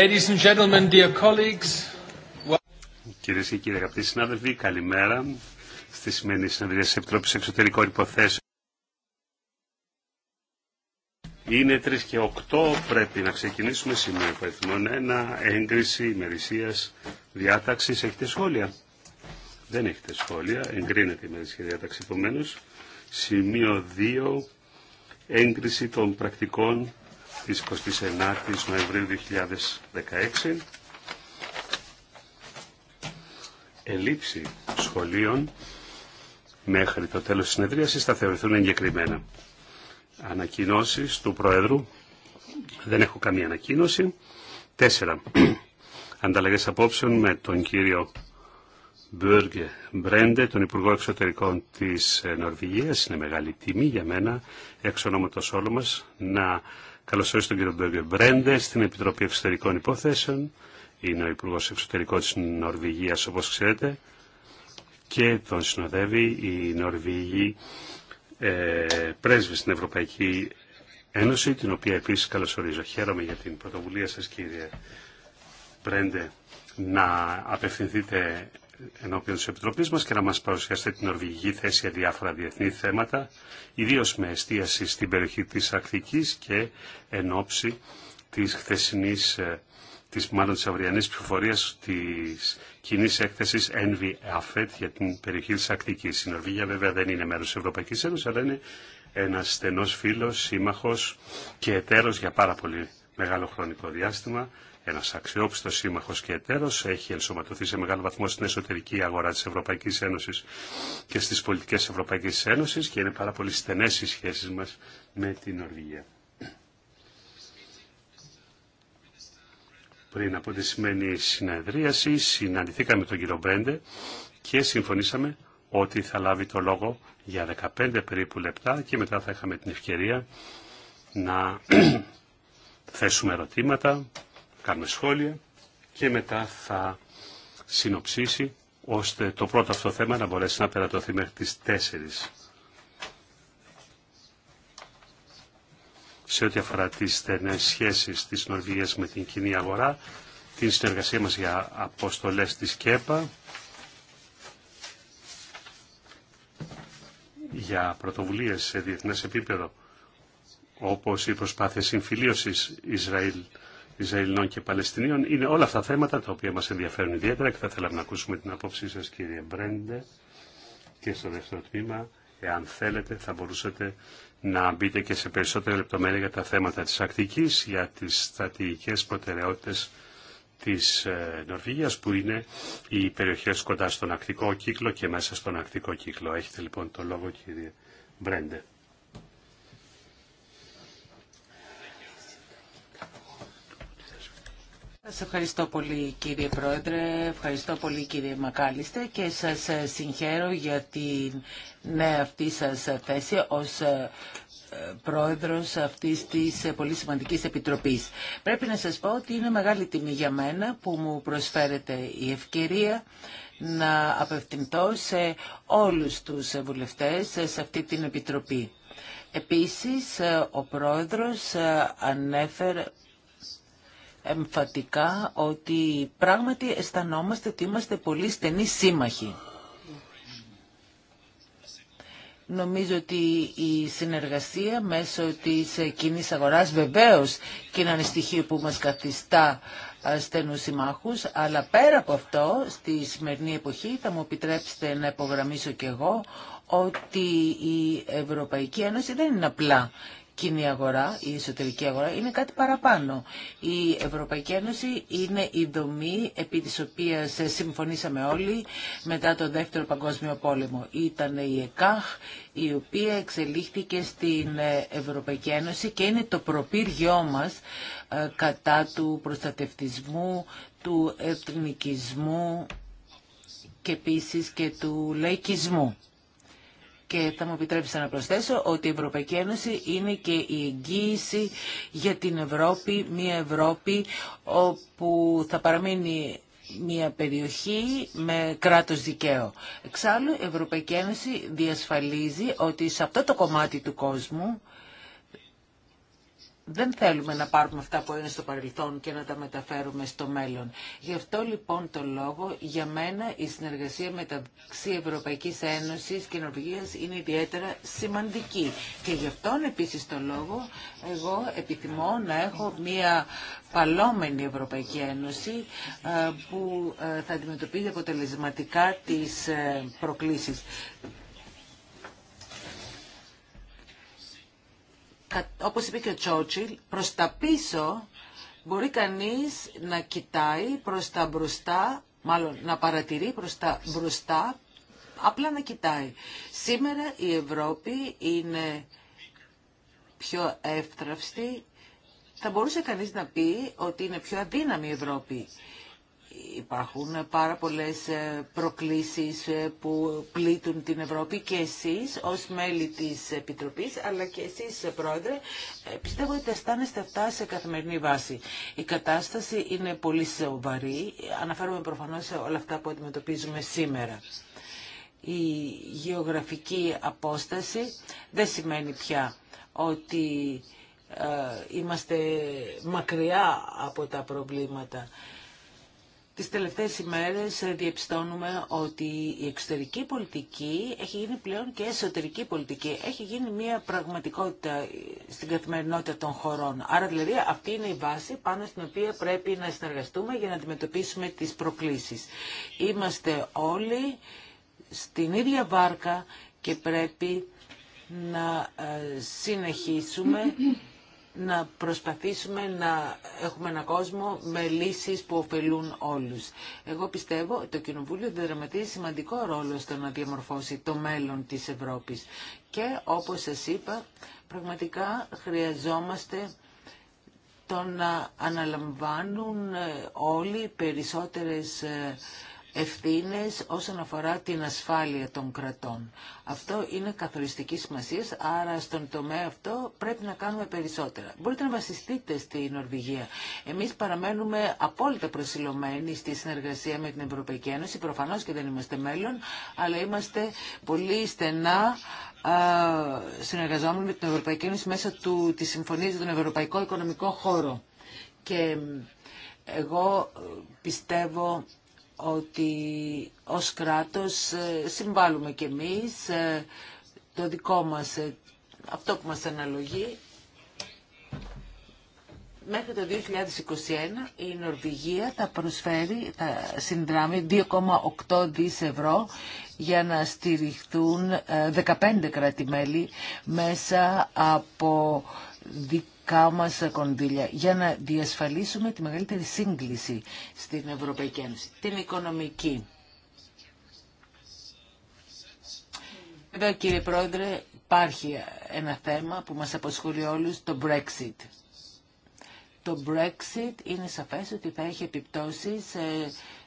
Ladies and gentlemen, dear colleagues. Κυρίε και κύριοι αγαπητοί συνάδελφοι, καλημέρα στη σημερινή συνεδρία τη Επιτροπή Εξωτερικών Υποθέσεων. Είναι 3 και 8, πρέπει να ξεκινήσουμε Σημείο που ένα έγκριση ημερησία διάταξη. Έχετε σχόλια. Δεν έχετε σχόλια. Εγκρίνεται η ημερησία διάταξη επομένω. Σημείο 2, έγκριση των πρακτικών της 29ης Νοεμβρίου 2016 ελήψη σχολείων μέχρι το τέλος της συνεδρίασης θα θεωρηθούν εγκεκριμένα. Ανακοινώσεις του Προέδρου. Δεν έχω καμία ανακοίνωση. Τέσσερα. Ανταλλαγές απόψεων με τον κύριο Μπέργκε Μπρέντε, τον Υπουργό Εξωτερικών της Νορβηγίας. Είναι μεγάλη τιμή για μένα, εξ ονόματος όλου μας, να Καλωσορίζω τον κύριο Μπέγκε Μπρέντε στην Επιτροπή Εξωτερικών Υποθέσεων. Είναι ο Υπουργό Εξωτερικών τη Νορβηγία, όπω ξέρετε, και τον συνοδεύει η Νορβηγή ε, πρέσβη στην Ευρωπαϊκή Ένωση, την οποία επίση καλωσορίζω. Χαίρομαι για την πρωτοβουλία σα, κύριε Μπρέντε, να απευθυνθείτε ενώπιον τη Επιτροπής μα και να μα παρουσιάσετε την Νορβηγική θέση για διάφορα διεθνή θέματα, ιδίως με εστίαση στην περιοχή της Αρκτικής και εν ώψη της χθεσινής, ε, της μάλλον τη αυριανής ψηφοφορίας τη κοινή έκθεση Envy Affet για την περιοχή της Αρκτικής. Η Νορβηγία βέβαια δεν είναι μέρος τη Ευρωπαϊκής Ένωσης, αλλά είναι ένας στενός φίλος, σύμμαχος και εταίρος για πάρα πολύ μεγάλο χρονικό διάστημα ένα αξιόπιστο σύμμαχος και εταίρο έχει ενσωματωθεί σε μεγάλο βαθμό στην εσωτερική αγορά τη Ευρωπαϊκή Ένωση και στι πολιτικέ Ευρωπαϊκή Ευρωπαϊκής Ένωσης και είναι πάρα πολύ στενέ οι σχέσει μα με την Νορβηγία. Πριν από τη σημερινή συνεδρίαση συναντηθήκαμε με τον κύριο Μπρέντε και συμφωνήσαμε ότι θα λάβει το λόγο για 15 περίπου λεπτά και μετά θα είχαμε την ευκαιρία να θέσουμε ερωτήματα κάνουμε σχόλια και μετά θα συνοψίσει ώστε το πρώτο αυτό θέμα να μπορέσει να περατωθεί μέχρι τις 4. Σε ό,τι αφορά τις στενές σχέσεις της Νορβηγίας με την κοινή αγορά, την συνεργασία μας για αποστολές της ΚΕΠΑ, για πρωτοβουλίες σε διεθνές επίπεδο, όπως η προσπάθεια συμφιλίωσης Ισραήλ Ισραηλινών και Παλαιστινίων. Είναι όλα αυτά θέματα τα οποία μας ενδιαφέρουν ιδιαίτερα και θα θέλαμε να ακούσουμε την απόψή σας κύριε Μπρέντε και στο δεύτερο τμήμα. Εάν θέλετε θα μπορούσατε να μπείτε και σε περισσότερα λεπτομέρεια για τα θέματα της ακτικής, για τις στρατηγικές προτεραιότητες της ε, Νορβηγίας που είναι οι περιοχές κοντά στον Ακτικό Κύκλο και μέσα στον Ακτικό Κύκλο. Έχετε λοιπόν το λόγο κύριε Μπρέντε. Σας ευχαριστώ πολύ κύριε Πρόεδρε, ευχαριστώ πολύ κύριε Μακάλιστε και σας ε, συγχαίρω για την νέα αυτή σας ε, θέση ως ε, πρόεδρος αυτής της πολύ σημαντικής επιτροπής. Πρέπει να σας πω ότι είναι μεγάλη τιμή για μένα που μου προσφέρεται η ευκαιρία να απευθυνθώ σε όλους τους βουλευτές σε αυτή την επιτροπή. Επίσης, ο πρόεδρος ανέφερε εμφατικά ότι πράγματι αισθανόμαστε ότι είμαστε πολύ στενοί σύμμαχοι. Νομίζω ότι η συνεργασία μέσω της κοινή αγοράς βεβαίως και είναι ένα στοιχείο που μας καθιστά στενούς συμμάχους, αλλά πέρα από αυτό, στη σημερινή εποχή, θα μου επιτρέψετε να υπογραμμίσω και εγώ, ότι η Ευρωπαϊκή Ένωση δεν είναι απλά κοινή αγορά, η εσωτερική αγορά, είναι κάτι παραπάνω. Η Ευρωπαϊκή Ένωση είναι η δομή επί της οποίας συμφωνήσαμε όλοι μετά το Δεύτερο Παγκόσμιο Πόλεμο. Ήταν η ΕΚΑΧ, η οποία εξελίχθηκε στην Ευρωπαϊκή Ένωση και είναι το προπύργιό μας ε, κατά του προστατευτισμού, του εθνικισμού και επίσης και του λαϊκισμού. Και θα μου επιτρέψετε να προσθέσω ότι η Ευρωπαϊκή Ένωση είναι και η εγγύηση για την Ευρώπη, μια Ευρώπη όπου θα παραμείνει μια περιοχή με κράτος δικαίου. Εξάλλου, η Ευρωπαϊκή Ένωση διασφαλίζει ότι σε αυτό το κομμάτι του κόσμου δεν θέλουμε να πάρουμε αυτά που είναι στο παρελθόν και να τα μεταφέρουμε στο μέλλον. Γι' αυτό λοιπόν το λόγο για μένα η συνεργασία μεταξύ Ευρωπαϊκής Ένωσης και Νορβηγίας είναι ιδιαίτερα σημαντική. Και γι' αυτόν επίσης το λόγο εγώ επιθυμώ να έχω μία παλόμενη Ευρωπαϊκή Ένωση ε, που ε, θα αντιμετωπίζει αποτελεσματικά τις ε, προκλήσεις. όπως είπε και ο Τσότσιλ, προς τα πίσω μπορεί κανείς να κοιτάει προς τα μπροστά, μάλλον να παρατηρεί προς τα μπροστά, απλά να κοιτάει. Σήμερα η Ευρώπη είναι πιο εύθραυστη. Θα μπορούσε κανείς να πει ότι είναι πιο αδύναμη η Ευρώπη υπάρχουν πάρα πολλές ε, προκλήσεις ε, που πλήττουν την Ευρώπη και εσείς ως μέλη της Επιτροπής αλλά και εσείς ε, πρόεδρε πιστεύω ότι αισθάνεστε αυτά σε καθημερινή βάση. Η κατάσταση είναι πολύ σοβαρή. Αναφέρομαι προφανώς σε όλα αυτά που αντιμετωπίζουμε σήμερα. Η γεωγραφική απόσταση δεν σημαίνει πια ότι είμαστε μακριά από τα προβλήματα. Τις τελευταίες ημέρες ε, διεπιστώνουμε ότι η εξωτερική πολιτική έχει γίνει πλέον και εσωτερική πολιτική. Έχει γίνει μια πραγματικότητα ε, στην καθημερινότητα των χωρών. Άρα δηλαδή αυτή είναι η βάση πάνω στην οποία πρέπει να συνεργαστούμε για να αντιμετωπίσουμε τις προκλήσεις. Είμαστε όλοι στην ίδια βάρκα και πρέπει να ε, συνεχίσουμε να προσπαθήσουμε να έχουμε ένα κόσμο με λύσεις που ωφελούν όλους. Εγώ πιστεύω ότι το Κοινοβούλιο δραματίζει σημαντικό ρόλο στο να διαμορφώσει το μέλλον της Ευρώπης. Και όπως σας είπα, πραγματικά χρειαζόμαστε το να αναλαμβάνουν ε, όλοι περισσότερες ε, ευθύνες όσον αφορά την ασφάλεια των κρατών. Αυτό είναι καθοριστική σημασία, άρα στον τομέα αυτό πρέπει να κάνουμε περισσότερα. Μπορείτε να βασιστείτε στη Νορβηγία. Εμείς παραμένουμε απόλυτα προσιλωμένοι στη συνεργασία με την Ευρωπαϊκή Ένωση, προφανώς και δεν είμαστε μέλλον, αλλά είμαστε πολύ στενά συνεργαζόμενοι με την Ευρωπαϊκή Ένωση μέσα του, της Συμφωνίας για τον Ευρωπαϊκό Οικονομικό Χώρο. Και εγώ πιστεύω ότι ως κράτος ε, συμβάλλουμε και εμείς ε, το δικό μας, ε, αυτό που μας αναλογεί. Μέχρι το 2021 η Νορβηγία θα προσφέρει, θα συνδράμει 2,8 δις ευρώ για να στηριχθούν 15 κράτη-μέλη μέσα από δικ κάμα σε κονδύλια για να διασφαλίσουμε τη μεγαλύτερη σύγκληση στην Ευρωπαϊκή Ένωση, την οικονομική. Βέβαια κύριε Πρόεδρε υπάρχει ένα θέμα που μας αποσχολεί όλους, το Brexit. Το Brexit είναι σαφές ότι θα έχει επιπτώσεις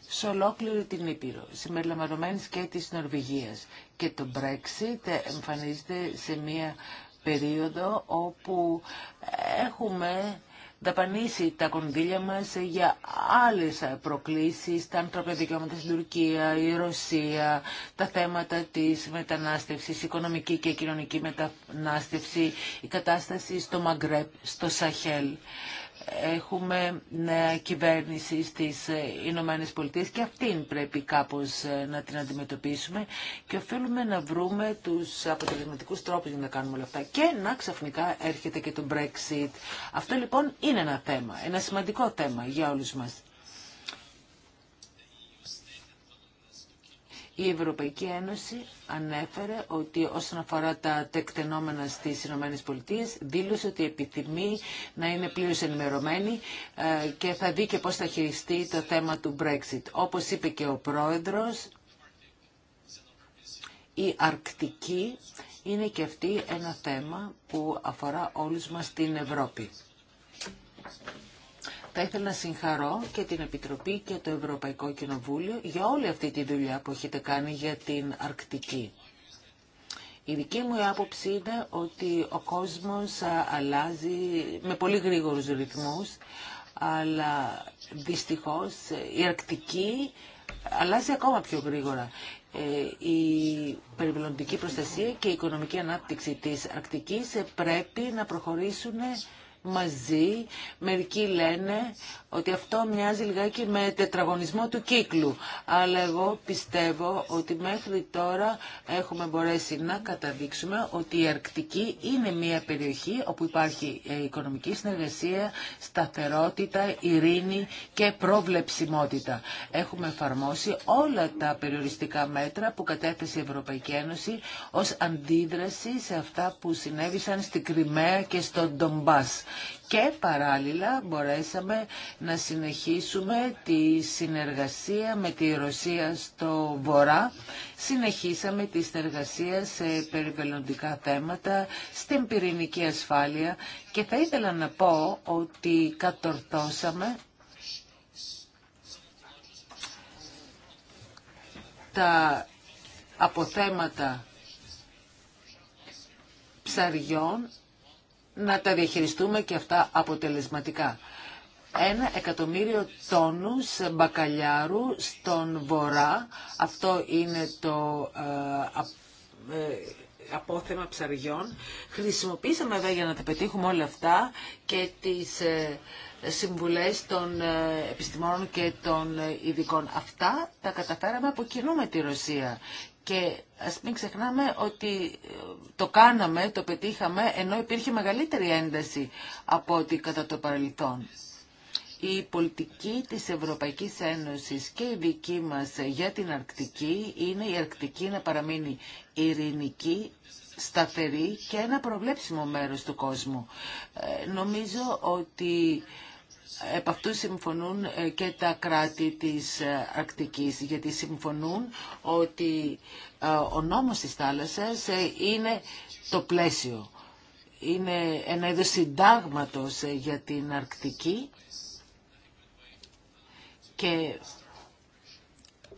σε ολόκληρη την Ήπειρο, συμπεριλαμβανομένης και της Νορβηγίας. Και το Brexit εμφανίζεται σε μια περίοδο όπου έχουμε δαπανίσει τα κονδύλια μας για άλλες προκλήσεις, τα ανθρώπινα δικαιώματα στην Τουρκία, η Ρωσία, τα θέματα της μετανάστευσης, οικονομική και κοινωνική μετανάστευση, η κατάσταση στο Μαγκρέπ, στο Σαχέλ έχουμε νέα κυβέρνηση στις ε, Ηνωμένε Πολιτείε και αυτήν πρέπει κάπως ε, να την αντιμετωπίσουμε και οφείλουμε να βρούμε τους αποτελεσματικούς τρόπους για να κάνουμε όλα αυτά. Και να ξαφνικά έρχεται και το Brexit. Αυτό λοιπόν είναι ένα θέμα, ένα σημαντικό θέμα για όλους μας. Η Ευρωπαϊκή Ένωση ανέφερε ότι όσον αφορά τα τεκτενόμενα στις ΗΠΑ δήλωσε ότι επιθυμεί να είναι πλήρως ενημερωμένη ε, και θα δει και πώς θα χειριστεί το θέμα του Brexit. Όπως είπε και ο πρόεδρος, η Αρκτική είναι και αυτή ένα θέμα που αφορά όλους μας στην Ευρώπη. Θα ήθελα να συγχαρώ και την Επιτροπή και το Ευρωπαϊκό Κοινοβούλιο για όλη αυτή τη δουλειά που έχετε κάνει για την Αρκτική. Η δική μου άποψη είναι ότι ο κόσμος αλλάζει με πολύ γρήγορους ρυθμούς, αλλά δυστυχώς η Αρκτική αλλάζει ακόμα πιο γρήγορα. Ε, η περιβαλλοντική προστασία και η οικονομική ανάπτυξη της Αρκτικής πρέπει να προχωρήσουν μαζί. Μερικοί λένε ότι αυτό μοιάζει λιγάκι με τετραγωνισμό του κύκλου. Αλλά εγώ πιστεύω ότι μέχρι τώρα έχουμε μπορέσει να καταδείξουμε ότι η Αρκτική είναι μια περιοχή όπου υπάρχει ε, οικονομική συνεργασία, σταθερότητα, ειρήνη και προβλεψιμότητα. Έχουμε εφαρμόσει όλα τα περιοριστικά μέτρα που κατέθεσε η Ευρωπαϊκή Ένωση ως αντίδραση σε αυτά που συνέβησαν στην Κρυμαία και στον Ντομπάς και παράλληλα μπορέσαμε να συνεχίσουμε τη συνεργασία με τη Ρωσία στο Βορρά. Συνεχίσαμε τη συνεργασία σε περιβαλλοντικά θέματα, στην πυρηνική ασφάλεια και θα ήθελα να πω ότι κατορθώσαμε τα αποθέματα ψαριών να τα διαχειριστούμε και αυτά αποτελεσματικά. Ένα εκατομμύριο τόνους μπακαλιάρου στον βορρά. Αυτό είναι το ε, ε, απόθεμα ψαριών. Χρησιμοποίησαμε βέβαια για να τα πετύχουμε όλα αυτά και τις ε, συμβουλές των επιστημόνων και των ειδικών. Αυτά τα καταφέραμε από κοινού με τη Ρωσία και ας μην ξεχνάμε ότι ε, το κάναμε, το πετύχαμε, ενώ υπήρχε μεγαλύτερη ένταση από ό,τι κατά το παρελθόν. Η πολιτική της Ευρωπαϊκής Ένωσης και η δική μας για την Αρκτική είναι η Αρκτική να παραμείνει ειρηνική, σταθερή και ένα προβλέψιμο μέρος του κόσμου. Ε, νομίζω ότι Επ' αυτού συμφωνούν ε, και τα κράτη της ε, Αρκτικής, γιατί συμφωνούν ότι ε, ο νόμος της θάλασσας είναι το πλαίσιο. Είναι ένα είδος συντάγματος για την Αρκτική και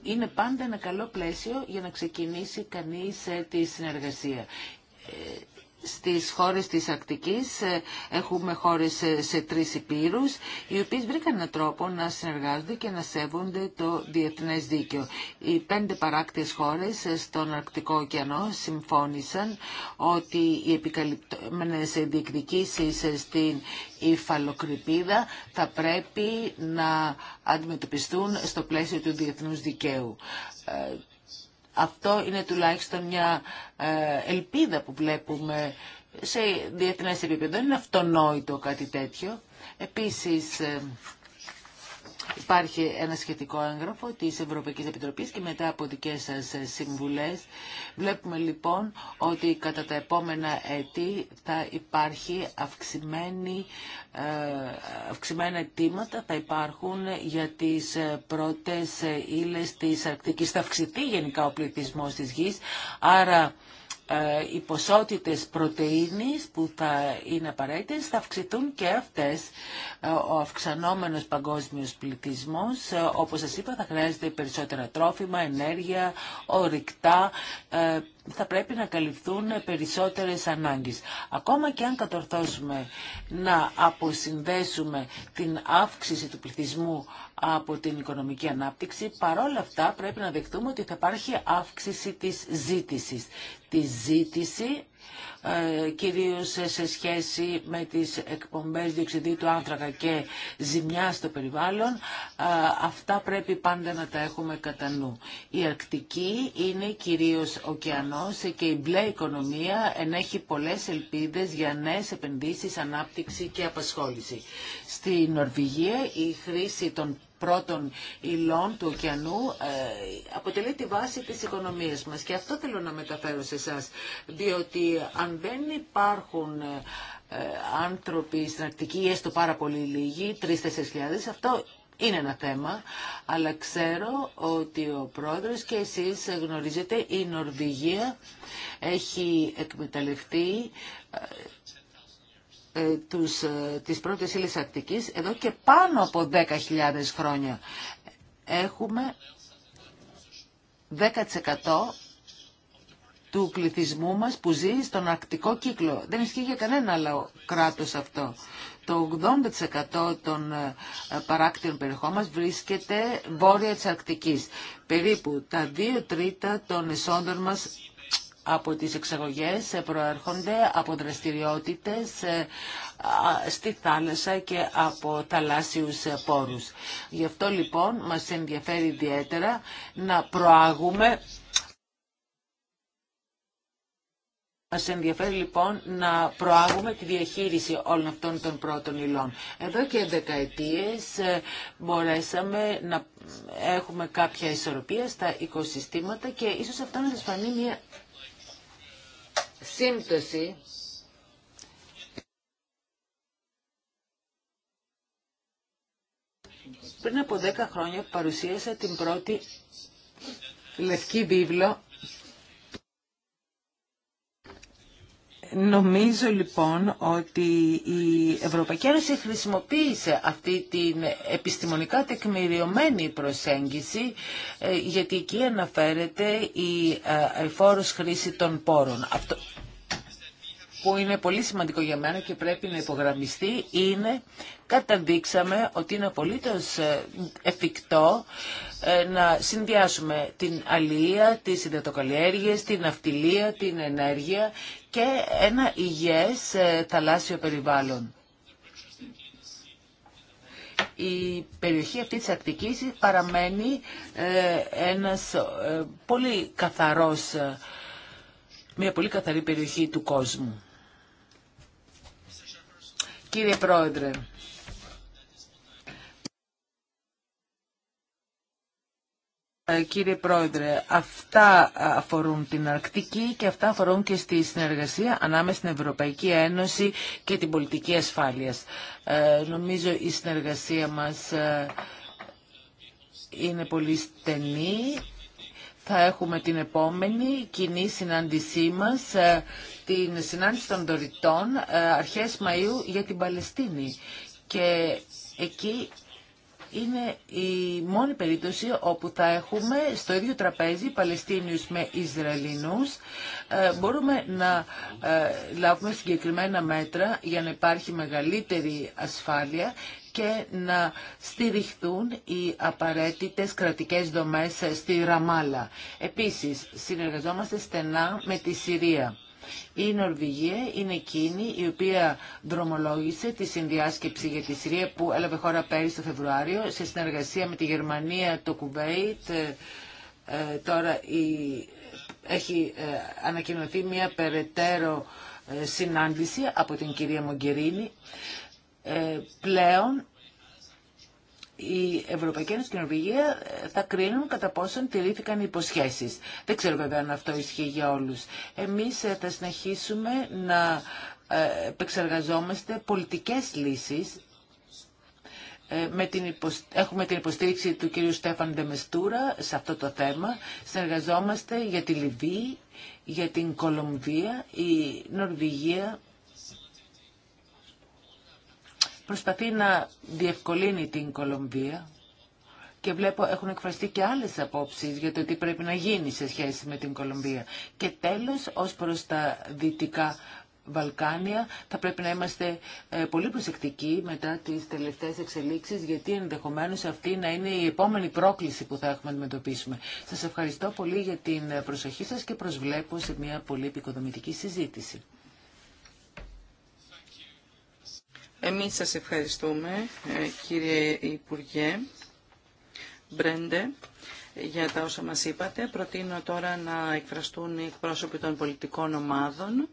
είναι πάντα ένα καλό πλαίσιο για να ξεκινήσει κανείς τη συνεργασία στις χώρες της Ακτικής ε, έχουμε χώρες ε, σε τρεις υπήρους οι οποίες βρήκαν έναν τρόπο να συνεργάζονται και να σέβονται το διεθνές δίκαιο. Οι πέντε παράκτες χώρες ε, στον Αρκτικό ωκεανό συμφώνησαν ότι οι επικαλυπτόμενες διεκδικήσεις στην υφαλοκρηπίδα θα πρέπει να αντιμετωπιστούν στο πλαίσιο του διεθνούς δικαίου αυτό είναι τουλάχιστον μια ε, ελπίδα που βλέπουμε σε διεθνές επίπεδο. Είναι αυτονόητο κάτι τέτοιο. Επίσης, ε, Υπάρχει ένα σχετικό έγγραφο της Ευρωπαϊκής Επιτροπής και μετά από δικές σας ε, συμβουλές βλέπουμε λοιπόν ότι κατά τα επόμενα έτη θα υπάρχει αυξημένη, ε, αυξημένα αιτήματα, θα υπάρχουν για τις ε, πρώτες ύλες της Αρκτικής. Θα αυξηθεί γενικά ο πληθυσμός της γης, άρα ε, οι ποσότητες πρωτεΐνης που θα είναι απαραίτητες θα αυξηθούν και αυτές. Ε, ο αυξανόμενος παγκόσμιος πληθυσμός, ε, όπως σας είπα, θα χρειάζεται περισσότερα τρόφιμα, ενέργεια, ορυκτά, θα πρέπει να καλυφθούν περισσότερες ανάγκες. Ακόμα και αν κατορθώσουμε να αποσυνδέσουμε την αύξηση του πληθυσμού από την οικονομική ανάπτυξη, παρόλα αυτά πρέπει να δεχτούμε ότι θα υπάρχει αύξηση της ζήτησης. Τη ζήτηση ε, κυρίως σε σχέση με τις εκπομπές διοξιδίου του άνθρακα και ζημιά στο περιβάλλον, ε, αυτά πρέπει πάντα να τα έχουμε κατά νου. Η Αρκτική είναι κυρίως ωκεανός και η μπλε οικονομία ενέχει πολλές ελπίδες για νέες επενδύσεις, ανάπτυξη και απασχόληση. Στη Νορβηγία η χρήση των πρώτων υλών του ωκεανού ε, αποτελεί τη βάση της οικονομίας μας. Και αυτό θέλω να μεταφέρω σε εσά, διότι αν δεν υπάρχουν ε, ε, άνθρωποι στην Αρκτική, έστω πάρα πολύ λίγοι, 3-4 αυτό είναι ένα θέμα, αλλά ξέρω ότι ο πρόεδρος και εσείς γνωρίζετε η Νορβηγία έχει εκμεταλλευτεί ε, τους, ε, τις πρώτες ύλες εδώ και πάνω από 10.000 χρόνια. Έχουμε 10% του πληθυσμού μας που ζει στον αρκτικό κύκλο. Δεν ισχύει για κανένα άλλο κράτος αυτό. Το 80% των ε, παράκτηων περιοχών μας βρίσκεται βόρεια της Αρκτικής. Περίπου τα 2 τρίτα των εσόδων μας από τις εξαγωγές ε, προέρχονται από δραστηριότητες ε, στη θάλασσα και από θαλάσσιους ε, πόρους. Γι' αυτό λοιπόν μας ενδιαφέρει ιδιαίτερα να προάγουμε Μας ενδιαφέρει λοιπόν να προάγουμε τη διαχείριση όλων αυτών των πρώτων υλών. Εδώ και δεκαετίες μπορέσαμε να έχουμε κάποια ισορροπία στα οικοσυστήματα και ίσως αυτό να σας φανεί μια σύμπτωση Πριν από 10 χρόνια παρουσίασα την πρώτη λευκή βίβλο Νομίζω λοιπόν ότι η Ευρωπαϊκή Ένωση χρησιμοποίησε αυτή την επιστημονικά τεκμηριωμένη προσέγγιση ε, γιατί εκεί αναφέρεται η εφόρος χρήση των πόρων. Αυτό που είναι πολύ σημαντικό για μένα και πρέπει να υπογραμμιστεί είναι καταδείξαμε ότι είναι απολύτως ε, εφικτό ε, να συνδυάσουμε την αλληλεία, τις ιδιωτοκαλλιέργειες, την αυτιλία, την ενέργεια και ένα υγιές ε, θαλάσσιο περιβάλλον. Η περιοχή αυτή της Αρκτικής παραμένει ε, ένας ε, πολύ καθαρός, μια πολύ καθαρή περιοχή του κόσμου. Κύριε Πρόεδρε, Ε, κύριε Πρόεδρε, αυτά αφορούν την Αρκτική και αυτά αφορούν και στη συνεργασία ανάμεσα στην Ευρωπαϊκή Ένωση και την πολιτική ασφάλειας. Ε, νομίζω η συνεργασία μας ε, είναι πολύ στενή. Θα έχουμε την επόμενη κοινή συνάντησή μας, ε, την συνάντηση των δωρητών, αρχές Μαΐου για την Παλαιστίνη. Και εκεί είναι η μόνη περίπτωση όπου θα έχουμε στο ίδιο τραπέζι Παλαιστίνιους με Ισραηλινούς. Ε, μπορούμε να ε, λάβουμε συγκεκριμένα μέτρα για να υπάρχει μεγαλύτερη ασφάλεια και να στηριχθούν οι απαραίτητες κρατικές δομές στη Ραμάλα. Επίσης, συνεργαζόμαστε στενά με τη Συρία. Η Νορβηγία είναι εκείνη η οποία δρομολόγησε τη συνδιάσκεψη για τη Συρία που έλαβε χώρα πέρυσι το Φεβρουάριο σε συνεργασία με τη Γερμανία, το Κουβέιτ. Ε, ε, τώρα έχει ε, ανακοινωθεί μια περαιτέρω συνάντηση από την κυρία Μογκερίνη. πλέον η Ευρωπαϊκή Ένωση και η Νορβηγία ε, θα κρίνουν κατά πόσον τηρήθηκαν οι υποσχέσεις. Δεν ξέρω βέβαια αν αυτό ισχύει για όλους. Εμείς ε, θα συνεχίσουμε να ε, επεξεργαζόμαστε πολιτικές λύσεις με την έχουμε την υποστήριξη του κύριου Στέφαν Δεμεστούρα σε αυτό το θέμα. Συνεργαζόμαστε για τη Λιβύη, για την Κολομβία. Η Νορβηγία προσπαθεί να διευκολύνει την Κολομβία και βλέπω έχουν εκφραστεί και άλλες απόψεις για το τι πρέπει να γίνει σε σχέση με την Κολομβία. Και τέλος, ως προς τα δυτικά Βαλκάνια θα πρέπει να είμαστε ε, πολύ προσεκτικοί μετά τις τελευταίες εξελίξεις γιατί ενδεχομένως αυτή να είναι η επόμενη πρόκληση που θα έχουμε να αντιμετωπίσουμε. Σας ευχαριστώ πολύ για την προσοχή σας και προσβλέπω σε μια πολύ επικοδομητική συζήτηση. Εμείς σας ευχαριστούμε, ε, κύριε Υπουργέ Μπρέντε, για τα όσα μας είπατε. Προτείνω τώρα να εκφραστούν οι εκπρόσωποι των πολιτικών ομάδων.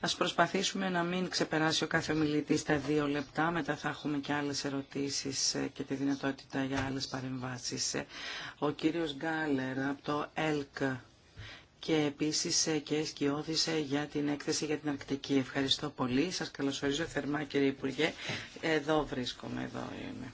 Ας προσπαθήσουμε να μην ξεπεράσει ο κάθε ομιλητή τα δύο λεπτά, μετά θα έχουμε και άλλες ερωτήσεις ε, και τη δυνατότητα για άλλες παρεμβάσεις. Ε, ο κύριος Γκάλερ από το ΕΛΚ και επίσης ε, και σκιώδης ε, για την έκθεση για την Αρκτική. Ευχαριστώ πολύ. Σας καλωσορίζω θερμά κύριε Υπουργέ. Εδώ βρίσκομαι, εδώ είμαι.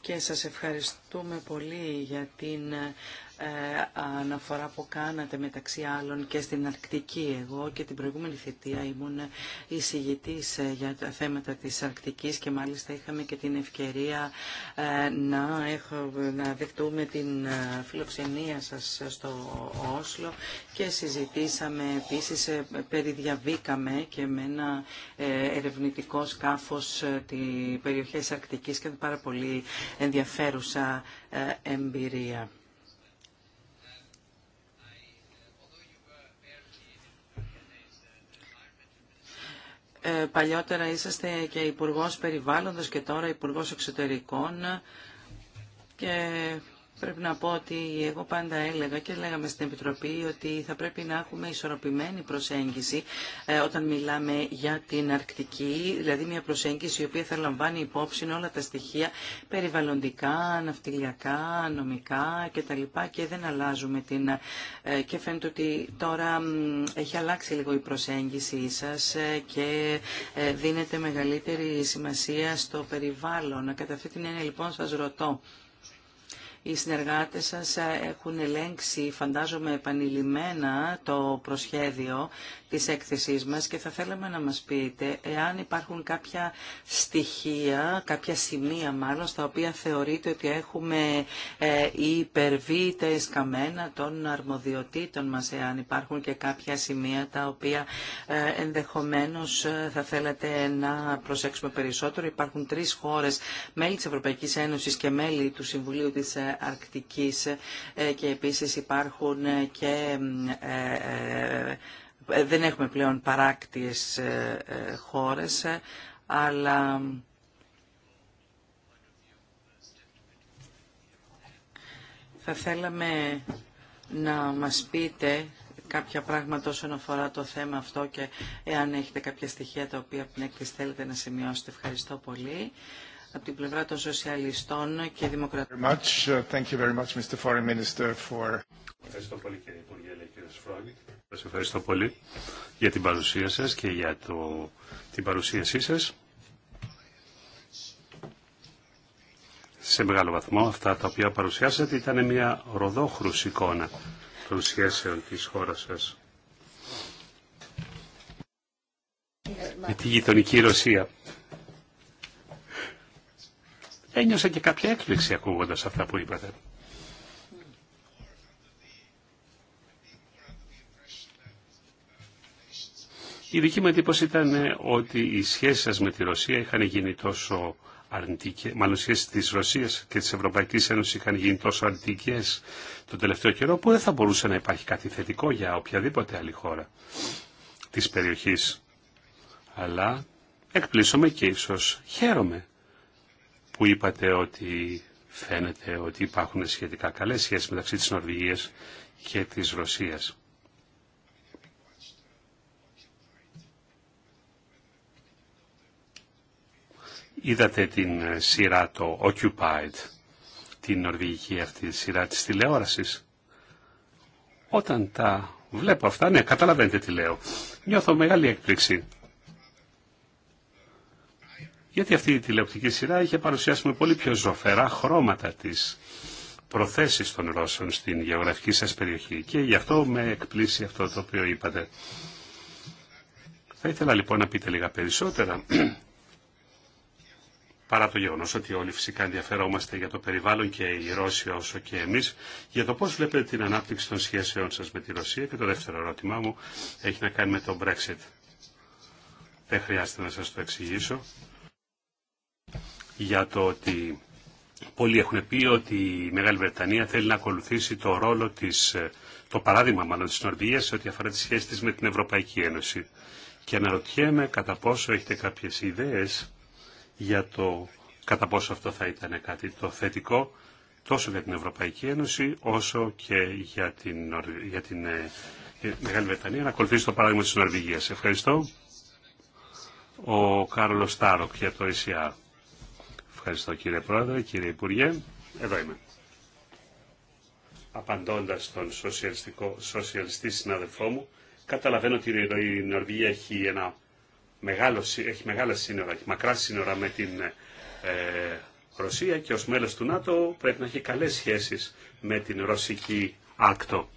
Και σας ευχαριστούμε πολύ για την ε, ε, αναφορά που κάνατε μεταξύ άλλων και στην Αρκτική. Εγώ και την προηγούμενη θητεία ήμουν εισηγητής ε, για τα θέματα της Αρκτικής και μάλιστα είχαμε και την ευκαιρία ε, να, έχω, να δεχτούμε την φιλοξενία σας στο Όσλο και συζητήσαμε επίσης, περιδιαβήκαμε και με ένα ερευνητικό σκάφος τη περιοχή Αρκτικής και πάρα πολύ ενδιαφέρουσα εμπειρία. Ε, παλιότερα είσαστε και Υπουργός Περιβάλλοντος και τώρα Υπουργός Εξωτερικών και Πρέπει να πω ότι εγώ πάντα έλεγα και λέγαμε στην Επιτροπή ότι θα πρέπει να έχουμε ισορροπημένη προσέγγιση ε, όταν μιλάμε για την Αρκτική, δηλαδή μια προσέγγιση η οποία θα λαμβάνει υπόψη όλα τα στοιχεία περιβαλλοντικά, ναυτιλιακά, νομικά κτλ. και δεν αλλάζουμε την. Ε, και φαίνεται ότι τώρα έχει αλλάξει λίγο η προσέγγιση σας ε, και δίνεται μεγαλύτερη σημασία στο περιβάλλον. Κατά αυτή την έννοια λοιπόν σα ρωτώ οι συνεργάτες σας ε, έχουν ελέγξει, φαντάζομαι, επανειλημμένα το προσχέδιο της έκθεσής μας και θα θέλαμε να μας πείτε εάν υπάρχουν κάποια στοιχεία, κάποια σημεία μάλλον, στα οποία θεωρείτε ότι έχουμε ε, υπερβεί τα των αρμοδιοτήτων μας, εάν υπάρχουν και κάποια σημεία τα οποία ε, ενδεχομένως θα θέλατε να προσέξουμε περισσότερο. Υπάρχουν τρεις χώρες, μέλη της Ευρωπαϊκής Ένωσης και μέλη του Συμβουλίου της Αρκτικής ε, και επίσης υπάρχουν ε, και ε, δεν έχουμε πλέον παράκτιες χώρες, αλλά θα θέλαμε να μας πείτε κάποια πράγματα όσον αφορά το θέμα αυτό και εάν έχετε κάποια στοιχεία τα οποία πνέκτης θέλετε να σημειώσετε. Ευχαριστώ πολύ από την πλευρά των σοσιαλιστών και δημοκρατών. Ευχαριστώ πολύ κύριε Υπουργέ, λέει κύριος Φρόγκη. Σας ευχαριστώ πολύ για την παρουσία σας και για το, την παρουσίασή σας. Σε μεγάλο βαθμό αυτά τα οποία παρουσιάσατε ήταν μια ροδόχρουση εικόνα των σχέσεων της χώρας σας. Με τη γειτονική Ρωσία ένιωσα και κάποια έκπληξη ακούγοντας αυτά που είπατε. Η δική μου εντύπωση ήταν ε, ότι οι σχέσεις σας με τη Ρωσία είχαν γίνει τόσο αρνητικέ, μάλλον οι σχέσεις της Ρωσίας και τη Ευρωπαϊκή Ένωση είχαν γίνει τόσο αρνητικές τον τελευταίο καιρό που δεν θα μπορούσε να υπάρχει κάτι θετικό για οποιαδήποτε άλλη χώρα τη περιοχή. Αλλά εκπλήσωμαι και ίσω χαίρομαι που είπατε ότι φαίνεται ότι υπάρχουν σχετικά καλές σχέσεις μεταξύ της Νορβηγίας και της Ρωσίας. Είδατε την σειρά το Occupied, την νορβηγική αυτή σειρά της τηλεόρασης. Όταν τα βλέπω αυτά, ναι, καταλαβαίνετε τι λέω. Νιώθω μεγάλη έκπληξη γιατί αυτή η τηλεοπτική σειρά είχε παρουσιάσει με πολύ πιο ζωφερά χρώματα τις προθέσεις των Ρώσων στην γεωγραφική σας περιοχή και γι' αυτό με εκπλήσει αυτό το οποίο είπατε. Θα ήθελα λοιπόν να πείτε λίγα περισσότερα παρά το γεγονό ότι όλοι φυσικά ενδιαφερόμαστε για το περιβάλλον και οι Ρώσοι όσο και εμεί, για το πώ βλέπετε την ανάπτυξη των σχέσεών σα με τη Ρωσία. Και το δεύτερο ερώτημά μου έχει να κάνει με το Brexit. Δεν χρειάζεται να σα το εξηγήσω για το ότι πολλοί έχουν πει ότι η Μεγάλη Βρετανία θέλει να ακολουθήσει το ρόλο της, το παράδειγμα μάλλον της Νορβηγίας σε ό,τι αφορά τη σχέση της με την Ευρωπαϊκή Ένωση. Και αναρωτιέμαι κατά πόσο έχετε κάποιες ιδέες για το κατά πόσο αυτό θα ήταν κάτι το θετικό τόσο για την Ευρωπαϊκή Ένωση όσο και για την, για την ε, Μεγάλη Βρετανία να ακολουθήσει το παράδειγμα της Νορβηγίας. Ευχαριστώ. Ο Κάρολος Στάροκ για το ECR. Ευχαριστώ κύριε Πρόεδρε, κύριε Υπουργέ. Εδώ είμαι. Απαντώντας τον σοσιαλιστικό, σοσιαλιστή συναδελφό μου, καταλαβαίνω ότι η Νορβηγία έχει, ένα μεγάλο, έχει μεγάλα σύνορα, έχει μακρά σύνορα με την ε, Ρωσία και ως μέλος του ΝΑΤΟ πρέπει να έχει καλές σχέσεις με την ρωσική άκτο.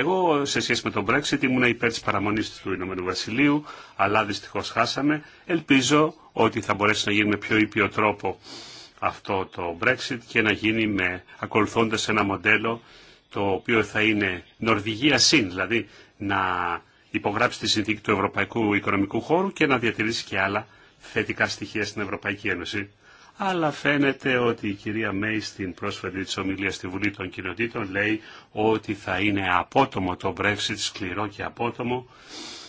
Εγώ σε σχέση με τον Brexit ήμουν υπέρ της παραμονής του Ηνωμένου Βασιλείου, αλλά δυστυχώς χάσαμε. Ελπίζω ότι θα μπορέσει να γίνει με πιο ήπιο τρόπο αυτό το Brexit και να γίνει με, ακολουθώντας ένα μοντέλο το οποίο θα είναι Νορβηγία συν, δηλαδή να υπογράψει τη συνθήκη του Ευρωπαϊκού Οικονομικού Χώρου και να διατηρήσει και άλλα θετικά στοιχεία στην Ευρωπαϊκή Ένωση αλλά φαίνεται ότι η κυρία Μέη στην πρόσφατη της ομιλία στη Βουλή των Κοινοτήτων λέει ότι θα είναι απότομο το Brexit, σκληρό και απότομο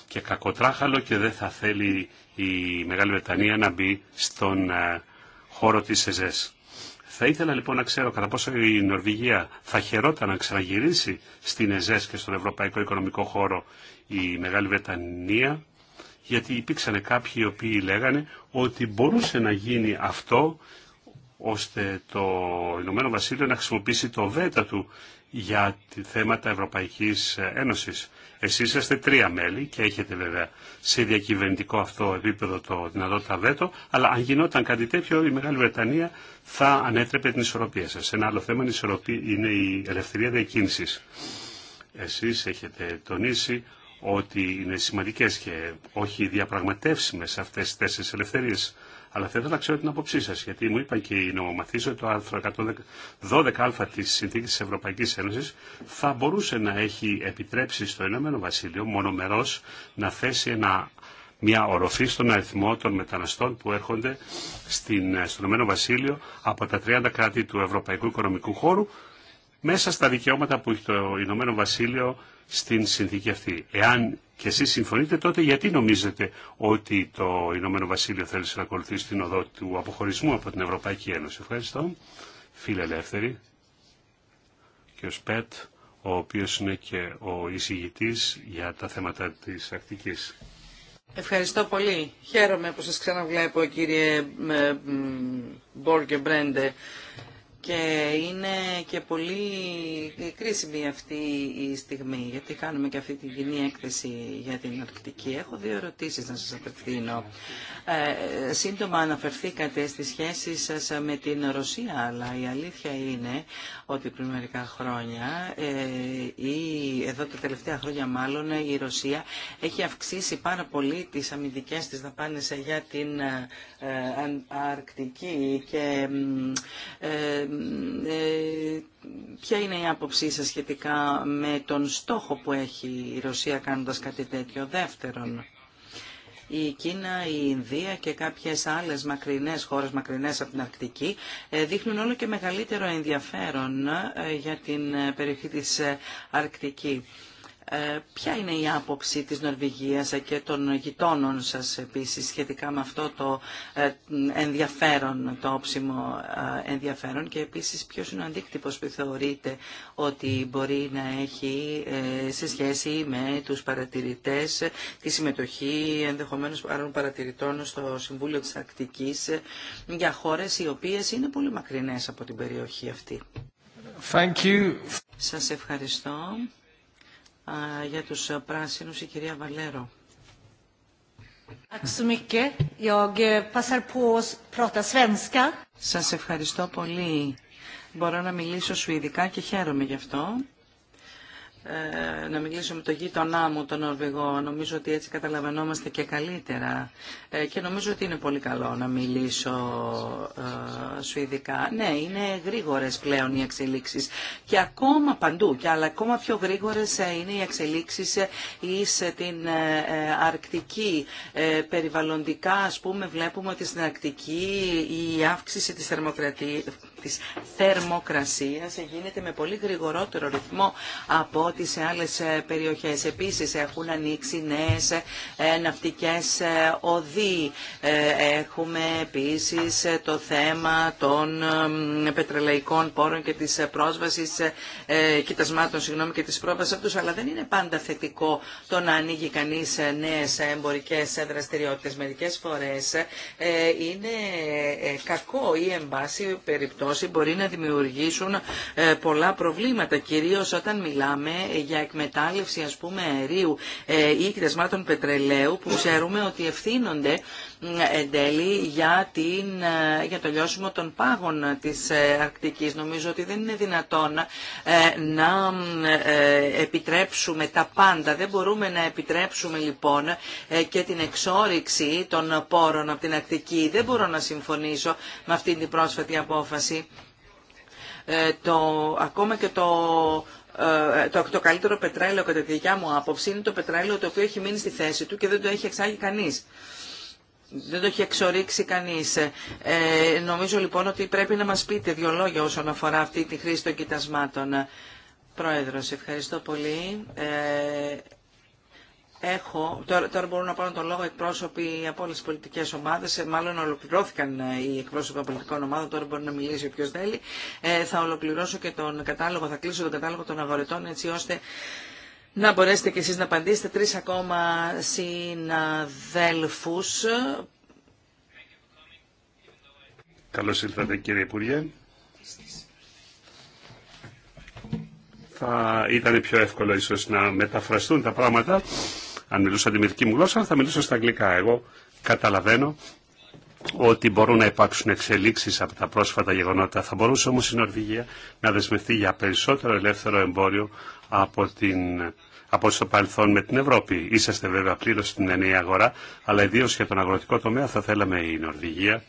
και κακοτράχαλο και δεν θα θέλει η Μεγάλη Βρετανία να μπει στον ε, χώρο της ΕΖΕΣ. Θα ήθελα λοιπόν να ξέρω κατά πόσο η Νορβηγία θα χαιρόταν να ξαναγυρίσει στην ΕΖΕΣ και στον Ευρωπαϊκό Οικονομικό Χώρο η Μεγάλη Βρετανία γιατί υπήρξαν κάποιοι οι οποίοι λέγανε ότι μπορούσε να γίνει αυτό ώστε το Ηνωμένο Βασίλειο να χρησιμοποιήσει το βέτα του για θέματα Ευρωπαϊκής Ένωσης. Εσείς είστε τρία μέλη και έχετε βέβαια σε διακυβερνητικό αυτό επίπεδο το δυνατότητα βέτο, αλλά αν γινόταν κάτι τέτοιο η Μεγάλη Βρετανία θα ανέτρεπε την ισορροπία σας. Ένα άλλο θέμα είναι η ελευθερία διακίνησης. Εσείς έχετε τονίσει ότι είναι σημαντικέ και όχι διαπραγματεύσιμε αυτέ τι τέσσερις ελευθερίες. Αλλά θέλω να ξέρω την άποψή σα, γιατί μου είπα και οι νομομαθείς ότι το άρθρο 112α της Συνθήκη τη Ευρωπαϊκής Ένωσης θα μπορούσε να έχει επιτρέψει στο Ηνωμένο Βασίλειο μονομερός να θέσει μια οροφή στον αριθμό των μεταναστών που έρχονται στην, Ηνωμένο Βασίλειο από τα 30 κράτη του Ευρωπαϊκού Οικονομικού Χώρου μέσα στα δικαιώματα που έχει το Ηνωμένο Βασίλειο στην συνθήκη αυτή. Εάν και εσείς συμφωνείτε, τότε γιατί νομίζετε ότι το Ηνωμένο Βασίλειο θέλει να ακολουθήσει την οδό του αποχωρισμού από την Ευρωπαϊκή Ένωση. Ευχαριστώ. Φίλε ελεύθερη. Και ο Σπέτ, ο οποίος είναι και ο εισηγητής για τα θέματα της Αρκτικής. Ευχαριστώ πολύ. Χαίρομαι που σας ξαναβλέπω κύριε Μπόρκε Μπρέντε. Και είναι και πολύ κρίσιμη αυτή η στιγμή, γιατί κάνουμε και αυτή τη κοινή έκθεση για την Αρκτική. Έχω δύο ερωτήσεις να σας απευθύνω. Ε, σύντομα αναφερθήκατε στις σχέσεις σας με την Ρωσία, αλλά η αλήθεια είναι ότι πριν μερικά χρόνια, ε, η Ρωσία έχει αυξήσει πάρα πολύ τις αμυντικές της δαπάνες για την ε, Αρκτική και ε, ποια είναι η άποψή σας σχετικά με τον στόχο που έχει η Ρωσία κάνοντας κάτι τέτοιο. Δεύτερον, η Κίνα, η Ινδία και κάποιες άλλες μακρινές χώρες, μακρινές από την Αρκτική, ε, δείχνουν όλο και μεγαλύτερο ενδιαφέρον ε, για την περιοχή της Αρκτική. Ε, ποια είναι η άποψη της Νορβηγίας και των γειτόνων σας επίσης σχετικά με αυτό το ε, ενδιαφέρον, το όψιμο ε, ενδιαφέρον και επίσης ποιος είναι ο αντίκτυπος που θεωρείτε ότι μπορεί να έχει σε σχέση με τους παρατηρητές τη συμμετοχή ενδεχομένως άλλων παρατηρητών στο Συμβούλιο της Αρκτικής για χώρες οι οποίες είναι πολύ μακρινές από την περιοχή αυτή. Σας ευχαριστώ για τους ε, πράσινους η κυρία Βαλέρο. Eh, Σας ευχαριστώ πολύ. Μπορώ να μιλήσω σου και χαίρομαι γι' αυτό. Ε, να μιλήσω με το γείτονά μου, τον Νορβηγό. Νομίζω ότι έτσι καταλαβαίνόμαστε και καλύτερα. Ε, και νομίζω ότι είναι πολύ καλό να μιλήσω ε, σουηδικά. Ναι, είναι γρήγορε πλέον οι εξελίξεις. Και ακόμα παντού, και αλλά ακόμα πιο γρήγορες ε, είναι οι εξελίξεις εις την Αρκτική. περιβαλλοντικά, ας πούμε, βλέπουμε ότι στην Αρκτική η αύξηση της της θερμοκρασίας γίνεται με πολύ γρηγορότερο ρυθμό από ό,τι σε άλλες ε, περιοχές. Επίσης έχουν ανοίξει νέες ε, ναυτικές ε, οδοί. Έχουμε επίσης το θέμα των πετρελαϊκών πόρων και της πρόσβασης κοιτασμάτων συγγνώμη, και της πρόσβασης αυτούς, αλλά δεν είναι πάντα θετικό το να ανοίγει κανείς νέες εμπορικές δραστηριότητες. Μερικές φορές είναι κακό ή εν περιπτώσει γνώση μπορεί να δημιουργήσουν ε, πολλά προβλήματα, κυρίως όταν μιλάμε για εκμετάλλευση ας πούμε αερίου ε, ή κρεσμάτων πετρελαίου που ξέρουμε ότι ευθύνονται εν τέλει για, την, ε, για το λιώσιμο των πάγων της ε, Αρκτικής. Νομίζω ότι δεν είναι δυνατόν ε, να επιτρέψουμε τα πάντα. Δεν μπορούμε να επιτρέψουμε λοιπόν και την εξόριξη των πόρων από την Αρκτική. Δεν μπορώ να συμφωνήσω με αυτή την πρόσφατη απόφαση. το, ακόμα και το το, το καλύτερο πετρέλαιο κατά τη δικιά μου άποψη είναι το πετρέλαιο το οποίο έχει μείνει στη θέση του και δεν το έχει εξάγει κανείς δεν το έχει εξορίξει κανείς. Ε, νομίζω λοιπόν ότι πρέπει να μας πείτε δύο λόγια όσον αφορά αυτή τη χρήση των κοιτασμάτων. Πρόεδρος, ευχαριστώ πολύ. Ε, έχω, τώρα, τώρα μπορούν να πάρουν τον λόγο εκπρόσωποι από όλες τις πολιτικές ομάδες. Ε, μάλλον ολοκληρώθηκαν ε, οι εκπρόσωποι πολιτικών ομάδων, τώρα μπορεί να μιλήσει όποιο θέλει. Ε, θα ολοκληρώσω και τον κατάλογο, θα κλείσω τον κατάλογο των αγορετών έτσι ώστε να μπορέσετε και εσείς να απαντήσετε. Τρεις ακόμα συναδέλφους. Καλώς ήρθατε κύριε Υπουργέ. Θα ήταν πιο εύκολο ίσως να μεταφραστούν τα πράγματα. Αν μιλούσα τη μυθική μου γλώσσα θα μιλούσα στα αγγλικά. Εγώ καταλαβαίνω ότι μπορούν να υπάρξουν εξελίξεις από τα πρόσφατα γεγονότα. Θα μπορούσε όμως η Νορβηγία να δεσμευτεί για περισσότερο ελεύθερο εμπόριο από την από στο παρελθόν με την Ευρώπη. Είσαστε βέβαια πλήρως στην ενιαία αγορά, αλλά ιδίω για τον αγροτικό τομέα θα θέλαμε η Νορβηγία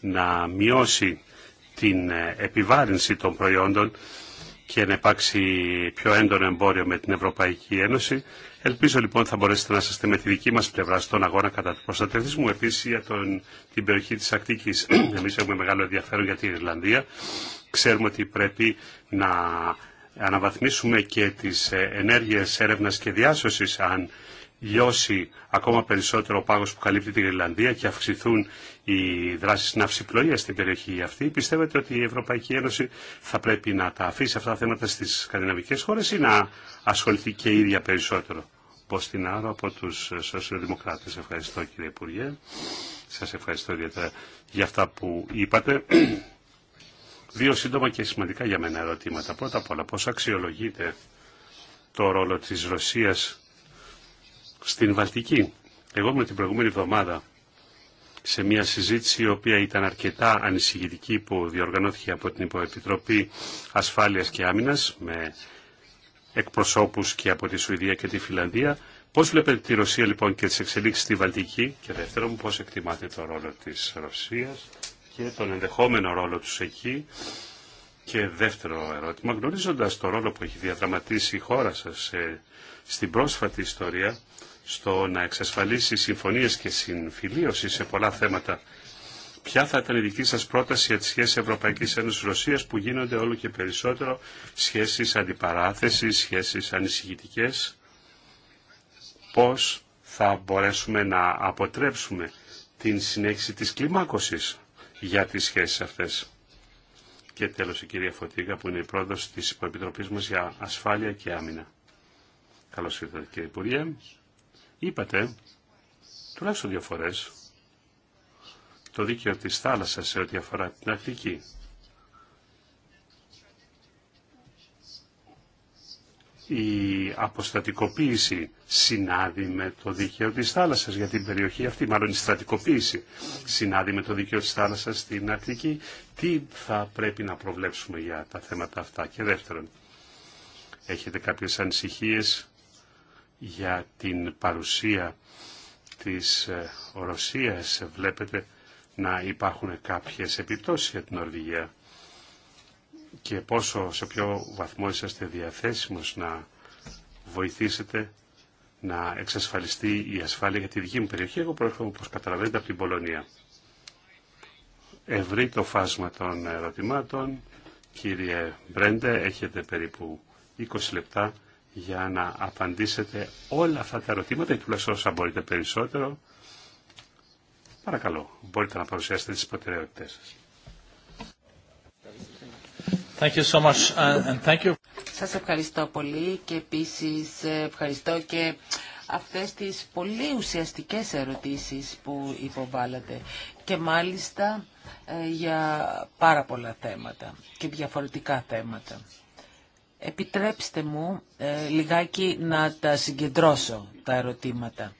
να μειώσει την ε, επιβάρυνση των προϊόντων και να υπάρξει πιο έντονο εμπόριο με την Ευρωπαϊκή Ένωση Ελπίζω λοιπόν θα μπορέσετε να είστε με τη δική μα πλευρά στον αγώνα κατά του προστατευτισμού. επίση για τον, την περιοχή τη Ακτικής, Εμεί έχουμε μεγάλο ενδιαφέρον για την Ιρλανδία. Ξέρουμε ότι πρέπει να αναβαθμίσουμε και τι ε, ενέργειε έρευνα και διάσωση αν λιώσει ακόμα περισσότερο ο πάγος που καλύπτει την Ιρλανδία και αυξηθούν οι δράσεις ναυσιπλοεία στην περιοχή αυτή. Πιστεύετε ότι η Ευρωπαϊκή Ένωση θα πρέπει να τα αφήσει αυτά τα θέματα στις σκανδιναβικές χώρες ή να ασχοληθεί και η ίδια περισσότερο. την άρω από τους σοσιαλδημοκράτες. Ευχαριστώ κύριε Υπουργέ. Σας ευχαριστώ ιδιαίτερα για αυτά που είπατε. Δύο σύντομα και σημαντικά για μένα ερωτήματα. Πρώτα απ' όλα, πώς αξιολογείτε το ρόλο της Ρωσίας στην Βαλτική. Εγώ με την προηγούμενη εβδομάδα σε μια συζήτηση η οποία ήταν αρκετά ανησυχητική που διοργανώθηκε από την Υποεπιτροπή Ασφάλειας και Άμυνας με εκπροσώπους και από τη Σουηδία και τη Φιλανδία. Πώς βλέπετε τη Ρωσία λοιπόν και τις εξελίξεις στη Βαλτική και δεύτερον πώς εκτιμάτε το ρόλο της Ρωσίας και τον ενδεχόμενο ρόλο τους εκεί. Και δεύτερο ερώτημα, γνωρίζοντας το ρόλο που έχει διαδραματίσει η χώρα σας ε, στην πρόσφατη ιστορία, στο να εξασφαλίσει συμφωνίες και συμφιλίωση σε πολλά θέματα Ποια θα ήταν η δική σας πρόταση για τι σχέσει Ευρωπαϊκή Ένωση Ρωσία που γίνονται όλο και περισσότερο σχέσεις αντιπαράθεσης, σχέσεις ανησυχητικέ. Πώς θα μπορέσουμε να αποτρέψουμε την συνέχιση της κλιμάκωσης για τις σχέσεις αυτές. Και τέλος η κυρία Φωτίγα που είναι η πρόεδρος της Υποεπιτροπής μας για ασφάλεια και άμυνα. Καλώς ήρθατε κύριε Υπουργέ. Είπατε τουλάχιστον δύο φορές το δίκαιο της θάλασσας σε ό,τι αφορά την Αττική. η αποστατικοποίηση συνάδει με το δίκαιο της θάλασσας για την περιοχή αυτή, μάλλον η στρατικοποίηση συνάδει με το δίκαιο της θάλασσας στην Αττική. Τι θα πρέπει να προβλέψουμε για τα θέματα αυτά. Και δεύτερον, έχετε κάποιες ανησυχίες για την παρουσία της ε, Ρωσίας. Βλέπετε να υπάρχουν κάποιες επιπτώσεις για την Ορβηγία και πόσο, σε ποιο βαθμό είσαστε διαθέσιμος να βοηθήσετε να εξασφαλιστεί η ασφάλεια για τη δική μου περιοχή. Εγώ προέρχομαι, όπως καταλαβαίνετε, από την Πολωνία. Ευρύ το φάσμα των ερωτημάτων. Κύριε Μπρέντε, έχετε περίπου 20 λεπτά για να απαντήσετε όλα αυτά τα ερωτήματα, τουλάχιστον όσα μπορείτε περισσότερο. Παρακαλώ, μπορείτε να παρουσιάσετε τις προτεραιότητές σας. Thank uh, Σας ευχαριστώ πολύ και επίσης ευχαριστώ και αυτές τις πολύ ουσιαστικές ερωτήσεις που υποβάλλατε και μάλιστα ε, για πάρα πολλά θέματα και διαφορετικά θέματα. Επιτρέψτε μου ε, λιγάκι να τα συγκεντρώσω τα ερωτήματα.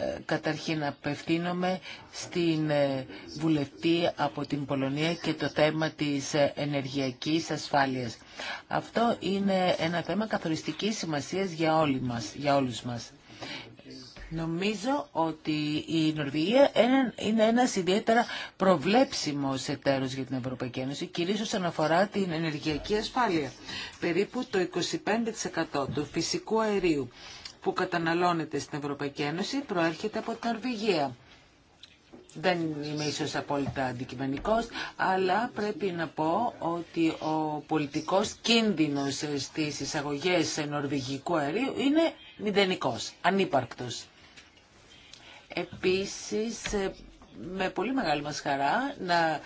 Ε, καταρχήν απευθύνομαι στην ε, βουλευτή από την Πολωνία και το θέμα της ε, ενεργειακής ασφάλειας. Αυτό είναι ένα θέμα καθοριστικής σημασίας για, όλοι μας, όλους μας. Νομίζω ότι η Νορβηγία είναι ένα ιδιαίτερα προβλέψιμος εταίρος για την Ευρωπαϊκή Ένωση, κυρίως όσον αφορά την ενεργειακή ασφάλεια. Περίπου το 25% του φυσικού αερίου που καταναλώνεται στην Ευρωπαϊκή Ένωση προέρχεται από την Νορβηγία. Δεν είμαι ίσως απόλυτα αντικειμενικός, αλλά πρέπει να πω ότι ο πολιτικός κίνδυνος στις εισαγωγές νορβηγικού αερίου είναι μηδενικός, ανύπαρκτος. Επίσης, με πολύ μεγάλη μας χαρά να ε,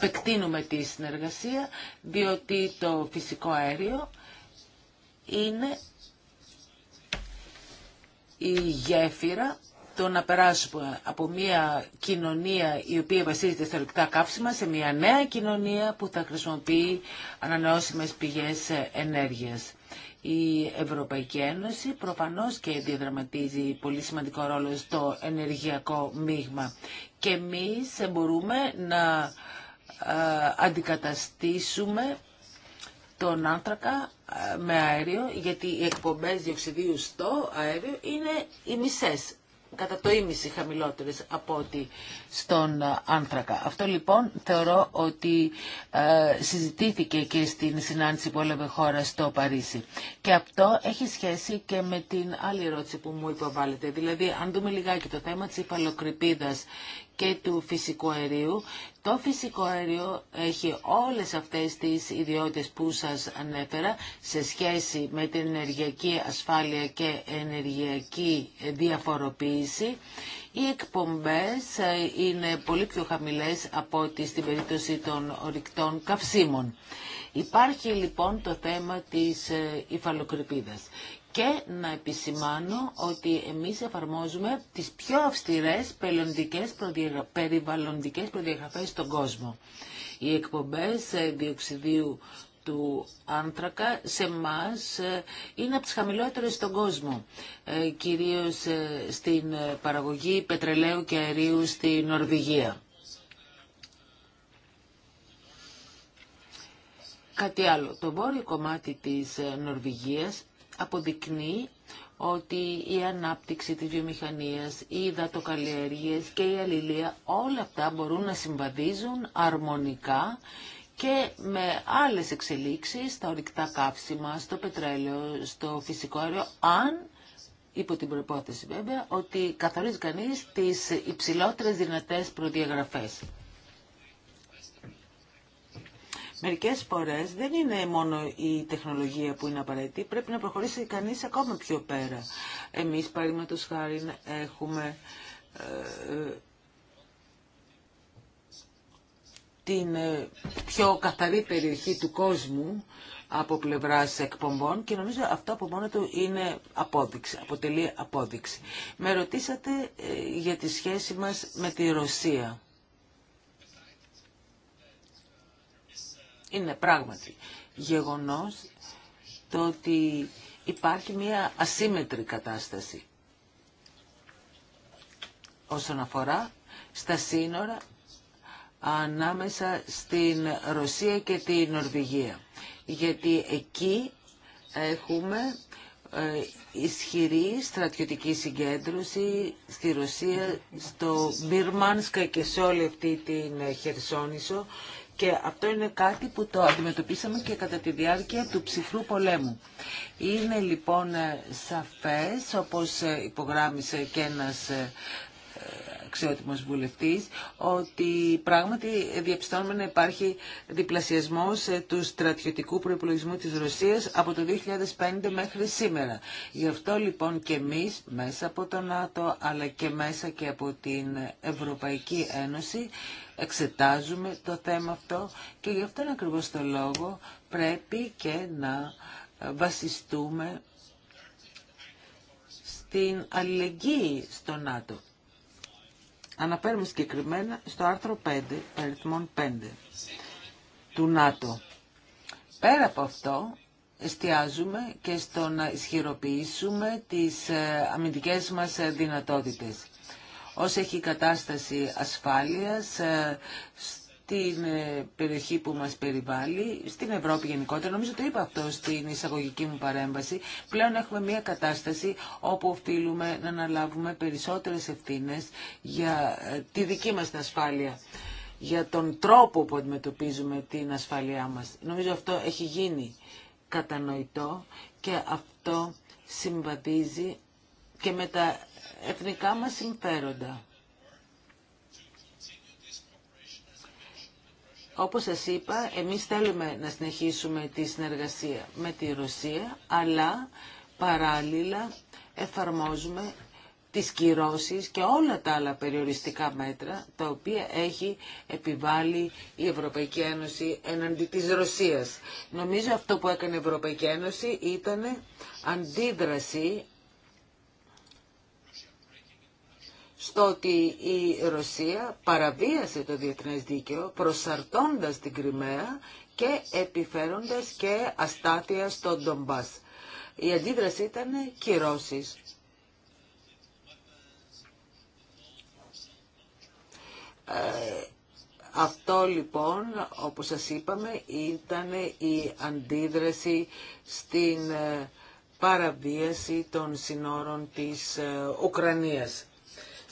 επεκτείνουμε τη συνεργασία, διότι το φυσικό αέριο είναι η γέφυρα το να περάσουμε από μια κοινωνία η οποία βασίζεται στα ορυκτά καύσιμα σε μια νέα κοινωνία που θα χρησιμοποιεί ανανεώσιμες πηγές ενέργειας. Η Ευρωπαϊκή Ένωση προφανώς και διαδραματίζει πολύ σημαντικό ρόλο στο ενεργειακό μείγμα. Και εμείς μπορούμε να ε, αντικαταστήσουμε τον άνθρακα ε, με αέριο, γιατί οι εκπομπές διοξιδίου στο αέριο είναι οι μισέ κατά το ίμιση χαμηλότερε από ό,τι στον άνθρακα. Αυτό λοιπόν θεωρώ ότι ε, συζητήθηκε και στην συνάντηση που έλαβε χώρα στο Παρίσι. Και αυτό έχει σχέση και με την άλλη ερώτηση που μου υποβάλλεται. Δηλαδή, αν δούμε λιγάκι το θέμα της υφαλοκρηπίδα και του φυσικού αερίου. Το φυσικό αέριο έχει όλες αυτές τις ιδιότητες που σας ανέφερα σε σχέση με την ενεργειακή ασφάλεια και ενεργειακή διαφοροποίηση. Οι εκπομπές ε, είναι πολύ πιο χαμηλές από ό,τι στην περίπτωση των ορυκτών καυσίμων. Υπάρχει λοιπόν το θέμα της ε, υφαλοκρηπίδας και να επισημάνω ότι εμείς εφαρμόζουμε τις πιο αυστηρές προδιαγρα... περιβαλλοντικές προδιαγραφές στον κόσμο. Οι εκπομπές ε, διοξιδίου του άνθρακα σε εμά είναι από τις χαμηλότερες στον κόσμο, ε, κυρίως ε, στην παραγωγή πετρελαίου και αερίου στη Νορβηγία. Κάτι άλλο. Το βόρειο κομμάτι της Νορβηγίας αποδεικνύει ότι η ανάπτυξη της βιομηχανίας, οι υδατοκαλλιέργειες και η αλληλεία, όλα αυτά μπορούν να συμβαδίζουν αρμονικά και με άλλες εξελίξεις στα ορυκτά καύσιμα, στο πετρέλαιο, στο φυσικό αέριο, αν υπό την προπόθεση βέβαια ότι καθορίζει κανείς τις υψηλότερες δυνατές προδιαγραφές. Μερικέ φορέ δεν είναι μόνο η τεχνολογία που είναι απαραίτητη, πρέπει να προχωρήσει κανείς ακόμα πιο πέρα. Εμείς, παραδείγματο χάρη, έχουμε ε, την ε, πιο καθαρή περιοχή του κόσμου από πλευράς εκπομπών και νομίζω αυτό από μόνο του είναι απόδειξη, αποτελεί απόδειξη. Με ρωτήσατε ε, για τη σχέση μας με τη Ρωσία. είναι πράγματι γεγονός το ότι υπάρχει μια ασύμετρη κατάσταση όσον αφορά στα σύνορα ανάμεσα στην Ρωσία και την Νορβηγία. Γιατί εκεί έχουμε ε, ισχυρή στρατιωτική συγκέντρωση στη Ρωσία, στο Μπυρμάνσκα και σε όλη αυτή την ε, Χερσόνησο και αυτό είναι κάτι που το αντιμετωπίσαμε και κατά τη διάρκεια του ψυχρού πολέμου. Είναι λοιπόν ε, σαφές, όπως ε, υπογράμμισε και ένας ε, αξιότιμος βουλευτής, ότι πράγματι διαπιστώνουμε να υπάρχει διπλασιασμός ε, του στρατιωτικού προϋπολογισμού της Ρωσίας από το 2005 μέχρι σήμερα. Γι' αυτό λοιπόν και εμείς μέσα από το ΝΑΤΟ αλλά και μέσα και από την Ευρωπαϊκή Ένωση εξετάζουμε το θέμα αυτό και γι' αυτόν ακριβώς το λόγο πρέπει και να ε, βασιστούμε στην αλληλεγγύη στο ΝΑΤΟ. Αναφέρουμε συγκεκριμένα στο άρθρο 5, αριθμών 5 του ΝΑΤΟ. Πέρα από αυτό, εστιάζουμε και στο να ισχυροποιήσουμε τις ε, αμυντικές μας δυνατότητες. Όσο έχει κατάσταση ασφάλειας ε, στην ε, περιοχή που μας περιβάλλει, στην Ευρώπη γενικότερα, νομίζω το είπα αυτό στην εισαγωγική μου παρέμβαση, πλέον έχουμε μια κατάσταση όπου οφείλουμε να αναλάβουμε περισσότερες ευθύνες για ε, τη δική μας ασφάλεια, για τον τρόπο που αντιμετωπίζουμε την ασφάλειά μας. Νομίζω αυτό έχει γίνει κατανοητό και αυτό συμβαδίζει και με τα εθνικά μας συμφέροντα. Όπως σας είπα, εμείς θέλουμε να συνεχίσουμε τη συνεργασία με τη Ρωσία, αλλά παράλληλα εφαρμόζουμε τις κυρώσεις και όλα τα άλλα περιοριστικά μέτρα τα οποία έχει επιβάλει η Ευρωπαϊκή Ένωση εναντί της Ρωσίας. Νομίζω αυτό που έκανε η Ευρωπαϊκή Ένωση ήταν αντίδραση στο ότι η Ρωσία παραβίασε το διεθνές δίκαιο προσαρτώντας την Κρυμαία και επιφέροντας και αστάθεια στον Ντομπάς. Η αντίδραση ήταν κυρώσεις. Ε, αυτό λοιπόν, όπως σας είπαμε, ήταν η αντίδραση στην ε, παραβίαση των συνόρων της ε, Ουκρανίας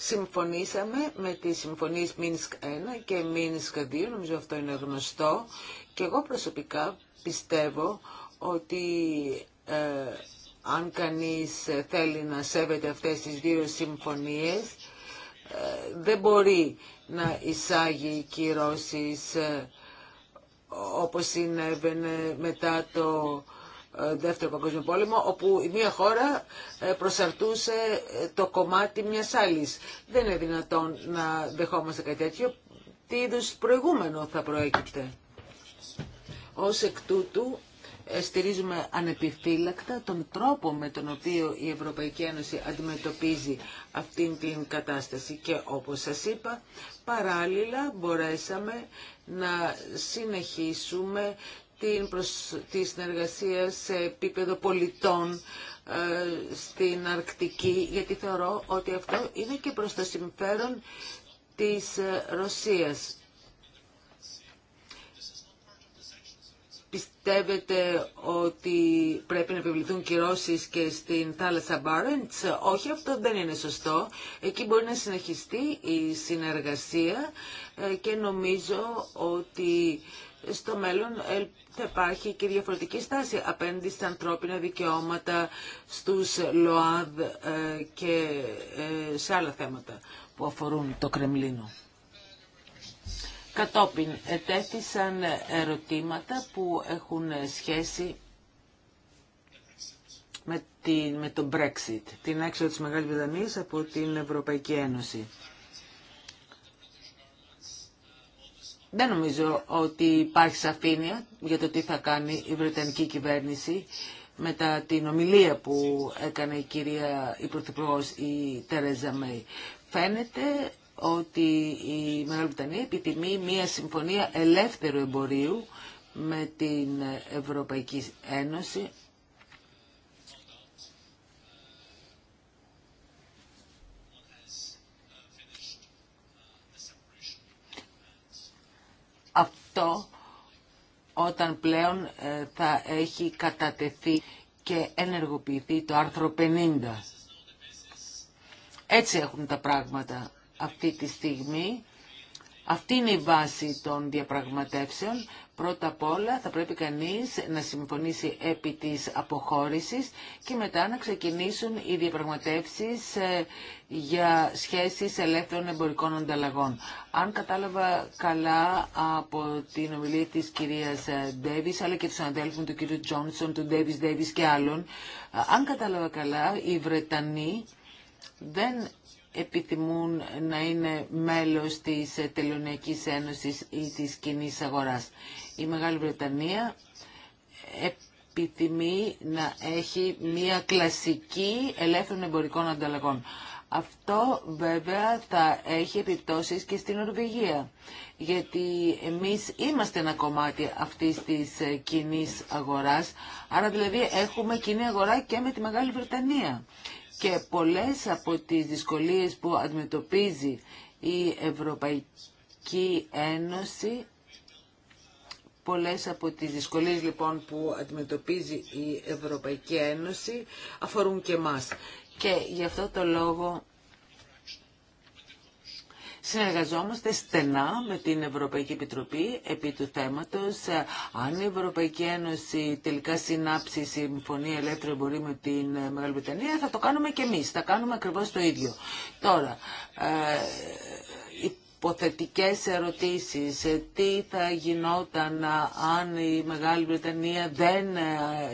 συμφωνήσαμε με τις συμφωνίες Μίνσκ 1 και Μίνσκ 2, νομίζω αυτό είναι γνωστό, και εγώ προσωπικά πιστεύω ότι ε, αν κανείς θέλει να σέβεται αυτές τις δύο συμφωνίες, ε, δεν μπορεί να εισάγει κυρώσεις ε, όπως συνέβαινε μετά το ε, Δεύτερο Παγκόσμιο Πόλεμο, όπου η μία χώρα ε, προσαρτούσε ε, το κομμάτι μιας άλλης. Δεν είναι δυνατόν να δεχόμαστε κάτι τέτοιο. Τι είδου προηγούμενο θα προέκυπτε. Ως εκ τούτου, στηρίζουμε ανεπιφύλακτα τον τρόπο με τον οποίο η Ευρωπαϊκή Ένωση αντιμετωπίζει αυτήν την κατάσταση και όπως σας είπα παράλληλα μπορέσαμε να συνεχίσουμε την προς, τη συνεργασία σε επίπεδο πολιτών ε, στην Αρκτική, γιατί θεωρώ ότι αυτό είναι και προς το συμφέρον της ε, Ρωσίας. Πιστεύετε ότι πρέπει να επιβληθούν κυρώσεις και στην θάλασσα Μπάρεντς. Όχι, αυτό δεν είναι σωστό. Εκεί μπορεί να συνεχιστεί η συνεργασία ε, και νομίζω ότι στο μέλλον ε, θα υπάρχει και διαφορετική στάση απέναντι στα ανθρώπινα δικαιώματα, στους ΛΟΑΔ ε, και ε, σε άλλα θέματα που αφορούν το Κρεμλίνο. Κατόπιν ετέθησαν ερωτήματα που έχουν σχέση με, την, με το Brexit, την έξοδο της Μεγάλης Βρετανίας από την Ευρωπαϊκή Ένωση. Δεν νομίζω ότι υπάρχει σαφήνεια για το τι θα κάνει η Βρετανική κυβέρνηση μετά την ομιλία που έκανε η κυρία η Πρωθυπουργός η Τερέζα Μέη. Φαίνεται ότι η Μεγάλη Βρετανία επιτιμεί μια συμφωνία ελεύθερου εμπορίου με την Ευρωπαϊκή Ένωση όταν πλέον ε, θα έχει κατατεθεί και ενεργοποιηθεί το άρθρο 50. Έτσι έχουν τα πράγματα αυτή τη στιγμή αυτή είναι η βάση των διαπραγματεύσεων. Πρώτα απ' όλα θα πρέπει κανείς να συμφωνήσει επί της αποχώρησης και μετά να ξεκινήσουν οι διαπραγματεύσεις ε, για σχέσεις ελεύθερων εμπορικών ανταλλαγών. Αν κατάλαβα καλά από την ομιλία της κυρίας Ντέβις ε, αλλά και του συναδέλφων του κυρίου Τζόνσον, του Ντέβις Ντέβις και άλλων, ε, αν κατάλαβα καλά οι Βρετανοί δεν επιθυμούν να είναι μέλος της Τελωνιακής Ένωσης ή της κοινή αγοράς. Η Μεγάλη Βρετανία επιθυμεί να έχει μια κλασική ελεύθερων εμπορικών ανταλλαγών. Αυτό βέβαια θα έχει επιπτώσεις και στην Ορβηγία, γιατί εμείς είμαστε ένα κομμάτι αυτής της κοινή αγοράς, άρα δηλαδή έχουμε κοινή αγορά και με τη Μεγάλη Βρετανία και πολλές από τις δυσκολίες που αντιμετωπίζει η Ευρωπαϊκή Ένωση Πολλές από τις δυσκολίες λοιπόν που αντιμετωπίζει η Ευρωπαϊκή Ένωση αφορούν και μας. Και γι' αυτό το λόγο συνεργαζόμαστε στενά με την Ευρωπαϊκή Επιτροπή επί του θέματος. Ε, αν η Ευρωπαϊκή Ένωση τελικά συνάψει συμφωνία ελεύθερη μπορεί με την ε, Μεγάλη Βρετανία, θα το κάνουμε και εμείς. Θα κάνουμε ακριβώς το ίδιο. Τώρα, ε, υποθετικές ερωτήσεις, τι θα γινόταν αν η Μεγάλη Βρετανία δεν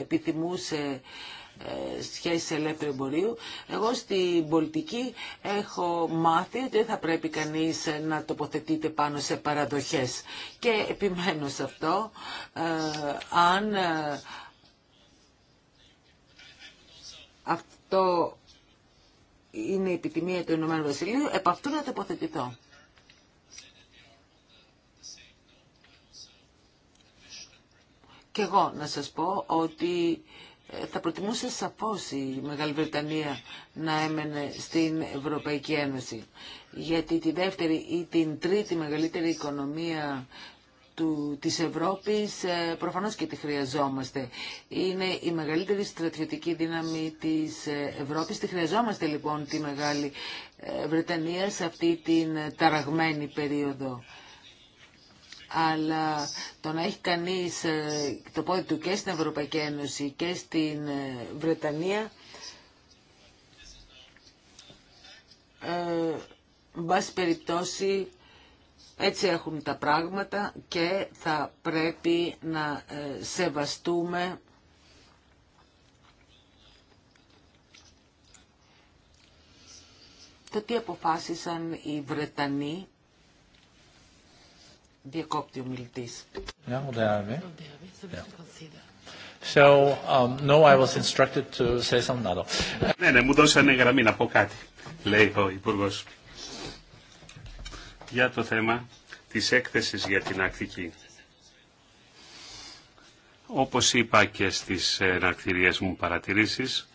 επιθυμούσε σχέσει ελεύθερου εμπορίου. Εγώ στην πολιτική έχω μάθει ότι δεν θα πρέπει κανείς να τοποθετείται πάνω σε παραδοχές. Και επιμένω σε αυτό, ε, αν ε, αυτό είναι η επιτιμία του Ηνωμένου Βασιλείου, επ' αυτού να τοποθετηθώ. Και εγώ να σας πω ότι θα προτιμούσε σαφώς η Μεγάλη Βρετανία να έμενε στην Ευρωπαϊκή Ένωση. Γιατί τη δεύτερη ή την τρίτη μεγαλύτερη οικονομία του, της Ευρώπης ε, προφανώς και τη χρειαζόμαστε. Είναι η μεγαλύτερη στρατιωτική δύναμη της ε, Ευρώπης. Τη χρειαζόμαστε λοιπόν τη Μεγάλη ε, Βρετανία σε αυτή την ταραγμένη περίοδο αλλά το να έχει κανείς ε, το πόδι του και στην Ευρωπαϊκή Ένωση και στην ε, Βρετανία ε, εν περιπτώσει έτσι έχουν τα πράγματα και θα πρέπει να σεβαστούμε το τι αποφάσισαν οι Βρετανοί Διακόπτει ο μιλητής. Eh? Ναι, ναι, μου δώσανε γραμμή να πω κάτι, λέει ο υπουργό. Για το θέμα της έκθεσης για την Ακτική. Όπως είπα και στις εναρκτηρίες μου παρατηρήσεις,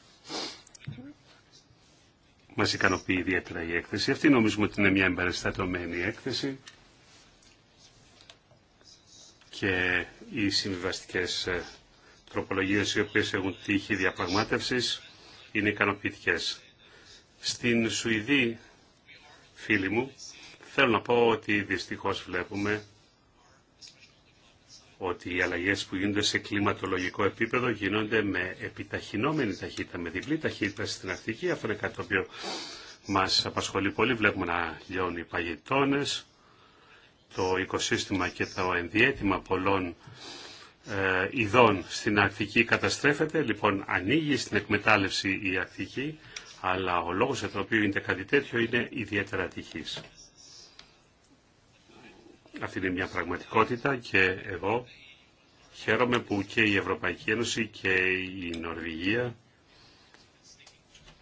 μας ικανοποιεί ιδιαίτερα η έκθεση. Αυτή νομίζουμε ότι είναι μια εμπεριστατωμένη έκθεση και οι συμβιβαστικές ε, τροπολογίες οι οποίες έχουν τύχει διαπραγμάτευσης είναι ικανοποιητικέ. Στην Σουηδή, φίλοι μου, θέλω να πω ότι δυστυχώς βλέπουμε ότι οι αλλαγές που γίνονται σε κλιματολογικό επίπεδο γίνονται με επιταχυνόμενη ταχύτητα, με διπλή ταχύτητα στην αρχική. Αυτό είναι κάτι το οποίο μας απασχολεί πολύ. Βλέπουμε να λιώνει οι παγετώνες, το οικοσύστημα και το ενδιέτημα πολλών ε, ειδών στην Αρκτική καταστρέφεται. Λοιπόν, ανοίγει στην εκμετάλλευση η Αρκτική, αλλά ο λόγος για τον οποίο είναι κάτι τέτοιο είναι ιδιαίτερα τυχής. Αυτή είναι μια πραγματικότητα και εγώ χαίρομαι που και η Ευρωπαϊκή Ένωση και η Νορβηγία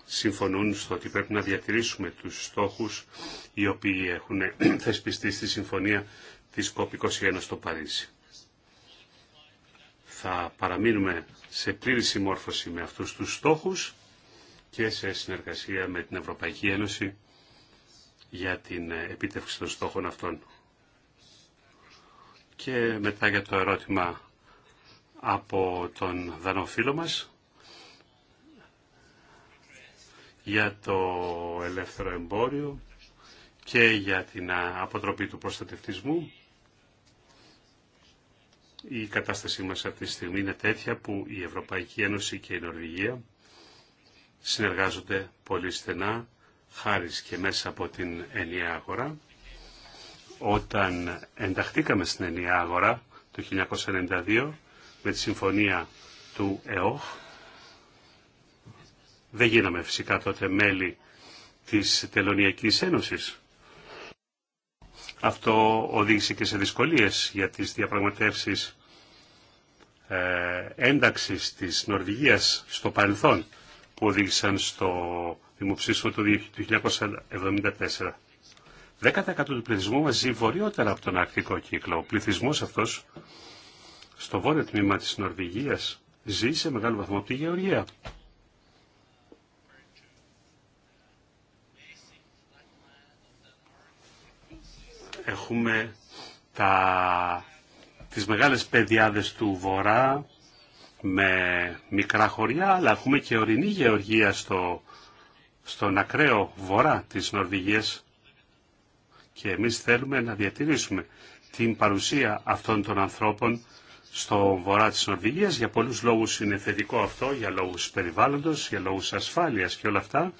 συμφωνούν στο ότι πρέπει να διατηρήσουμε τους στόχους οι οποίοι έχουν θεσπιστεί στη συμφωνία της COP21 στο Παρίσι. Θα παραμείνουμε σε πλήρη συμμόρφωση με αυτούς τους στόχους και σε συνεργασία με την Ευρωπαϊκή Ένωση για την επίτευξη των στόχων αυτών. Και μετά για το ερώτημα από τον δανόφιλο μας. για το ελεύθερο εμπόριο και για την αποτροπή του προστατευτισμού. Η κατάστασή μας αυτή τη στιγμή είναι τέτοια που η Ευρωπαϊκή Ένωση και η Νορβηγία συνεργάζονται πολύ στενά, χάρη και μέσα από την ενιαία αγορά. Όταν ενταχθήκαμε στην ενιαία αγορά το 1992 με τη συμφωνία του ΕΟΧ, δεν γίναμε φυσικά τότε μέλη της Τελωνιακής Ένωσης. Αυτό οδήγησε και σε δυσκολίες για τις διαπραγματεύσεις ε, ένταξης της Νορβηγίας στο παρελθόν που οδήγησαν στο δημοψήφισμα του 1974. 10% του πληθυσμού μας ζει βορειότερα από τον Αρκτικό κύκλο. Ο πληθυσμός αυτός στο βόρειο τμήμα της Νορβηγίας ζει σε μεγάλο βαθμό από τη Γεωργία. έχουμε τα, τις μεγάλες πεδιάδες του βορρά με μικρά χωριά, αλλά έχουμε και ορεινή γεωργία στο, στον ακραίο βορρά της Νορβηγίας και εμείς θέλουμε να διατηρήσουμε την παρουσία αυτών των ανθρώπων στο βορρά της Νορβηγίας. Για πολλούς λόγους είναι θετικό αυτό, για λόγους περιβάλλοντος, για λόγους ασφάλειας και όλα αυτά.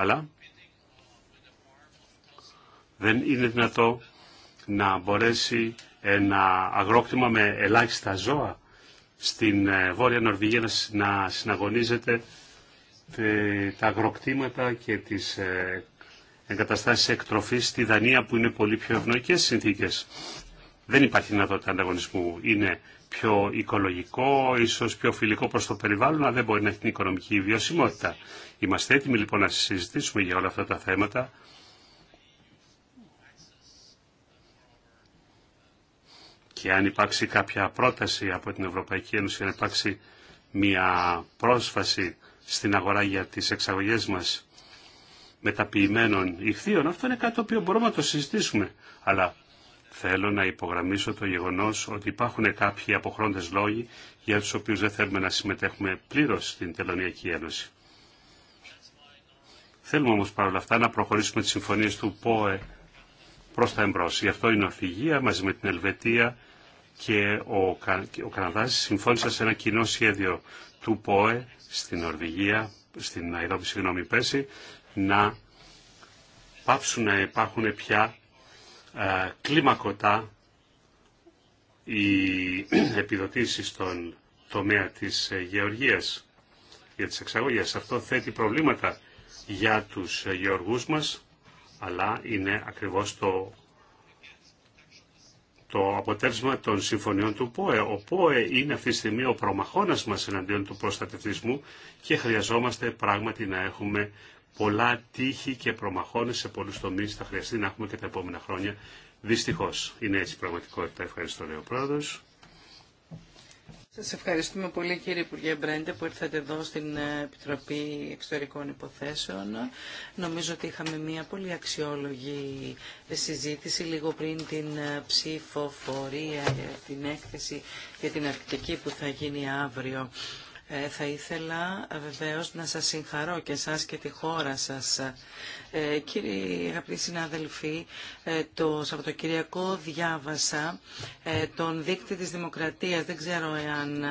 αλλά δεν είναι δυνατό να μπορέσει ένα αγρόκτημα με ελάχιστα ζώα στην ε, Βόρεια Νορβηγία να συναγωνίζεται ε, τα αγροκτήματα και τις ε, εγκαταστάσεις εκτροφής στη Δανία που είναι πολύ πιο ευνοϊκές συνθήκες. Δεν υπάρχει δυνατότητα ανταγωνισμού. Είναι πιο οικολογικό, ίσως πιο φιλικό προς το περιβάλλον, αλλά δεν μπορεί να έχει την οικονομική βιωσιμότητα. Είμαστε έτοιμοι λοιπόν να συζητήσουμε για όλα αυτά τα θέματα. Και αν υπάρξει κάποια πρόταση από την Ευρωπαϊκή Ένωση αν υπάρξει μια πρόσφαση στην αγορά για τις εξαγωγές μας μεταποιημένων ηχθείων, αυτό είναι κάτι το οποίο μπορούμε να το συζητήσουμε. Αλλά Θέλω να υπογραμμίσω το γεγονός ότι υπάρχουν κάποιοι αποχρόντες λόγοι για τους οποίους δεν θέλουμε να συμμετέχουμε πλήρως στην Τελωνιακή Ένωση. Θέλουμε όμως παρόλα αυτά να προχωρήσουμε τι συμφωνίε του ΠΟΕ προς τα εμπρό. Γι' αυτό η Νορφηγία μαζί με την Ελβετία και ο, Κα... ο Καναδάς συμφώνησαν σε ένα κοινό σχέδιο του ΠΟΕ στην Νορβηγία, στην Αϊδόπη, συγγνώμη, πέρσι, να πάψουν να υπάρχουν πια ε, κλίμακοτα οι επιδοτήσεις στον τομέα της ε, γεωργίας για τις εξαγωγές. Αυτό θέτει προβλήματα για τους ε, γεωργούς μας, αλλά είναι ακριβώς το, το αποτέλεσμα των συμφωνιών του ΠΟΕ. Ο ΠΟΕ είναι αυτή τη στιγμή ο προμαχώνας μας εναντίον του προστατευτισμού και χρειαζόμαστε πράγματι να έχουμε πολλά τύχη και προμαχώνες σε πολλού τομεί. Θα χρειαστεί να έχουμε και τα επόμενα χρόνια. Δυστυχώ, είναι έτσι η πραγματικότητα. Ευχαριστώ, λέει ο Πρόεδρος. Σας ευχαριστούμε πολύ κύριε Υπουργέ Μπρέντε που ήρθατε εδώ στην ε, Επιτροπή Εξωτερικών Υποθέσεων. Νομίζω ότι είχαμε μια πολύ αξιόλογη συζήτηση λίγο πριν την ε, ψηφοφορία ε, την έκθεση για την Αρκτική που θα γίνει αύριο. Ε, θα ήθελα βεβαίως να σας συγχαρώ και σας και τη χώρα σας. Ε, κύριοι αγαπητοί συνάδελφοι, ε, το Σαββατοκυριακό διάβασα τον δείκτη της Δημοκρατίας. Δεν ξέρω εάν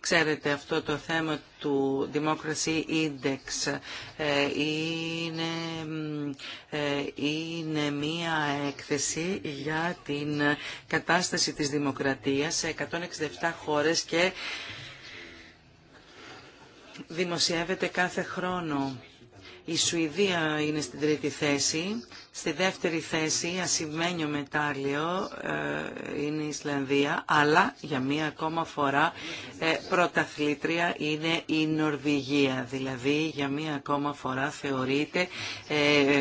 ξέρετε αυτό το θέμα του Democracy Index είναι, είναι μία έκθεση για την κατάσταση της δημοκρατίας σε 167 χώρες και δημοσιεύεται κάθε χρόνο. Η Σουηδία είναι στην τρίτη θέση. Στη δεύτερη θέση, ασημένιο μετάλλιο, ε, είναι η Ισλανδία, αλλά για μία ακόμα φορά ε, πρωταθλήτρια είναι η Νορβηγία. Δηλαδή, για μία ακόμα φορά θεωρείται ε,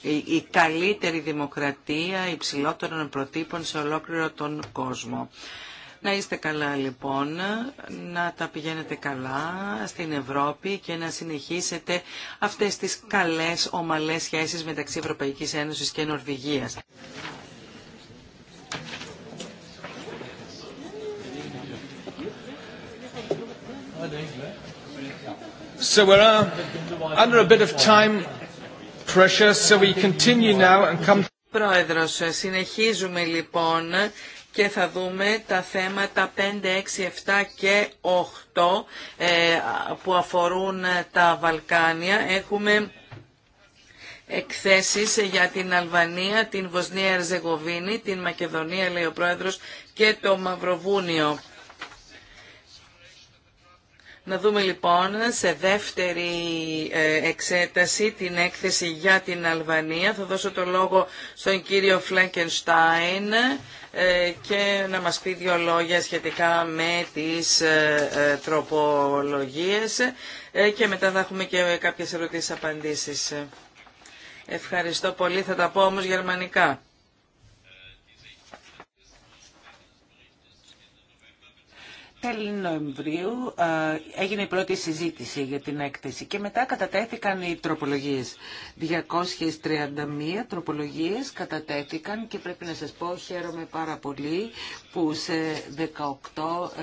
η, η καλύτερη δημοκρατία υψηλότερων προτύπων σε ολόκληρο τον κόσμο. Να είστε καλά λοιπόν, να τα πηγαίνετε καλά στην Ευρώπη και να συνεχίσετε αυτές τις καλές ομαλές σχέσεις μεταξύ Ευρωπαϊκής Ένωσης και Νορβηγίας. So uh, under a bit of time pressure, so we continue now and come. Πρόεδρος, συνεχίζουμε λοιπόν και θα δούμε τα θέματα 5, 6, 7 και 8 ε, που αφορούν τα Βαλκάνια. Έχουμε εκθέσεις για την Αλβανία, την Βοσνία Ερζεγοβίνη, την Μακεδονία, λέει ο Πρόεδρος, και το Μαυροβούνιο. Να δούμε λοιπόν σε δεύτερη ε, εξέταση την έκθεση για την Αλβανία. Θα δώσω το λόγο στον κύριο Φλέγκενστάιν ε, και να μας πει δύο λόγια σχετικά με τις ε, ε, τροπολογίες και μετά θα έχουμε και κάποιες ερωτήσεις απαντήσεις. Ευχαριστώ πολύ. Θα τα πω όμως γερμανικά. τέλη Νοεμβρίου ε, έγινε η πρώτη συζήτηση για την έκθεση και μετά κατατέθηκαν οι τροπολογίες. 231 τροπολογίες κατατέθηκαν και πρέπει να σας πω χαίρομαι πάρα πολύ που σε 18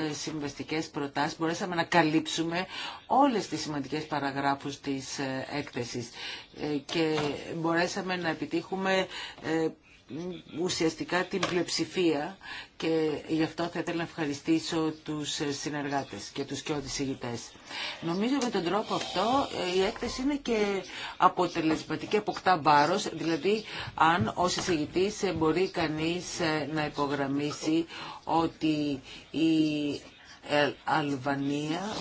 ε, συμβαστικές προτάσεις μπορέσαμε να καλύψουμε όλες τις σημαντικές παραγράφους της ε, έκθεσης και μπορέσαμε να επιτύχουμε ουσιαστικά την πλειοψηφία και γι' αυτό θα ήθελα να ευχαριστήσω τους συνεργάτες και τους και ηγητές. Νομίζω με τον τρόπο αυτό ε, η έκθεση είναι και αποτελεσματική, αποκτά βάρος, δηλαδή αν ως εισηγητής μπορεί κανείς ε, να υπογραμμίσει ότι η ε, Αλβανία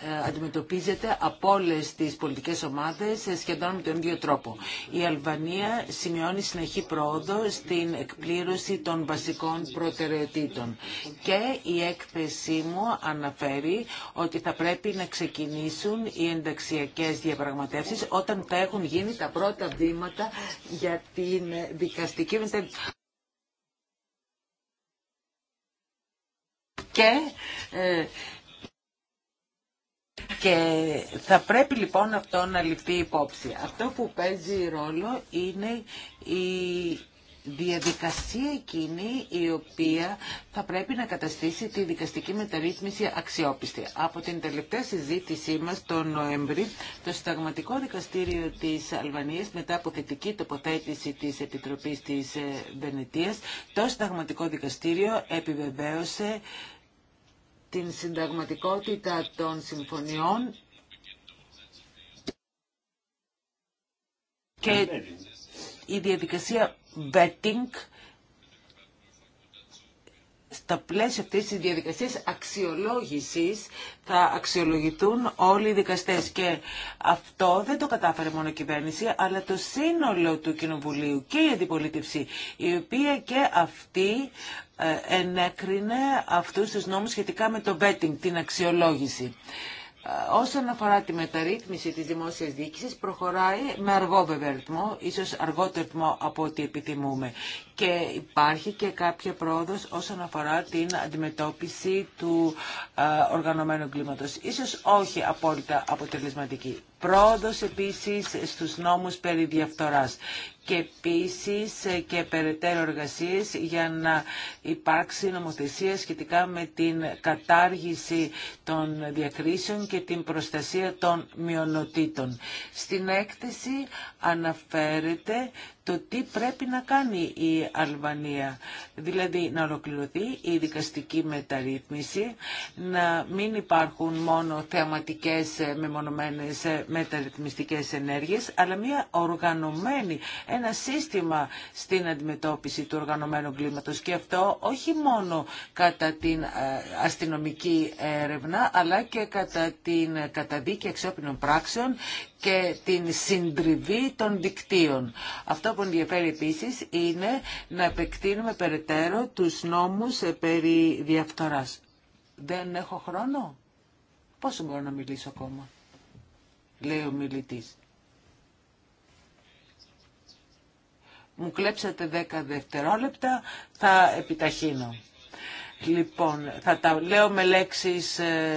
ε, αντιμετωπίζεται από όλε τι πολιτικέ ομάδε ε, σχεδόν με τον ίδιο τρόπο. Η Αλβανία σημειώνει συνεχή πρόοδο στην εκπλήρωση των βασικών προτεραιοτήτων. Και η έκθεσή μου αναφέρει ότι θα πρέπει να ξεκινήσουν οι ενταξιακέ διαπραγματεύσει όταν θα έχουν γίνει τα πρώτα βήματα για την δικαστική Και ε, και θα πρέπει λοιπόν αυτό να ληφθεί υπόψη. Αυτό που παίζει ρόλο είναι η διαδικασία εκείνη η οποία θα πρέπει να καταστήσει τη δικαστική μεταρρύθμιση αξιόπιστη. Από την τελευταία συζήτησή μας τον Νοέμβρη, το Συνταγματικό Δικαστήριο της Αλβανίας, μετά από θετική τοποθέτηση της Επιτροπής της ε, Βενετίας, το Συνταγματικό Δικαστήριο επιβεβαίωσε την συνταγματικότητα των συμφωνιών και η διαδικασία vetting στα πλαίσια αυτής της διαδικασίας αξιολόγησης θα αξιολογηθούν όλοι οι δικαστές και αυτό δεν το κατάφερε μόνο η κυβέρνηση αλλά το σύνολο του Κοινοβουλίου και η αντιπολίτευση η οποία και αυτή ε, ενέκρινε αυτούς τους νόμους σχετικά με το betting, την αξιολόγηση. Ε, όσον αφορά τη μεταρρύθμιση της δημόσιας διοίκησης, προχωράει με αργό βέβαια ρυθμό, ίσως αργότερο ρυθμό από ό,τι επιθυμούμε και υπάρχει και κάποια πρόοδος όσον αφορά την αντιμετώπιση του ε, οργανωμένου κλίματος. Ίσως όχι απόλυτα αποτελεσματική. Πρόοδος επίσης στους νόμους περί διαφθοράς και επίσης ε, και περαιτέρω εργασίες για να υπάρξει νομοθεσία σχετικά με την κατάργηση των διακρίσεων και την προστασία των μειονοτήτων. Στην έκθεση αναφέρεται το τι πρέπει να κάνει η Αλβανία. Δηλαδή να ολοκληρωθεί η δικαστική μεταρρύθμιση, να μην υπάρχουν μόνο θεαματικές ε, μεμονωμένες ε, μεταρρυθμιστικές ενέργειες, αλλά μια οργανωμένη, ένα σύστημα στην αντιμετώπιση του οργανωμένου κλίματος. Και αυτό όχι μόνο κατά την ε, αστυνομική έρευνα, αλλά και κατά την καταδίκη εξόπινων πράξεων και την συντριβή των δικτύων. Αυτό που ενδιαφέρει επίση είναι να επεκτείνουμε περαιτέρω τους νόμους ε, περί διαφθοράς. Δεν έχω χρόνο. Πόσο μπορώ να μιλήσω ακόμα, λέει ο μιλητής. Μου κλέψατε 10 δευτερόλεπτα, θα επιταχύνω. Λοιπόν, θα τα λέω με λέξεις, ε,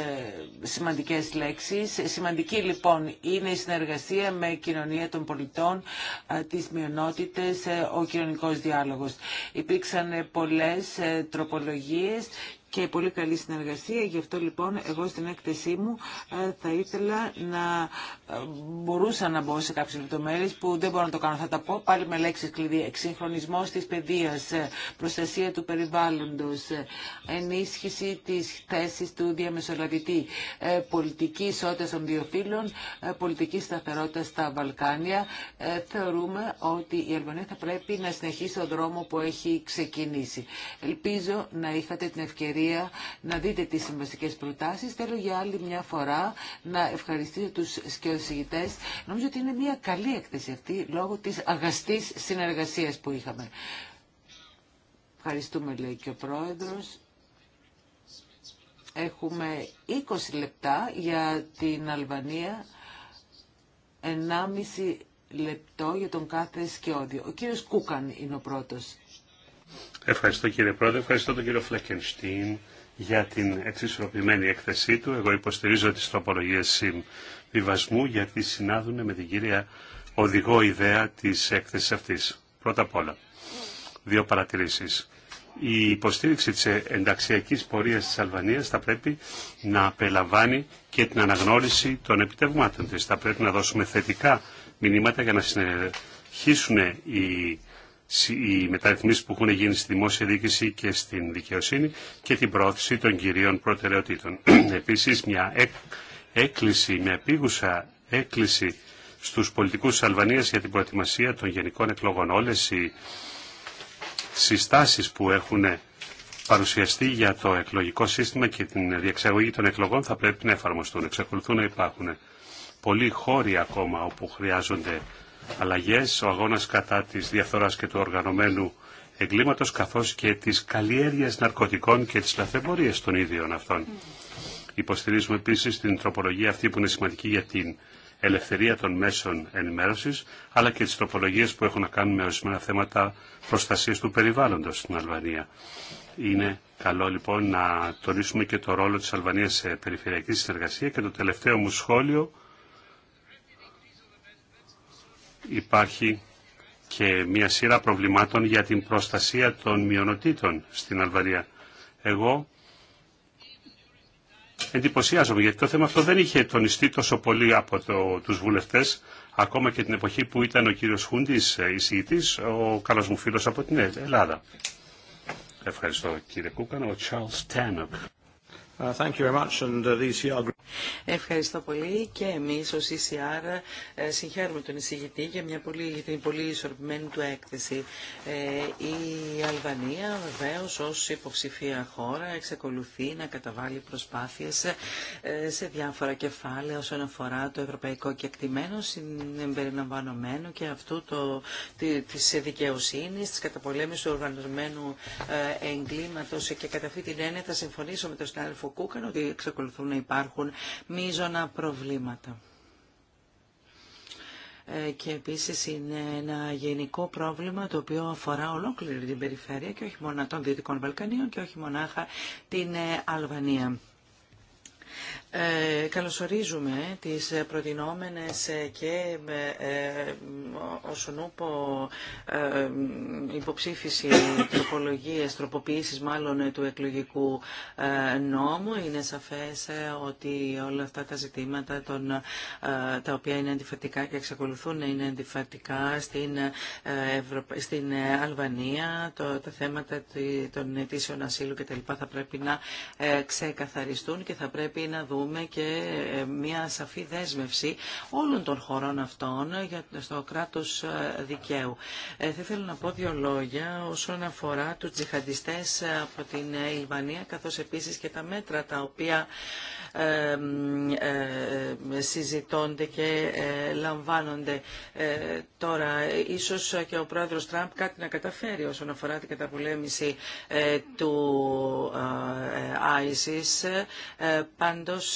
σημαντικές λέξεις. Σημαντική λοιπόν είναι η συνεργασία με κοινωνία των πολιτών, ε, τις μειονότητες, ε, ο κοινωνικός διάλογος. Υπήρξαν πολλές τροπολογίες και πολύ καλή συνεργασία. Γι' αυτό λοιπόν εγώ στην έκθεσή μου ε, θα ήθελα να ε, μπορούσα να μπω σε κάποιε λεπτομέρειες που δεν μπορώ να το κάνω. Θα τα πω πάλι με λέξεις κλειδί. Εξυγχρονισμός της παιδείας, ε, προστασία του περιβάλλοντος, ενίσχυση της θέσης του διαμεσολαβητή, πολιτική ισότητα των δύο φύλων, πολιτική σταθερότητα στα Βαλκάνια. Θεωρούμε ότι η Αλβανία θα πρέπει να συνεχίσει τον δρόμο που έχει ξεκινήσει. Ελπίζω να είχατε την ευκαιρία ευκαιρία να δείτε τις συμβαστικές προτάσεις. Θέλω για άλλη μια φορά να ευχαριστήσω τους σκιοσυγητές. Νομίζω ότι είναι μια καλή έκθεση αυτή λόγω της αγαστής συνεργασίας που είχαμε. Ευχαριστούμε λέει και ο Πρόεδρος. Έχουμε 20 λεπτά για την Αλβανία, 1,5 λεπτό για τον κάθε σκιώδιο. Ο κύριος Κούκαν είναι ο πρώτος. Ευχαριστώ κύριε Πρόεδρε, ευχαριστώ τον κύριο Φλέκενστίν για την εξισορροπημένη έκθεσή του. Εγώ υποστηρίζω τις τροπολογίες συμβιβασμού γιατί συνάδουν με την κύρια οδηγό ιδέα της έκθεσης αυτής. Πρώτα απ' όλα, δύο παρατηρήσεις. Η υποστήριξη της ενταξιακής πορείας της Αλβανίας θα πρέπει να απελαμβάνει και την αναγνώριση των επιτευγμάτων της. Θα πρέπει να δώσουμε θετικά μηνύματα για να συνεχίσουν οι οι μεταρρυθμίσεις που έχουν γίνει στη δημόσια διοίκηση και στην δικαιοσύνη και την πρόθεση των κυρίων προτεραιοτήτων. Επίσης μια έκκληση, μια επίγουσα έκκληση στους πολιτικούς της Αλβανίας για την προετοιμασία των γενικών εκλογών. Όλες οι συστάσεις που έχουν παρουσιαστεί για το εκλογικό σύστημα και την διεξαγωγή των εκλογών θα πρέπει να εφαρμοστούν. Εξακολουθούν να υπάρχουν πολλοί χώροι ακόμα όπου χρειάζονται Αλλαγέ ο αγώνας κατά της διαφθοράς και του οργανωμένου εγκλήματος, καθώς και της καλλιέργειας ναρκωτικών και της λαθεμπορίας των ίδιων αυτών. Υποστηρίζουμε επίσης την τροπολογία αυτή που είναι σημαντική για την ελευθερία των μέσων ενημέρωσης, αλλά και τις τροπολογίες που έχουν να κάνουν με ορισμένα θέματα προστασίας του περιβάλλοντος στην Αλβανία. Είναι καλό λοιπόν να τονίσουμε και το ρόλο της Αλβανίας σε περιφερειακή συνεργασία και το τελευταίο μου σχόλιο υπάρχει και μια σειρά προβλημάτων για την προστασία των μειονοτήτων στην Αλβανία. Εγώ εντυπωσιάζομαι γιατί το θέμα αυτό δεν είχε τονιστεί τόσο πολύ από το, τους βουλευτές ακόμα και την εποχή που ήταν ο κύριος Χούντης ε, εισηγητής, ο καλός μου φίλος από την Ελλάδα. Ευχαριστώ κύριε Κούκανο, ο Charles Τένοκ. Ευχαριστώ πολύ και εμείς ως ECR ε, συγχαίρουμε τον εισηγητή για μια πολύ, την πολύ ισορροπημένη του έκθεση. Ε, η Αλβανία βεβαίως ως υποψηφία χώρα εξακολουθεί να καταβάλει προσπάθειες ε, σε διάφορα κεφάλαια όσον αφορά το ευρωπαϊκό κεκτημένο συμπεριλαμβανομένο και αυτού τη δικαιοσύνη τη της του οργανωμένου εγκλήματος και κατά αυτή την έννοια θα συμφωνήσω με τον συνάδελφο ότι εξακολουθούν να υπάρχουν μείζωνα προβλήματα ε, και επίσης είναι ένα γενικό πρόβλημα το οποίο αφορά ολόκληρη την περιφέρεια και όχι μόνο των Δυτικών Βαλκανίων και όχι μονάχα την ε, Αλβανία. Ε, καλωσορίζουμε τις προτινόμενες και ε, όσον ε, ούπο ε, υποψήφιση τροπολογίες, τροποποιήσεις μάλλον του εκλογικού ε, νόμου. Είναι σαφές ότι όλα αυτά τα ζητήματα τα οποία είναι αντιφατικά και εξακολουθούν να είναι αντιφατικά στην, στην Αλβανία, τα θέματα των αιτήσεων ασύλου κτλ. θα πρέπει να ξεκαθαριστούν και θα πρέπει να δούμε και ε, μια σαφή δέσμευση όλων των χωρών αυτών στο κράτος ε, δικαίου. Ε, θα ήθελα να πω δύο λόγια όσον αφορά τους τζιχαντιστές από την Ιλβανία καθώς επίσης και τα μέτρα τα οποία συζητώνται και λαμβάνονται τώρα. Ίσως και ο πρόεδρος Τραμπ κάτι να καταφέρει όσον αφορά την καταπολέμηση του ISIS. Πάντως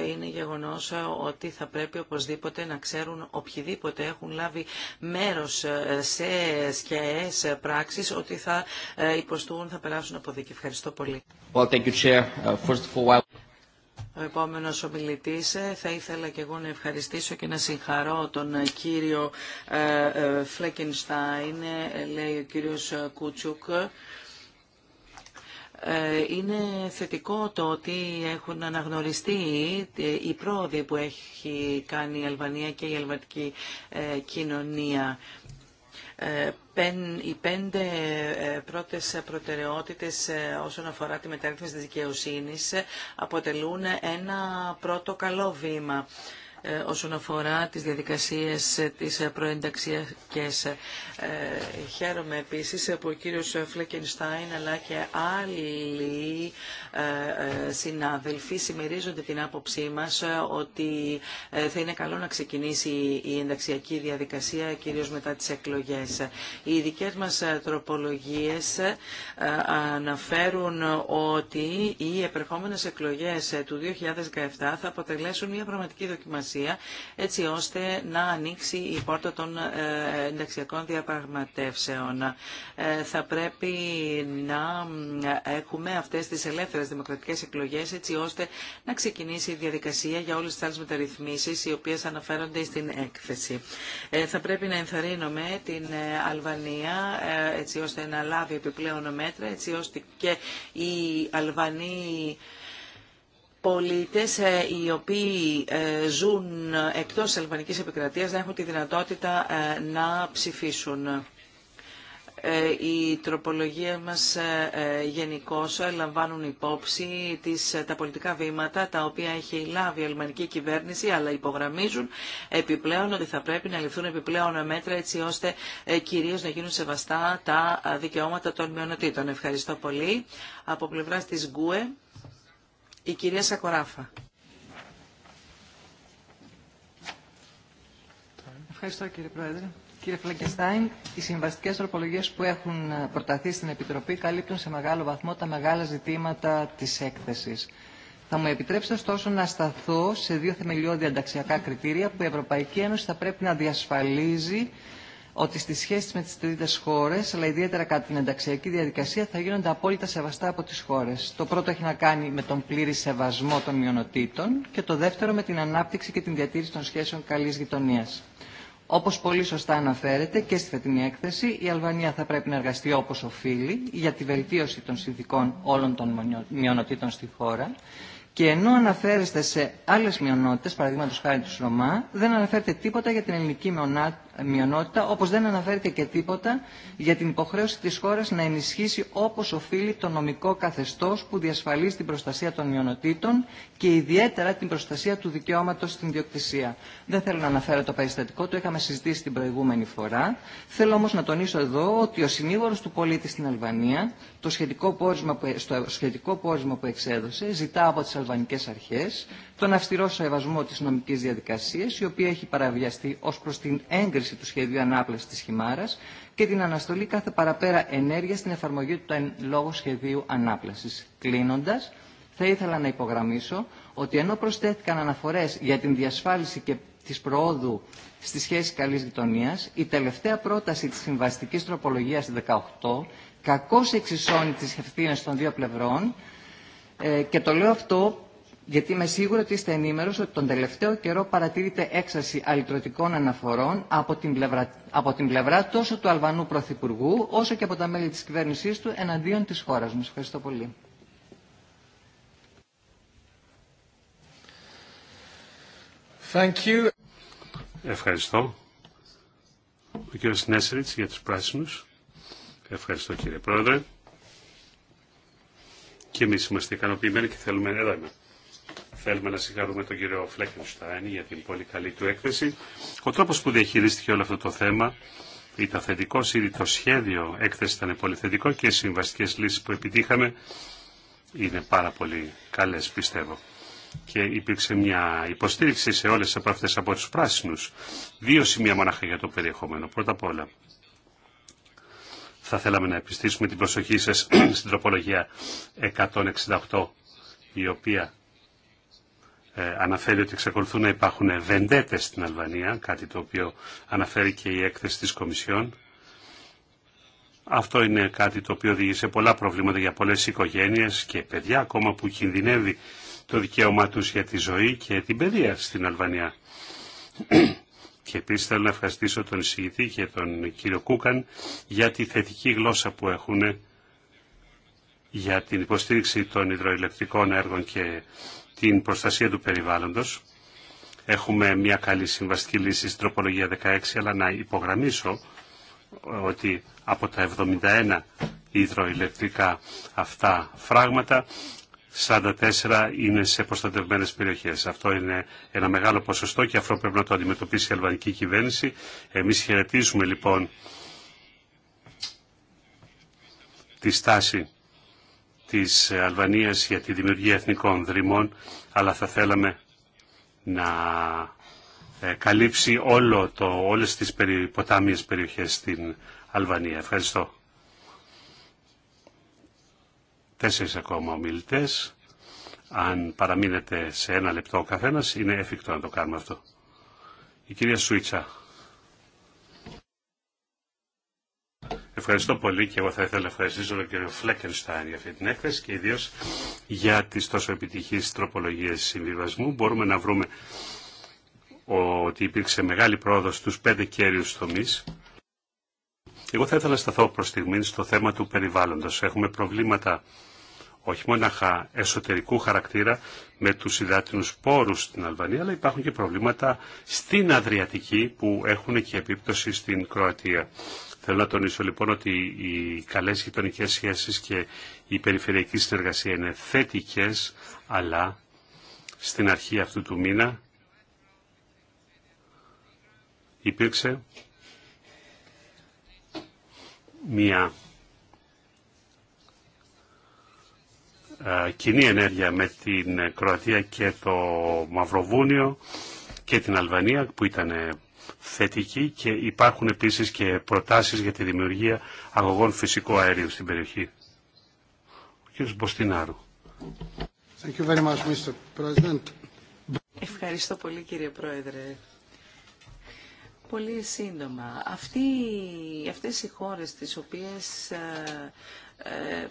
ε, είναι γεγονός ε, ότι θα πρέπει οπωσδήποτε να ξέρουν οποιοδήποτε έχουν λάβει μέρος ε, σε σκιαές πράξεις ότι θα υποστούν, θα περάσουν από δίκη. Ευχαριστώ πολύ. Well, thank you, Chair. Uh, first of all, ο επόμενος ομιλητής θα ήθελα και εγώ να ευχαριστήσω και να συγχαρώ τον κύριο Φλέκενστάιν, λέει ο κύριος Κούτσουκ ε, είναι θετικό το ότι έχουν αναγνωριστεί οι πρόοδοι που έχει κάνει η Αλβανία και η αλβανική ε, κοινωνία. Ε, οι πέντε πρώτες προτεραιότητες όσον αφορά τη μεταρρύθμιση της δικαιοσύνης αποτελούν ένα πρώτο καλό βήμα. Ε, όσον αφορά τις διαδικασίες ε, της ε, προενταξιακές. Χαίρομαι επίσης που ο κύριος Φλεκενστάιν αλλά και άλλοι συνάδελφοι συμμερίζονται την άποψή μας ότι θα είναι καλό να ξεκινήσει η ενταξιακή διαδικασία κυρίως μετά τις εκλογές. Οι δικές μας τροπολογίες αναφέρουν ότι οι επερχόμενες εκλογές του 2017 θα αποτελέσουν μια πραγματική δοκιμασία έτσι ώστε να ανοίξει η πόρτα των ε, ενταξιακών διαπραγματεύσεων. Ε, θα πρέπει να ε, έχουμε αυτές τις ελεύθερες δημοκρατικές εκλογές έτσι ώστε να ξεκινήσει η διαδικασία για όλες τις άλλες μεταρρυθμίσεις οι οποίες αναφέρονται στην έκθεση. Θα πρέπει να ενθαρρύνουμε την Αλβανία έτσι ώστε να λάβει επιπλέον μέτρα έτσι ώστε και οι Αλβανοί πολίτες ε, οι οποίοι ε, ζουν εκτός της αλβανικής επικρατείας να έχουν τη δυνατότητα ε, να ψηφίσουν. Η τροπολογία μας γενικώ λαμβάνουν υπόψη τις, τα πολιτικά βήματα τα οποία έχει λάβει η αλμανική κυβέρνηση αλλά υπογραμμίζουν επιπλέον ότι θα πρέπει να ληφθούν επιπλέον μέτρα έτσι ώστε κυρίως να γίνουν σεβαστά τα δικαιώματα των μειονοτήτων. Ευχαριστώ πολύ. Από πλευράς της ΓΚΟΕ. Η κυρία Σακοράφα. Ευχαριστώ κύριε Πρόεδρε. Κύριε Φλαγκεστάιν, οι συμβαστικέ τροπολογίε που έχουν ε, προταθεί στην Επιτροπή καλύπτουν σε μεγάλο βαθμό τα μεγάλα ζητήματα τη έκθεση. Θα μου επιτρέψετε ωστόσο να σταθώ σε δύο θεμελιώδη ανταξιακά κριτήρια που η Ευρωπαϊκή Ένωση θα πρέπει να διασφαλίζει ότι στις σχέσεις με τις τρίτες χώρες, αλλά ιδιαίτερα κατά την ενταξιακή διαδικασία, θα γίνονται απόλυτα σεβαστά από τις χώρες. Το πρώτο έχει να κάνει με τον πλήρη σεβασμό των μειονοτήτων και το δεύτερο με την ανάπτυξη και την διατήρηση των σχέσεων καλής γειτονίας. Όπως πολύ σωστά αναφέρεται και στη φετινή έκθεση, η Αλβανία θα πρέπει να εργαστεί όπως οφείλει για τη βελτίωση των συνθηκών όλων των μειονοτήτων στη χώρα και ενώ αναφέρεστε σε άλλε μειονότητε, παραδείγματο χάρη του Ρωμά, δεν αναφέρεται τίποτα για την ελληνική μειονότητα, όπως δεν αναφέρεται και τίποτα για την υποχρέωση της χώρας να ενισχύσει όπως οφείλει το νομικό καθεστώς που διασφαλίζει την προστασία των μειονοτήτων και ιδιαίτερα την προστασία του δικαιώματος στην διοκτησία. Δεν θέλω να αναφέρω το περιστατικό, το είχαμε συζητήσει την προηγούμενη φορά. Θέλω όμως να τονίσω εδώ ότι ο συνήγορος του πολίτη στην Αλβανία, το σχετικό πόρισμα που, στο σχετικό πόρισμα που εξέδωσε, ζητά από τις αλβανικές αρχές τον αυστηρό σεβασμό της νομικής διαδικασίας, η οποία έχει παραβιαστεί ως προς την έγκριση σε του σχεδίου ανάπλαση τη χυμάρα και την αναστολή κάθε παραπέρα ενέργεια στην εφαρμογή του εν λόγω σχεδίου ανάπλαση. Κλείνοντα, θα ήθελα να υπογραμμίσω ότι ενώ προσθέθηκαν αναφορέ για την διασφάλιση και της προόδου στη σχέση καλή γειτονία, η τελευταία πρόταση τη συμβαστική τροπολογία 18 κακώ εξισώνει τι ευθύνε των δύο πλευρών ε, και το λέω αυτό γιατί είμαι σίγουρο ότι είστε ενήμερο ότι τον τελευταίο καιρό παρατηρείται έξαρση αλυτρωτικών αναφορών από την, πλευρά, τόσο του Αλβανού Πρωθυπουργού όσο και από τα μέλη τη κυβέρνησή του εναντίον τη χώρα μου. Ευχαριστώ πολύ. Ευχαριστώ. Ο κύριος Νέσεριτς για τους πράσινους. Ευχαριστώ κύριε Πρόεδρε. Και εμείς είμαστε ικανοποιημένοι και θέλουμε να Θέλουμε να συγχαρούμε τον κύριο Φλέκενστάιν για την πολύ καλή του έκθεση. Ο τρόπο που διαχειρίστηκε όλο αυτό το θέμα ήταν θετικό, ήδη το σχέδιο έκθεση ήταν πολύ θετικό και οι συμβαστικέ λύσει που επιτύχαμε είναι πάρα πολύ καλέ, πιστεύω. Και υπήρξε μια υποστήριξη σε όλε από αυτέ από του πράσινου. Δύο σημεία μονάχα για το περιεχόμενο. Πρώτα απ' όλα, θα θέλαμε να επιστήσουμε την προσοχή σας στην τροπολογία 168 η οποία ε, αναφέρει ότι εξακολουθούν να υπάρχουν βεντέτες στην Αλβανία, κάτι το οποίο αναφέρει και η έκθεση της Κομισιόν. Αυτό είναι κάτι το οποίο οδηγεί σε πολλά προβλήματα για πολλές οικογένειες και παιδιά, ακόμα που κινδυνεύει το δικαίωμά τους για τη ζωή και την παιδεία στην Αλβανία. Και επίση θέλω να ευχαριστήσω τον εισηγητή και τον κύριο Κούκαν για τη θετική γλώσσα που έχουν για την υποστήριξη των υδροηλεκτρικών έργων και την προστασία του περιβάλλοντος. Έχουμε μια καλή συμβαστική λύση στην τροπολογία 16, αλλά να υπογραμμίσω ότι από τα 71 υδροηλεκτρικά αυτά φράγματα, 44 είναι σε προστατευμένε περιοχέ. Αυτό είναι ένα μεγάλο ποσοστό και αυτό πρέπει να το αντιμετωπίσει η αλβανική κυβέρνηση. Εμεί χαιρετίζουμε λοιπόν τη στάση της Αλβανίας για τη δημιουργία εθνικών δρυμών, αλλά θα θέλαμε να ε, καλύψει όλο το, όλες τις ποτάμιες περιοχές στην Αλβανία. Ευχαριστώ. Τέσσερις ακόμα ομιλητές. Αν παραμείνετε σε ένα λεπτό ο καθένας, είναι εφικτό να το κάνουμε αυτό. Η κυρία Σουίτσα. Ευχαριστώ πολύ και εγώ θα ήθελα να ευχαριστήσω τον κύριο Φλέκενστάιν για αυτή την έκθεση και ιδίω για τι τόσο επιτυχεί τροπολογίες συμβιβασμού. Μπορούμε να βρούμε ότι υπήρξε μεγάλη πρόοδο στου πέντε κέριους τομεί. Εγώ θα ήθελα να σταθώ προς στιγμή στο θέμα του περιβάλλοντο. Έχουμε προβλήματα όχι μόνο εσωτερικού χαρακτήρα με τους υδάτινους πόρους στην Αλβανία, αλλά υπάρχουν και προβλήματα στην Αδριατική που έχουν και επίπτωση στην Κροατία. Θέλω να τονίσω λοιπόν ότι οι καλές γειτονικέ σχέσεις και η περιφερειακή συνεργασία είναι θετικές, αλλά στην αρχή αυτού του μήνα υπήρξε μια ε, κοινή ενέργεια με την Κροατία και το Μαυροβούνιο και την Αλβανία που ήταν θετική και υπάρχουν επίσης και προτάσεις για τη δημιουργία αγωγών φυσικού αερίου στην περιοχή. Ο κ. Μποστινάρου. Ευχαριστώ πολύ κύριε Πρόεδρε. Πολύ σύντομα. Αυτοί, αυτές οι χώρες τις οποίες ε, ε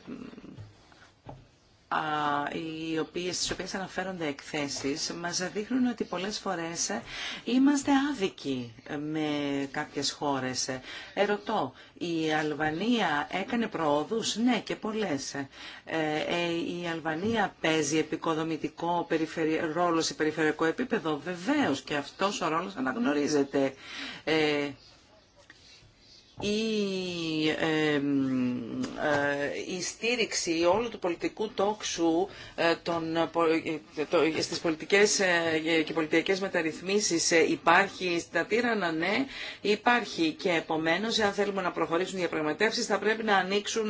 οι οποίες, στις οποίες αναφέρονται εκθέσεις μας δείχνουν ότι πολλές φορές ε, είμαστε άδικοι ε, με κάποιες χώρες. Ε, ερωτώ, η Αλβανία έκανε προόδους, ναι και πολλές. η Αλβανία παίζει επικοδομητικό ρόλο σε περιφερειακό επίπεδο, βεβαίως και αυτός ο ρόλος αναγνωρίζεται η, ε, η στήριξη όλου του πολιτικού τόξου ε, των, ε, στις πολιτικές ε, και πολιτικές μεταρρυθμίσεις ε, υπάρχει στα τύρανα, ναι, υπάρχει και επομένως αν θέλουμε να προχωρήσουν οι διαπραγματεύσει, θα πρέπει να ανοίξουν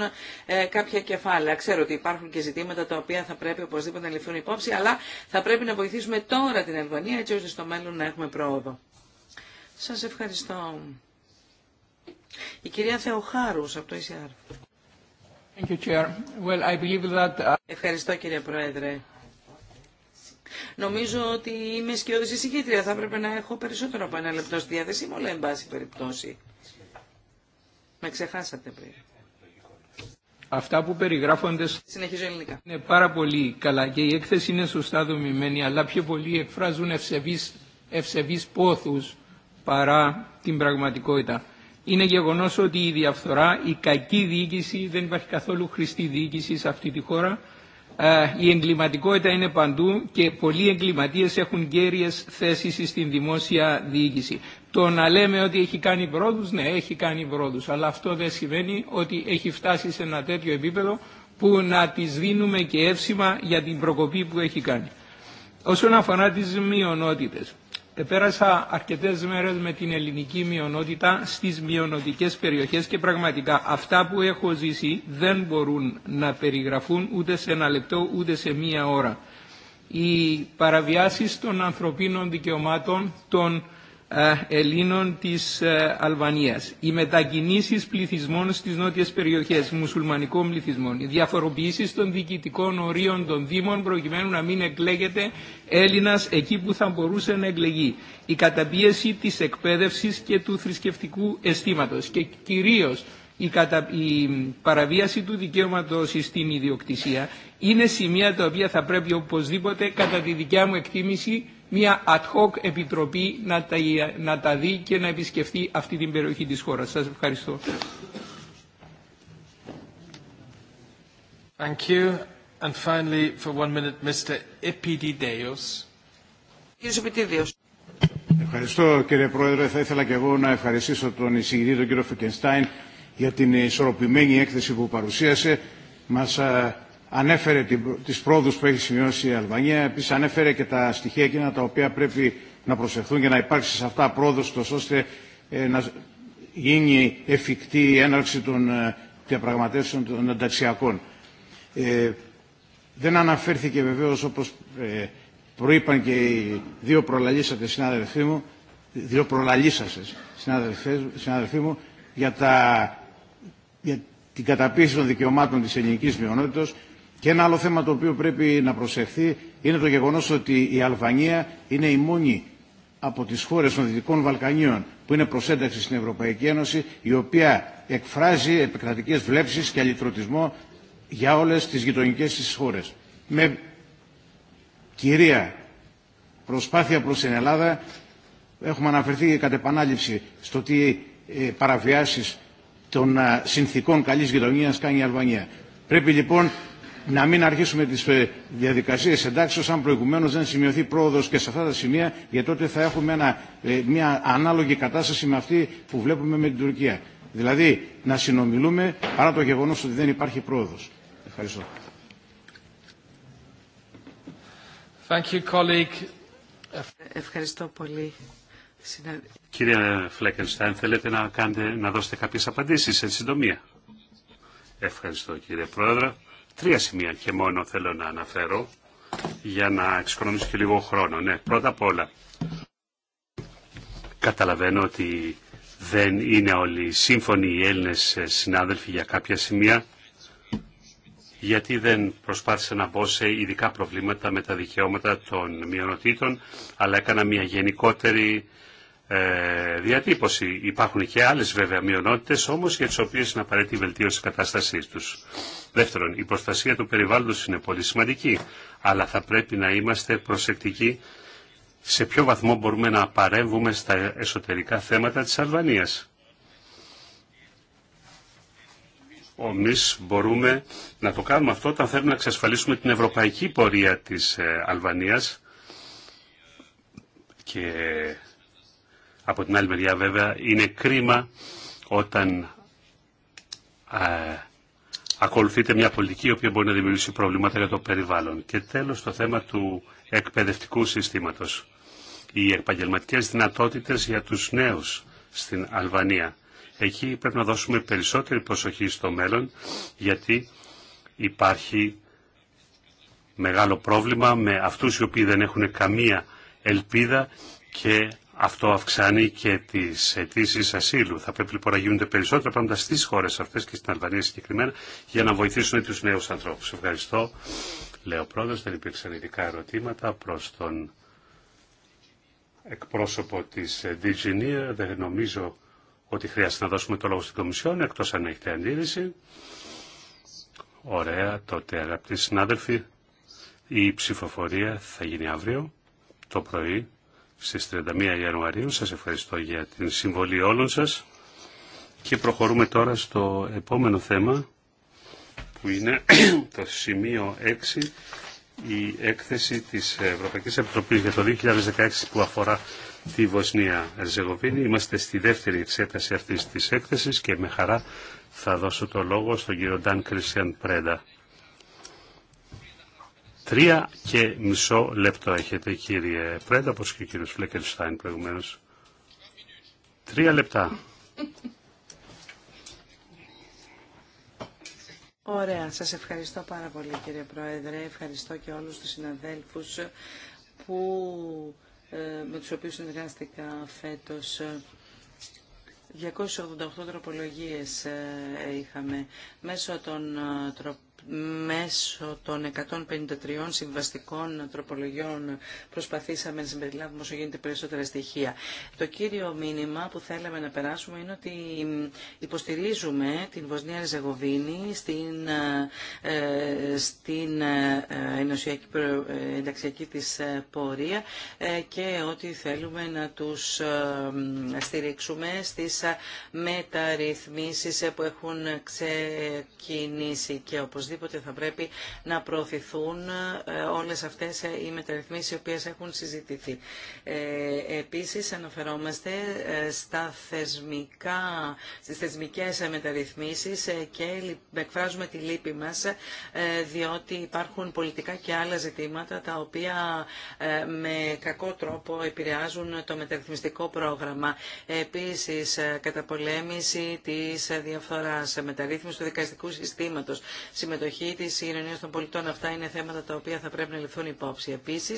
κάποια κεφάλαια. Ξέρω ότι υπάρχουν και ζητήματα τα οποία θα πρέπει οπωσδήποτε να ληφθούν υπόψη, αλλά θα πρέπει να βοηθήσουμε τώρα την Αλβανία έτσι ώστε στο μέλλον να έχουμε πρόοδο. Σας ευχαριστώ. Η κυρία Θεοχάρους από το ECR. Uh, Ευχαριστώ κύριε Πρόεδρε. Νομίζω ότι είμαι σκιώδης εισηγήτρια. Θα έπρεπε να έχω περισσότερο από ένα λεπτό στη διάθεσή μου, αλλά εν πάση περιπτώσει. Με ξεχάσατε πριν. Αυτά που περιγράφονται Συνεχίζω ελληνικά. είναι πάρα πολύ καλά και η έκθεση είναι σωστά δομημένη, αλλά πιο πολύ εκφράζουν ευσεβείς, ευσεβείς πόθους παρά την πραγματικότητα είναι γεγονός ότι η διαφθορά, η κακή διοίκηση, δεν υπάρχει καθόλου χρηστή διοίκηση σε αυτή τη χώρα. Ε, η εγκληματικότητα είναι παντού και πολλοί εγκληματίες έχουν κέρυες θέσεις στην δημόσια διοίκηση. Το να λέμε ότι έχει κάνει πρόοδους, ναι, έχει κάνει πρόοδους, αλλά αυτό δεν σημαίνει ότι έχει φτάσει σε ένα τέτοιο επίπεδο που να τις δίνουμε και εύσημα για την προκοπή που έχει κάνει. Όσον αφορά τις μειονότητες, Πέρασα αρκετές μέρες με την ελληνική μειονότητα στις μειονοτικές περιοχές και πραγματικά αυτά που έχω ζήσει δεν μπορούν να περιγραφούν ούτε σε ένα λεπτό ούτε σε μία ώρα. Οι παραβιάσεις των ανθρωπίνων δικαιωμάτων, των ε, Ελλήνων της ε, Αλβανίας, οι μετακινήσεις πληθυσμών στις νότιες περιοχές, μουσουλμανικών πληθυσμών, οι διαφοροποιήσεις των διοικητικών ορίων των Δήμων προκειμένου να μην εκλέγεται Έλληνας εκεί που θα μπορούσε να εκλεγεί, η καταπίεση της εκπαίδευσης και του θρησκευτικού αισθήματο και κυρίως η, κατα... η παραβίαση του δικαίωματος στην ιδιοκτησία είναι σημεία τα οποία θα πρέπει οπωσδήποτε κατά τη δικιά μου εκτίμηση μια ad hoc επιτροπή να τα, να τα δει και να επισκεφτεί αυτή την περιοχή της χώρας. Σας ευχαριστώ. Thank you. And finally, for one minute, Mr. Ευχαριστώ κύριε Πρόεδρε. Θα ήθελα και εγώ να ευχαριστήσω τον εισηγητή τον κύριο Φικενστάιν για την ισορροπημένη έκθεση που παρουσίασε. Μας ανέφερε τις πρόοδους που έχει σημειώσει η Αλβανία, επίσης ανέφερε και τα στοιχεία εκείνα τα οποία πρέπει να προσεχθούν και να υπάρξει σε αυτά πρόοδος, τόσο ώστε ε, να γίνει εφικτή η έναρξη των ε, διαπραγματεύσεων των ενταξιακών. Ε, δεν αναφέρθηκε βεβαίως όπως ε, προείπαν και οι δύο προλαλήσατε συνάδελφοί μου, δύο προλαλήσασες συνάδελφοί μου, για, τα, για την καταπίεση των δικαιωμάτων της ελληνικής μειονότητας και ένα άλλο θέμα το οποίο πρέπει να προσεχθεί είναι το γεγονός ότι η Αλβανία είναι η μόνη από τις χώρες των Δυτικών Βαλκανίων που είναι προσένταξη στην Ευρωπαϊκή Ένωση η οποία εκφράζει επικρατικές βλέψεις και αλυτρωτισμό για όλες τις γειτονικές της χώρες. Με κυρία προσπάθεια προς την Ελλάδα έχουμε αναφερθεί κατ' επανάληψη στο τι ε, παραβιάσεις των συνθήκων καλής γειτονίας κάνει η Αλβανία. Πρέπει λοιπόν να μην αρχίσουμε τι ε, διαδικασίε Εντάξει, αν προηγουμένω δεν σημειωθεί πρόοδο και σε αυτά τα σημεία, γιατί τότε θα έχουμε ε, μια ανάλογη κατάσταση με αυτή που βλέπουμε με την Τουρκία. Δηλαδή, να συνομιλούμε παρά το γεγονό ότι δεν υπάρχει πρόοδο. Ευχαριστώ. Ευχαριστώ πολύ. Κύριε Φλέκενστάιν, θέλετε να, δώσετε κάποιες απαντήσεις, σε συντομία. Ευχαριστώ κύριε Πρόεδρε. Τρία σημεία και μόνο θέλω να αναφέρω για να εξοικονομήσω και λίγο χρόνο. Ναι, πρώτα απ' όλα, καταλαβαίνω ότι δεν είναι όλοι σύμφωνοι οι Έλληνες συνάδελφοι για κάποια σημεία, γιατί δεν προσπάθησα να μπω σε ειδικά προβλήματα με τα δικαιώματα των μειονοτήτων, αλλά έκανα μια γενικότερη ε, διατύπωση. Υπάρχουν και άλλες βέβαια μειονότητε όμως για τις οποίες είναι απαραίτητη η βελτίωση τη κατάστασή τους. Δεύτερον, η προστασία του περιβάλλοντος είναι πολύ σημαντική, αλλά θα πρέπει να είμαστε προσεκτικοί σε ποιο βαθμό μπορούμε να παρέμβουμε στα εσωτερικά θέματα της Αλβανίας. Εμεί μπορούμε να το κάνουμε αυτό όταν θέλουμε να εξασφαλίσουμε την ευρωπαϊκή πορεία της ε, Αλβανίας και από την άλλη μεριά βέβαια είναι κρίμα όταν ε, ακολουθείται μια πολιτική η οποία μπορεί να δημιουργήσει προβλήματα για το περιβάλλον. Και τέλος το θέμα του εκπαιδευτικού συστήματος. Οι επαγγελματικές δυνατότητες για τους νέους στην Αλβανία. Εκεί πρέπει να δώσουμε περισσότερη προσοχή στο μέλλον γιατί υπάρχει μεγάλο πρόβλημα με αυτούς οι οποίοι δεν έχουν καμία ελπίδα και αυτό αυξάνει και τι αιτήσει ασύλου. Θα πρέπει λοιπόν να γίνονται περισσότερα πράγματα στι χώρε αυτέ και στην Αλβανία συγκεκριμένα για να βοηθήσουν του νέου ανθρώπου. Ευχαριστώ. Λέω πρόεδρο, δεν υπήρξαν ειδικά ερωτήματα προ τον εκπρόσωπο τη DGNIR. Δεν νομίζω ότι χρειάζεται να δώσουμε το λόγο στην Κομισιόν, εκτό αν έχετε αντίρρηση. Ωραία, τότε αγαπητοί συνάδελφοι, η ψηφοφορία θα γίνει αύριο το πρωί στις 31 Ιανουαρίου. Σας ευχαριστώ για την συμβολή όλων σας και προχωρούμε τώρα στο επόμενο θέμα που είναι το σημείο 6 η έκθεση της Ευρωπαϊκής Επιτροπής για το 2016 που αφορά τη Βοσνία Ερζεγοβίνη. Είμαστε στη δεύτερη εξέταση αυτής της έκθεσης και με χαρά θα δώσω το λόγο στον κύριο Ντάν Κρίσιαν Πρέντα. Τρία και μισό λεπτό έχετε κύριε Πρέντα, όπως και ο κύριος Φλέκερστάιν προηγουμένως. Τρία λεπτά. Ωραία, σας ευχαριστώ πάρα πολύ κύριε Πρόεδρε, ευχαριστώ και όλους τους συναδέλφους που, ε, με τους οποίους συνεργάστηκα φέτος. 288 τροπολογίες ε, είχαμε. Μέσω των ε, τροπολογίων μέσω των 153 συμβαστικών τροπολογιών προσπαθήσαμε να συμπεριλάβουμε όσο γίνεται περισσότερα στοιχεία. Το κύριο μήνυμα που θέλαμε να περάσουμε είναι ότι υποστηρίζουμε την Βοσνία Ριζεγοβίνη στην, ε, στην ε, ενωσιακή ε, ενταξιακή της πορεία και ότι θέλουμε να τους στηρίξουμε στις μεταρρυθμίσεις που έχουν ξεκινήσει και οπωσδήποτε οπωσδήποτε θα πρέπει να προωθηθούν ε, όλες αυτές ε, οι μεταρρυθμίσεις οι οποίες έχουν συζητηθεί. Ε, επίσης αναφερόμαστε στα θεσμικά, στις θεσμικές μεταρρυθμίσεις και εκφράζουμε τη λύπη μας διότι υπάρχουν πολιτικά και άλλα ζητήματα τα οποία με κακό τρόπο επηρεάζουν το μεταρρυθμιστικό πρόγραμμα. Επίσης, καταπολέμηση της διαφθοράς, μεταρρύθμιση του δικαστικού συστήματος, συμμετοχή τη κοινωνία των πολιτών. Αυτά είναι θέματα τα οποία θα πρέπει να ληφθούν υπόψη. Επίση,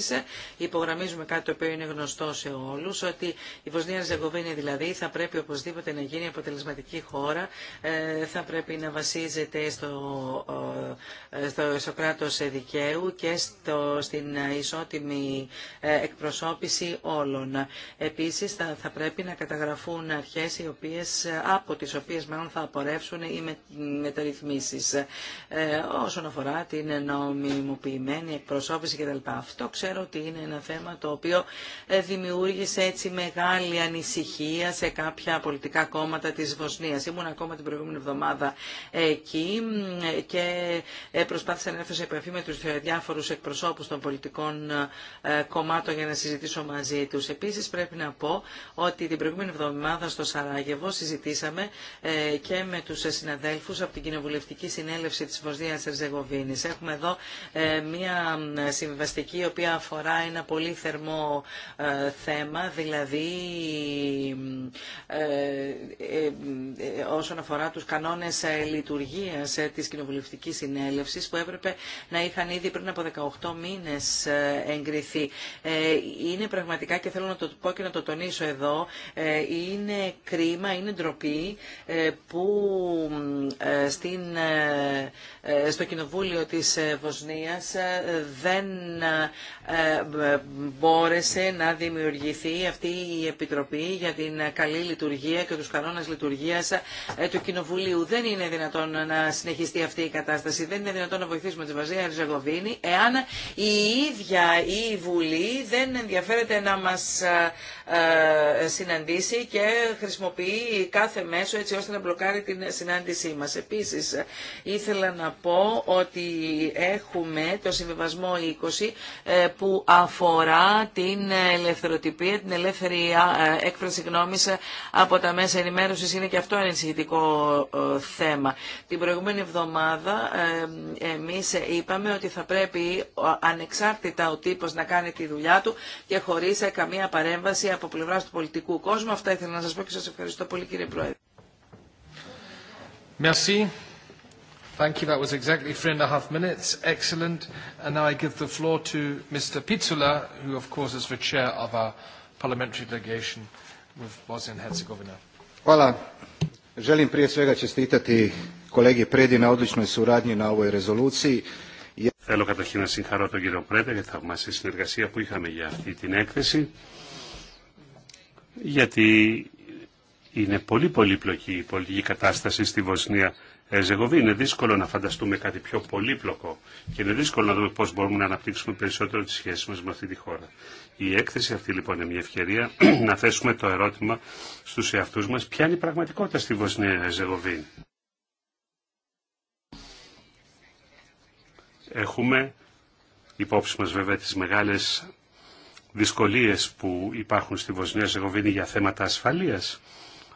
υπογραμμίζουμε κάτι το οποίο είναι γνωστό σε όλου, ότι η Βοσνία Ζεγοβίνη δηλαδή θα πρέπει οπωσδήποτε να γίνει αποτελεσματική χώρα, ε, θα πρέπει να βασίζεται στο, ε, στο, στο κράτο δικαίου και στο, στην ισότιμη ε, εκπροσώπηση όλων. Επίση, θα, θα πρέπει να καταγραφούν αρχέ οι οποίε από τι οποίε μάλλον θα απορρεύσουν οι μεταρρυθμίσει. Ε, όσον αφορά την νομιμοποιημένη εκπροσώπηση κτλ. Αυτό ξέρω ότι είναι ένα θέμα το οποίο ε, δημιούργησε έτσι μεγάλη ανησυχία σε κάποια πολιτικά κόμματα της Βοσνίας. Ήμουν ακόμα την προηγούμενη εβδομάδα εκεί ε, και ε, προσπάθησα να έρθω σε επαφή με τους διάφορους εκπροσώπους των πολιτικών κομμάτων για να συζητήσω μαζί τους. Επίσης πρέπει να πω ότι την προηγούμενη εβδομάδα στο Σαράγεβο συζητήσαμε και με τους συναδέλφους από την Κοινοβουλευτική Συνέλευση της Βοσνίας Δίας Ερζεγοβίνης. Έχουμε εδώ ε, μια συμβαστική η οποία αφορά ένα πολύ θερμό ε, θέμα, δηλαδή ε, όσον αφορά τους κανόνες λειτουργίας της κοινοβουλευτικής συνέλευσης που έπρεπε να είχαν ήδη πριν από 18 μήνες εγκριθεί. Είναι πραγματικά και θέλω να το πω και να το τονίσω εδώ, είναι κρίμα, είναι ντροπή που στην ε, στο Κοινοβούλιο της ε, Βοσνίας ε, δεν μπόρεσε να δημιουργηθεί αυτή η Επιτροπή για την καλή λειτουργία και τους κανόνες λειτουργίας του Κοινοβουλίου. Δεν είναι δυνατόν να συνεχιστεί αυτή η κατάσταση. Δεν είναι δυνατόν να βοηθήσουμε τη Βαζία Ριζαγοβίνη. εάν η ίδια η Βουλή δεν ενδιαφέρεται να μας ε, συναντήσει και χρησιμοποιεί κάθε μέσο έτσι ώστε να μπλοκάρει την συνάντησή μας. Επίσης, ήθελα να πω ότι έχουμε το συμβιβασμό 20 ε, που αφορά την ελευθεροτυπία, την ελεύθερη ε, έκφραση γνώμης από τα μέσα ενημέρωσης. Είναι και αυτό ένα ενσυχητικό θέμα. Την προηγούμενη εβδομάδα εμείς είπαμε ότι θα πρέπει ανεξάρτητα ο τύπος να κάνει τη δουλειά του και χωρίς καμία παρέμβαση από πλευρά του πολιτικού κόσμου. Αυτά ήθελα να σα πω και σα ευχαριστώ πολύ κύριε Πρόεδρε. Merci. Thank you. That was exactly three and a half minutes. Excellent. And now I give the floor to Mr. Pizzula, who of course is the chair of our parliamentary delegation with Bosnia and Herzegovina. Hvala. Želim prije svega čestitati kolegi Predi na odličnoj suradnji na ovoj rezoluciji. Θέλω καταρχήν να συγχαρώ τον κύριο Πρέντα για τη θαυμάσια συνεργασία που είχαμε για αυτή την έκθεση γιατί είναι πολύ πολύπλοκη η πολιτική κατάσταση στη Βοσνία ζεγοβη Είναι δύσκολο να φανταστούμε κάτι πιο πολύπλοκο και είναι δύσκολο να δούμε πώς μπορούμε να αναπτύξουμε περισσότερο τις σχέσεις μας με αυτή τη χώρα. Η έκθεση αυτή λοιπόν είναι μια ευκαιρία να θέσουμε το ερώτημα στους εαυτούς μας ποια είναι η πραγματικότητα στη Βοσνία ζεγοβη Έχουμε υπόψη μας βέβαια τις μεγάλες δυσκολίες που υπάρχουν στη Βοσνία Ζεγοβίνη για θέματα ασφαλείας,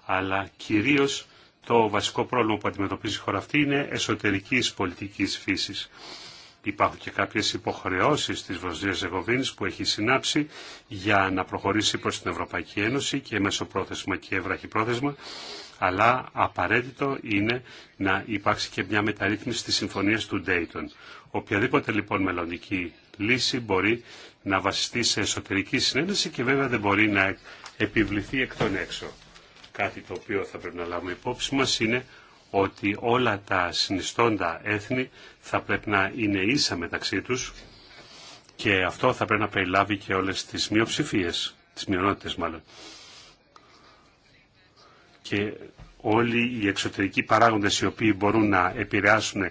αλλά κυρίως το βασικό πρόβλημα που αντιμετωπίζει η χώρα αυτή είναι εσωτερικής πολιτικής φύσης. Υπάρχουν και κάποιες υποχρεώσεις της Βοσνίας Ζεγοβίνης που έχει συνάψει για να προχωρήσει προς την Ευρωπαϊκή Ένωση και μέσω πρόθεσμα και πρόθεσμα αλλά απαραίτητο είναι να υπάρξει και μια μεταρρύθμιση της συμφωνίας του Ντέιτον. Οποιαδήποτε λοιπόν μελλοντική λύση μπορεί να βασιστεί σε εσωτερική συνένεση και βέβαια δεν μπορεί να επιβληθεί εκ των έξω. Κάτι το οποίο θα πρέπει να λάβουμε υπόψη μας είναι ότι όλα τα συνιστόντα έθνη θα πρέπει να είναι ίσα μεταξύ τους και αυτό θα πρέπει να περιλάβει και όλες τις μειοψηφίες, τις μειονότητες μάλλον. Και όλοι οι εξωτερικοί παράγοντες οι οποίοι μπορούν να επηρεάσουν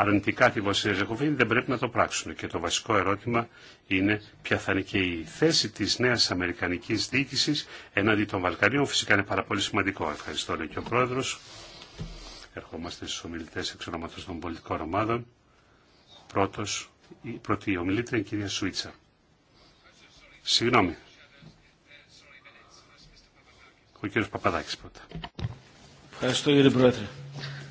αρνητικά τη Βοσνία-Ζεχοβίνη δεν πρέπει να το πράξουν. Και το βασικό ερώτημα είναι ποια θα είναι και η θέση τη νέα Αμερικανική διοίκηση εναντί των Βαλκανίων. Φυσικά είναι πάρα πολύ σημαντικό. Ευχαριστώ, λέει και ο πρόεδρο. Ερχόμαστε στου ομιλητέ εξ ονόματο των πολιτικών ομάδων. Πρώτος, η πρώτη ομιλήτρια είναι η κυρία Σουίτσα. Συγγνώμη. Ο κύριος Παπαδάκης πρώτα. Ευχαριστώ κύριε Πρόεδρε.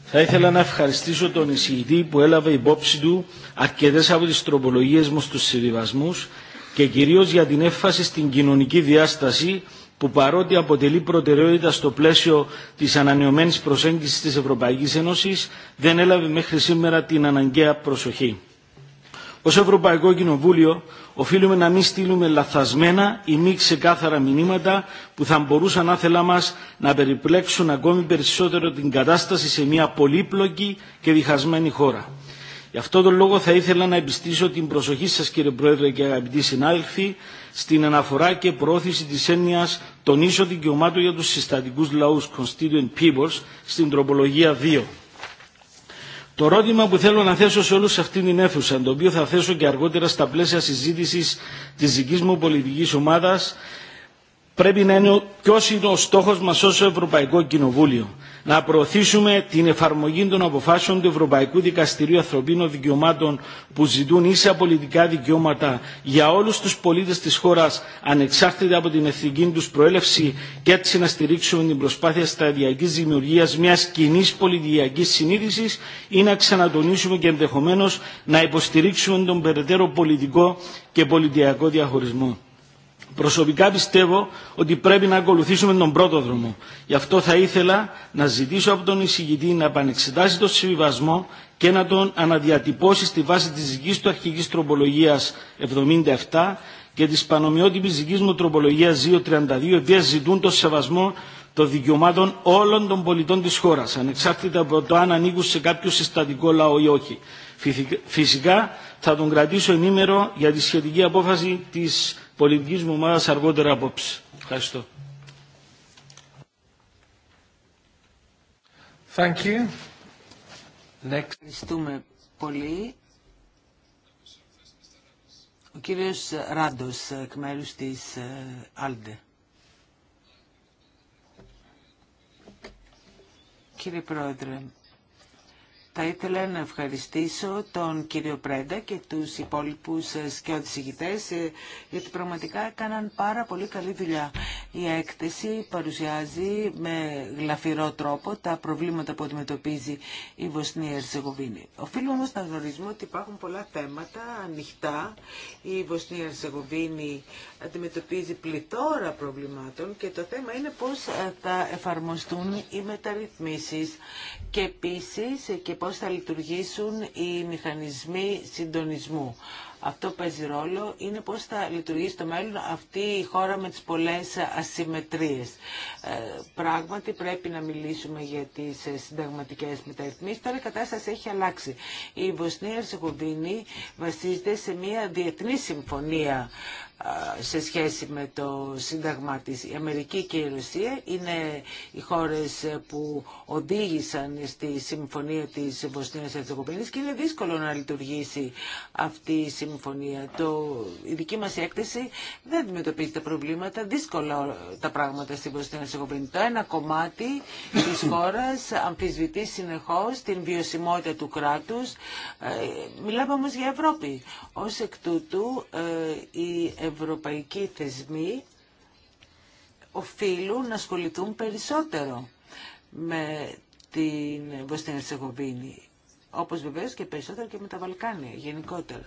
Θα ήθελα να ευχαριστήσω τον εισηγητή που έλαβε υπόψη του αρκετέ από τι τροπολογίε μου στου συμβιβασμού και κυρίω για την έφαση στην κοινωνική διάσταση που παρότι αποτελεί προτεραιότητα στο πλαίσιο της ανανεωμένης προσέγγισης της Ευρωπαϊκή Ένωση, δεν έλαβε μέχρι σήμερα την αναγκαία προσοχή. Ως Ευρωπαϊκό Κοινοβούλιο οφείλουμε να μην στείλουμε λαθασμένα ή μη ξεκάθαρα μηνύματα που θα μπορούσαν άθελα μας να περιπλέξουν ακόμη περισσότερο την κατάσταση σε μια πολύπλοκη και διχασμένη χώρα. Γι' αυτό τον λόγο θα ήθελα να επιστήσω την προσοχή σας κύριε Πρόεδρε και αγαπητοί συνάδελφοι στην αναφορά και προώθηση της έννοιας των ίσων δικαιωμάτων για τους συστατικούς λαούς Constituent Peoples στην τροπολογία 2. Το ερώτημα που θέλω να θέσω σε όλους αυτήν την αίθουσα, το οποίο θα θέσω και αργότερα στα πλαίσια συζήτησης της δικής μου πολιτικής ομάδας, πρέπει να είναι ποιος είναι ο στόχος μας ως Ευρωπαϊκό Κοινοβούλιο να προωθήσουμε την εφαρμογή των αποφάσεων του Ευρωπαϊκού Δικαστηρίου Ανθρωπίνων Δικαιωμάτων που ζητούν ίσα πολιτικά δικαιώματα για όλους τους πολίτες της χώρας ανεξάρτητα από την εθνική τους προέλευση και έτσι να στηρίξουμε την προσπάθεια σταδιακής δημιουργίας μιας κοινή πολιτιακής συνείδησης ή να ξανατονίσουμε και ενδεχομένω να υποστηρίξουμε τον περαιτέρω πολιτικό και πολιτιακό διαχωρισμό. Προσωπικά πιστεύω ότι πρέπει να ακολουθήσουμε τον πρώτο δρόμο. Γι' αυτό θα ήθελα να ζητήσω από τον εισηγητή να επανεξετάσει τον συμβιβασμό και να τον αναδιατυπώσει στη βάση της δικής του αρχικής τροπολογίας 77 και της πανομοιότυπης δικής μου τροπολογίας 232, οι οποίες ζητούν το σεβασμό των δικαιωμάτων όλων των πολιτών της χώρας, ανεξάρτητα από το αν ανήκουν σε κάποιο συστατικό λαό ή όχι. Φυσικά θα τον κρατήσω ενήμερο για τη σχετική απόφαση της πολιτικής μου ομάδας αργότερα απόψε. Ευχαριστώ. Thank you. Next. Ευχαριστούμε πολύ. Ο κύριος Ράντος, εκ μέρους της ε, Άλντε. Κύριε Πρόεδρε, θα ήθελα να ευχαριστήσω τον κύριο Πρέντα και τους υπόλοιπους σκιώδησηγητές ε, γιατί πραγματικά έκαναν πάρα πολύ καλή δουλειά. Η έκθεση παρουσιάζει με γλαφυρό τρόπο τα προβλήματα που αντιμετωπίζει η Βοσνία Ερσεγοβίνη. Οφείλουμε όμως να γνωρίζουμε ότι υπάρχουν πολλά θέματα ανοιχτά. Η Βοσνία Ερσεγοβίνη αντιμετωπίζει πληθώρα προβλημάτων και το θέμα είναι πώς ε, θα εφαρμοστούν οι μεταρρυθμίσεις και επίσης ε, και πώς θα λειτουργήσουν οι μηχανισμοί συντονισμού. Αυτό παίζει ρόλο, είναι πώς θα λειτουργήσει το μέλλον αυτή η χώρα με τις πολλές ασυμμετρίες. Ε, πράγματι πρέπει να μιλήσουμε για τις ε, συνταγματικές μεταρρυθμίσεις. Τώρα η κατάσταση έχει αλλάξει. Η Βοσνία Ερσεγοβίνη βασίζεται σε μια διεθνή συμφωνία σε σχέση με το Σύνταγμα της. Η Αμερική και η Ρωσία είναι οι χώρες που οδήγησαν στη Συμφωνία της Βοσνίας Ευθυγωπίνης και είναι δύσκολο να λειτουργήσει αυτή η Συμφωνία. Το, η δική μας έκθεση δεν αντιμετωπίζει τα προβλήματα, δύσκολα τα πράγματα στη Βοσνία Ευθυγωπίνη. Το ένα κομμάτι της χώρας αμφισβητεί συνεχώς την βιωσιμότητα του κράτους. Ε, μιλάμε όμως για Ευρώπη. Ως εκ τούτου ε, η ευρωπαϊκοί θεσμοί οφείλουν να ασχοληθούν περισσότερο με την Βοσνία Ερσεγοβίνη, όπως βεβαίως και περισσότερο και με τα Βαλκάνια γενικότερα.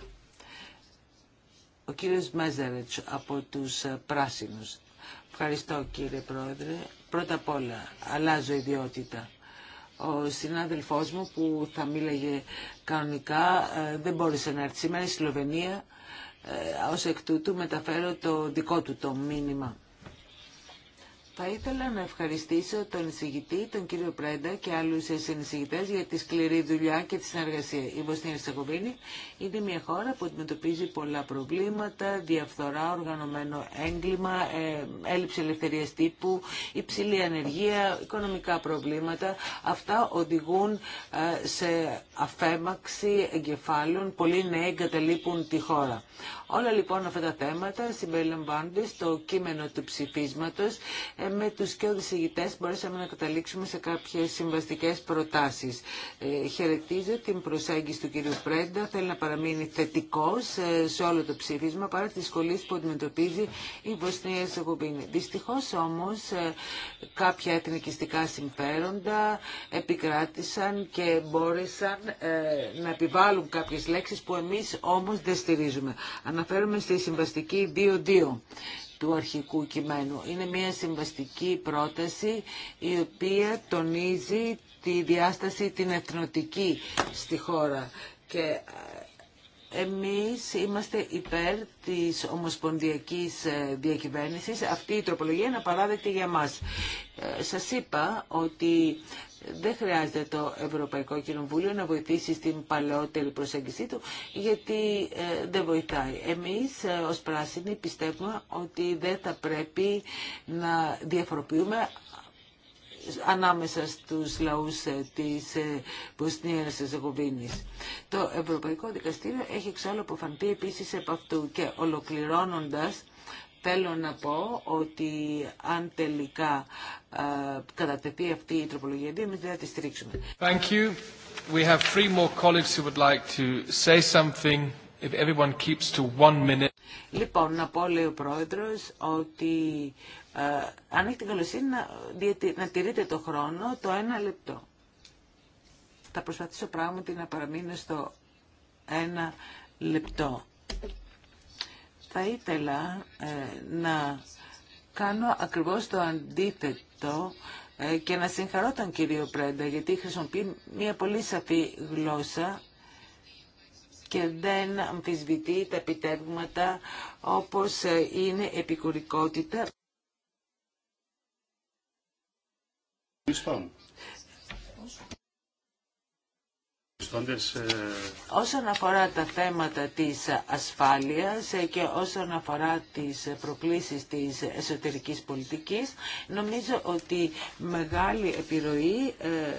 Ο κύριος Μέζαρετς από τους Πράσινους. Ευχαριστώ κύριε Πρόεδρε. Πρώτα απ' όλα, αλλάζω ιδιότητα. Ο συνάδελφός μου που θα μίλαγε κανονικά ε, δεν μπόρεσε να έρθει σήμερα στη Σλοβενία Ω ε, ως εκ τούτου μεταφέρω το δικό του το μήνυμα. Θα ήθελα να ευχαριστήσω τον εισηγητή, τον κύριο Πρέντα και άλλους συνεισηγητές για τη σκληρή δουλειά και τη συνεργασία. Η Βοσνία Ερσεγοβίνη είναι μια χώρα που αντιμετωπίζει πολλά προβλήματα, διαφθορά, οργανωμένο έγκλημα, ε, έλλειψη ελευθερία τύπου, υψηλή ανεργία, οικονομικά προβλήματα. Αυτά οδηγούν ε, σε αφέμαξη εγκεφάλων, πολλοί νέοι εγκαταλείπουν τη χώρα. Όλα λοιπόν αυτά τα θέματα συμπεριλαμβάνονται στο κείμενο του ψηφίσματος. Ε, με τους και οδησηγητές μπορέσαμε να καταλήξουμε σε κάποιες συμβαστικές προτάσεις. Ε, χαιρετίζω την προσέγγιση του κυρίου Πρέντα, θέλει να παραμείνει θετικός ε, σε όλο το ψήφισμα παρά τις σχολείς που αντιμετωπίζει η Βοσνία Ερσεγοβίνη. Δυστυχώς όμως κάποια εθνικιστικά συμφέροντα επικράτησαν και μπόρεσαν να επιβάλλουν κάποιες λέξεις που εμείς όμως δεν στηρίζουμε. Αναφέρομαι στη συμβαστική 2-2 του αρχικού κειμένου. Είναι μια συμβαστική πρόταση η οποία τονίζει τη διάσταση την εθνοτική στη χώρα και ε, εμείς είμαστε υπέρ της ομοσπονδιακής ε, διακυβέρνησης. Αυτή η τροπολογία είναι απαράδεκτη για μας. Ε, σας είπα ότι δεν χρειάζεται το Ευρωπαϊκό Κοινοβούλιο να βοηθήσει στην παλαιότερη προσέγγιση του, γιατί ε, δεν βοηθάει. Εμείς ε, ως πράσινοι πιστεύουμε ότι δεν θα πρέπει να διαφοροποιούμε ανάμεσα στους λαούς ε, της Βοσνίας Ζεγοβίνης. Το Ευρωπαϊκό Δικαστήριο έχει εξάλλου αποφανθεί επίσης επ' αυτού και ολοκληρώνοντας Θέλω να πω ότι αν τελικά ε, κατατεθεί αυτή η τροπολογία, δεν θα τη στηρίξουμε. Thank you. We have three more colleagues who would like to say something. If everyone keeps to one minute. Λοιπόν, να πω, λέει ο Πρόεδρος, ότι ε, αν έχει την καλοσύνη να, να τηρείτε το χρόνο, το ένα λεπτό. Θα προσπαθήσω πράγματι να παραμείνω στο ένα λεπτό. Θα ήθελα ε, να κάνω ακριβώς το αντίθετο ε, και να συγχαρώ τον κύριο Πρέντα γιατί χρησιμοποιεί μια πολύ σαφή γλώσσα και δεν αμφισβητεί τα επιτεύγματα όπως ε, είναι επικουρικότητα. Ε, όσον αφορά τα θέματα της ασφάλειας ε, και όσον αφορά τις προκλήσεις της εσωτερικής πολιτικής, νομίζω ότι μεγάλη επιρροή ε,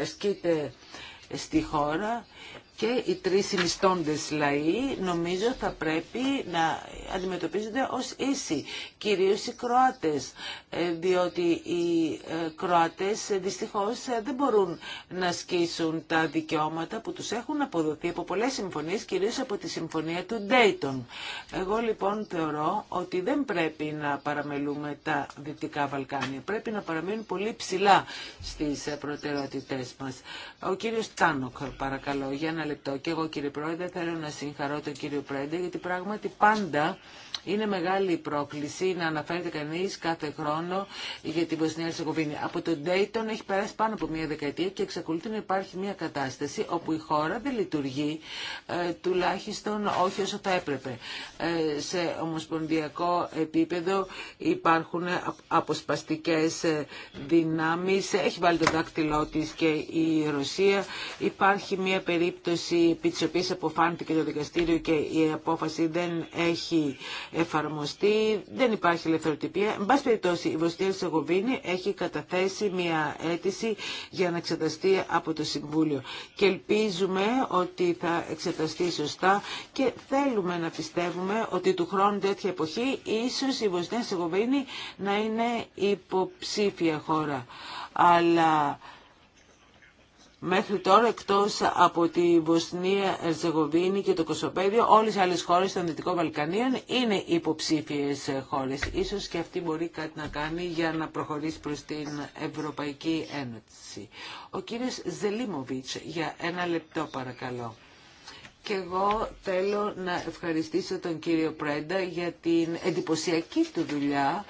ασκείται στη χώρα και οι τρεις συνιστώντες λαοί νομίζω θα πρέπει να αντιμετωπίζονται ως ίσοι, κυρίως οι Κροάτες, ε, διότι οι ε, Κροάτες ε, δυστυχώς δεν μπορούν να σκίσουν τα δικαιώματα που τους έχουν αποδοθεί από πολλές συμφωνίες, κυρίως από τη συμφωνία του Ντέιτον. Εγώ λοιπόν θεωρώ ότι δεν πρέπει να παραμελούμε τα Δυτικά Βαλκάνια, πρέπει να παραμείνουν πολύ ψηλά στις προτεραιότητές μας. Ο κύριος Τάνοκ παρακαλώ για να λεπτό. Και εγώ κύριε Πρόεδρε θέλω να συγχαρώ τον κύριο Πρέντε γιατί πράγματι πάντα είναι μεγάλη η πρόκληση να αναφέρεται κανείς κάθε χρόνο για την Βοσνία Ερσεγοβίνη. Από τον Τέιτον έχει περάσει πάνω από μία δεκαετία και εξακολουθεί να υπάρχει μία κατάσταση όπου η χώρα δεν λειτουργεί ε, τουλάχιστον όχι όσο θα έπρεπε. Ε, σε ομοσπονδιακό επίπεδο υπάρχουν αποσπαστικές ε, δυνάμεις. Έχει βάλει το δάκτυλό της και η Ρωσία. Υπάρχει μία περίπτωση επί της οποίας αποφάνθηκε το δικαστήριο και η απόφαση δεν έχει εφαρμοστεί, δεν υπάρχει ελευθεροτυπία. Εν πάση περιπτώσει, η Βοστιά Ερσεγοβίνη έχει καταθέσει μια αίτηση για να εξεταστεί από το Συμβούλιο. Και ελπίζουμε ότι θα εξεταστεί σωστά και θέλουμε να πιστεύουμε ότι του χρόνου τέτοια εποχή ίσως η Βοστιά Ερσεγοβίνη να είναι υποψήφια χώρα. Αλλά Μέχρι τώρα, εκτός από τη Βοσνία, Ερζεγοβίνη και το Κοσοπέδιο, όλες οι άλλες χώρες των Δυτικών Βαλκανίων είναι υποψήφιες χώρες. Ίσως και αυτή μπορεί κάτι να κάνει για να προχωρήσει προς την Ευρωπαϊκή Ένωση. Ο κύριος Ζελίμοβιτς, για ένα λεπτό παρακαλώ. Και εγώ θέλω να ευχαριστήσω τον κύριο Πρέντα για την εντυπωσιακή του δουλειά.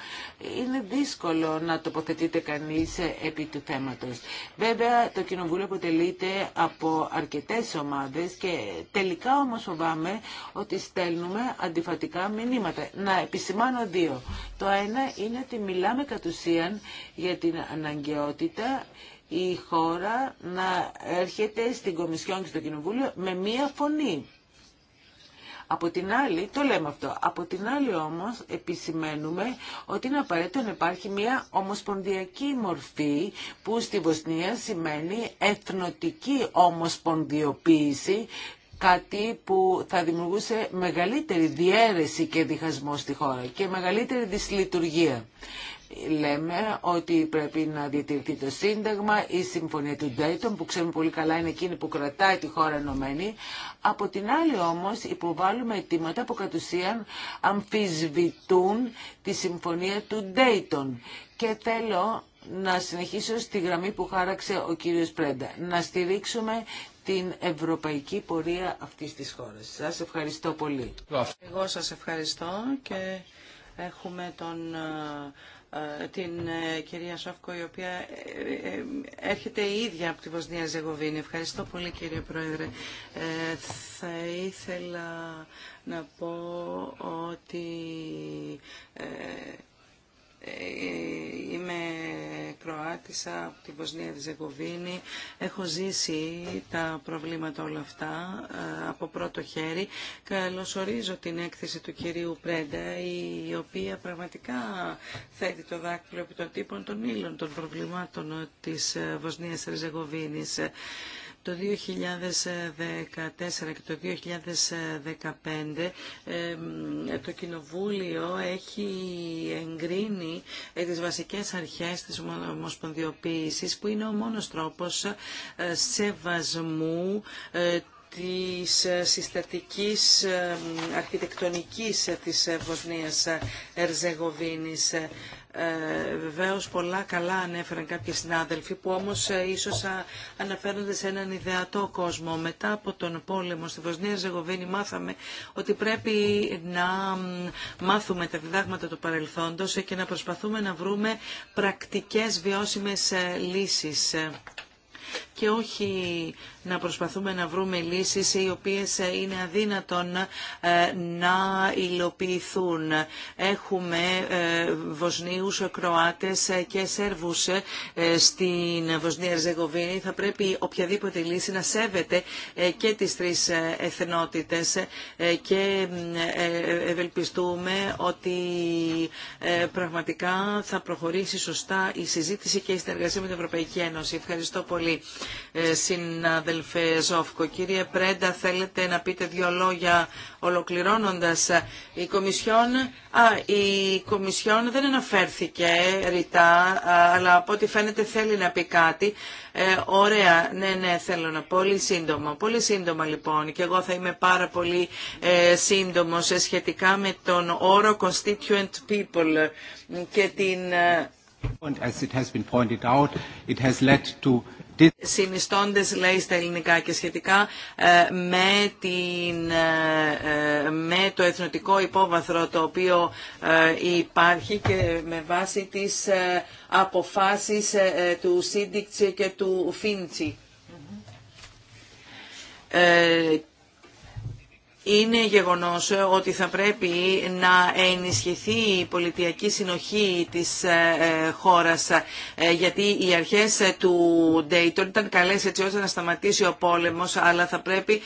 Είναι δύσκολο να τοποθετείται κανείς επί του θέματος. Βέβαια το Κοινοβούλιο αποτελείται από αρκετές ομάδες και τελικά όμως φοβάμαι ότι στέλνουμε αντιφατικά μηνύματα. Να επισημάνω δύο. Το ένα είναι ότι μιλάμε κατ' ουσίαν για την αναγκαιότητα η χώρα να έρχεται στην Κομισιόν και στο Κοινοβούλιο με μία φωνή. Από την άλλη, το λέμε αυτό, από την άλλη όμως επισημαίνουμε ότι είναι απαραίτητο να υπάρχει μια ομοσπονδιακή μορφή που στη Βοσνία σημαίνει εθνοτική ομοσπονδιοποίηση κάτι που θα δημιουργούσε μεγαλύτερη διαίρεση και διχασμό στη χώρα και μεγαλύτερη δυσλειτουργία λέμε ότι πρέπει να διατηρηθεί το Σύνταγμα, η Συμφωνία του Ντέιτον που ξέρουμε πολύ καλά είναι εκείνη που κρατάει τη χώρα ενωμένη. Από την άλλη όμως υποβάλλουμε αιτήματα που κατ' ουσίαν αμφισβητούν τη Συμφωνία του Ντέιτον. Και θέλω να συνεχίσω στη γραμμή που χάραξε ο κύριος Πρέντα. Να στηρίξουμε την ευρωπαϊκή πορεία αυτής της χώρας. Σας ευχαριστώ πολύ. Εγώ σας ευχαριστώ και έχουμε τον ε, ε, την ε, κυρία Σόφκο, η οποία ε, έρχεται η ίδια από τη Βοσνία Ζεγοβίνη. Ευχαριστώ πολύ κύριε Πρόεδρε. θα ήθελα να πω ότι ε, είμαι κροατίσα από την Βοσνία της Έχω ζήσει τα προβλήματα όλα αυτά ε, από πρώτο χέρι. Καλωσορίζω την έκθεση του κυρίου Πρέντα, η οποία πραγματικά θέτει το δάκτυλο επί των τύπων των ήλων των προβλημάτων της ε, Βοσνίας της το 2014 και το 2015 το Κοινοβούλιο έχει εγκρίνει ε, τις βασικές αρχές της ομοσπονδιοποίησης που είναι ο μόνος τρόπος ε, σεβασμού ε, της συστατικής αρχιτεκτονικής της Βοσνίας Ερζεγοβίνης ε, βεβαίως πολλά καλά ανέφεραν κάποιοι συνάδελφοι που όμως ε, ίσως αναφέρονται σε έναν ιδεατό κόσμο. Μετά από τον πόλεμο στη Βοσνία Ζεγοβίνη μάθαμε ότι πρέπει να μάθουμε τα διδάγματα του παρελθόντος ε, και να προσπαθούμε να βρούμε πρακτικές βιώσιμες ε, λύσεις και όχι να προσπαθούμε να βρούμε λύσεις οι οποίες ε, είναι αδύνατον ε, να υλοποιηθούν. Έχουμε ε, Βοσνίους, Κροάτες και Σέρβους στην Βοσνία Ζεγοβίνη. Θα πρέπει οποιαδήποτε λύση να σέβεται και τις τρεις εθνότητες και ευελπιστούμε ότι πραγματικά θα προχωρήσει σωστά η συζήτηση και η συνεργασία με την Ευρωπαϊκή Ένωση. Ευχαριστώ πολύ. Ε, συνάδελφε Ζόφκο. Κύριε Πρέντα, θέλετε να πείτε δύο λόγια ολοκληρώνοντας. Η Κομισιόν, α, η Κομισιόν δεν αναφέρθηκε ρητά, αλλά από ό,τι φαίνεται θέλει να πει κάτι. Ε, ωραία, ναι, ναι, θέλω να πολύ σύντομα. Πολύ σύντομα λοιπόν και εγώ θα είμαι πάρα πολύ ε, σχετικά με τον όρο constituent people και την... And ε, as it has been pointed out, it has led to συνιστώντες λέει στα ελληνικά και σχετικά ε, με, την, ε, ε, το εθνοτικό υπόβαθρο το οποίο υπάρχει και με βάση τις αποφάσεις του Σίντιξη και του Φίντσι είναι γεγονός ότι θα πρέπει να ενισχυθεί η πολιτιακή συνοχή της ε, ε, χώρας ε, γιατί οι αρχές του Dayton ήταν καλές έτσι ώστε να σταματήσει ο πόλεμος αλλά θα πρέπει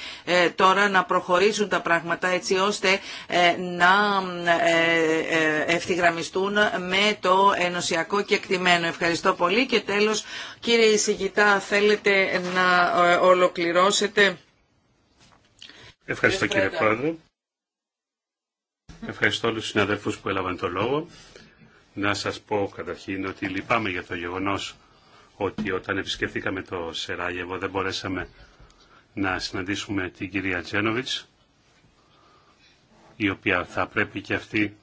τώρα να προχωρήσουν τα πράγματα έτσι ώστε να ευθυγραμμιστούν με το ενωσιακό κεκτημένο. Ευχαριστώ πολύ και τέλος κύριε Ισηγητά θέλετε να ολοκληρώσετε Ευχαριστώ κύριε Πρόεδρε. Ευχαριστώ όλους τους συναδελφούς που έλαβαν το λόγο. Να σας πω καταρχήν ότι λυπάμαι για το γεγονός ότι όταν επισκεφθήκαμε το Σεράγεβο δεν μπορέσαμε να συναντήσουμε την κυρία Τζένοβιτς η οποία θα πρέπει και αυτή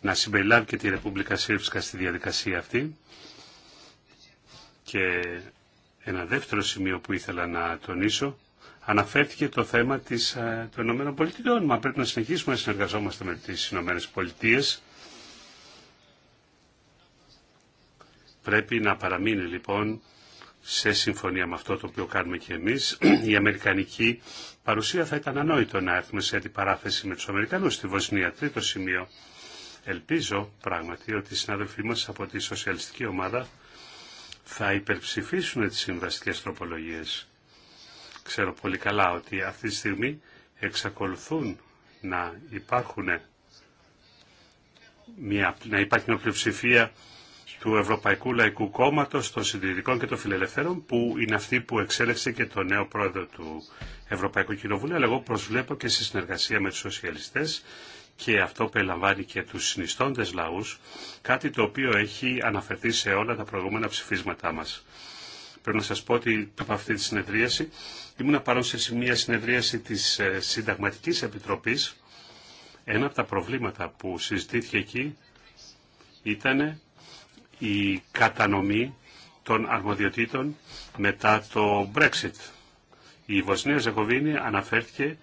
να συμπεριλάβει και τη Ρεπούμπλικα Σύρφσκα στη διαδικασία αυτή. Και ένα δεύτερο σημείο που ήθελα να τονίσω αναφέρθηκε το θέμα της, ε, των Πολιτειών, Μα πρέπει να συνεχίσουμε να συνεργαζόμαστε με τις Πολιτείες. Πρέπει να παραμείνει λοιπόν σε συμφωνία με αυτό το οποίο κάνουμε και εμείς. Η αμερικανική παρουσία θα ήταν ανόητο να έρθουμε σε αντιπαράθεση με τους Αμερικανούς στη Βοσνία. Τρίτο σημείο. Ελπίζω πράγματι ότι οι συνάδελφοί μας από τη σοσιαλιστική ομάδα θα υπερψηφίσουν τις συμβαστικές τροπολογίες Ξέρω πολύ καλά ότι αυτή τη στιγμή εξακολουθούν να υπάρχουν μια, να υπάρχει μια πλειοψηφία του Ευρωπαϊκού Λαϊκού Κόμματος, των Συντηρητικών και των Φιλελευθέρων, που είναι αυτή που εξέλεξε και το νέο πρόεδρο του Ευρωπαϊκού Κοινοβουλίου, αλλά εγώ προσβλέπω και στη συνεργασία με τους σοσιαλιστές και αυτό που ελαμβάνει και τους συνιστώντες λαούς, κάτι το οποίο έχει αναφερθεί σε όλα τα προηγούμενα ψηφίσματά μας. Πρέπει να σας πω ότι από αυτή τη συνεδρίαση ήμουν παρόν σε μια συνεδρίαση της ε, συνταγματική Επιτροπής. Ένα από τα προβλήματα που συζητήθηκε εκεί ήταν η κατανομή των αρμοδιοτήτων μετά το Brexit. Η Βοσνία Ζεγοβίνη αναφέρθηκε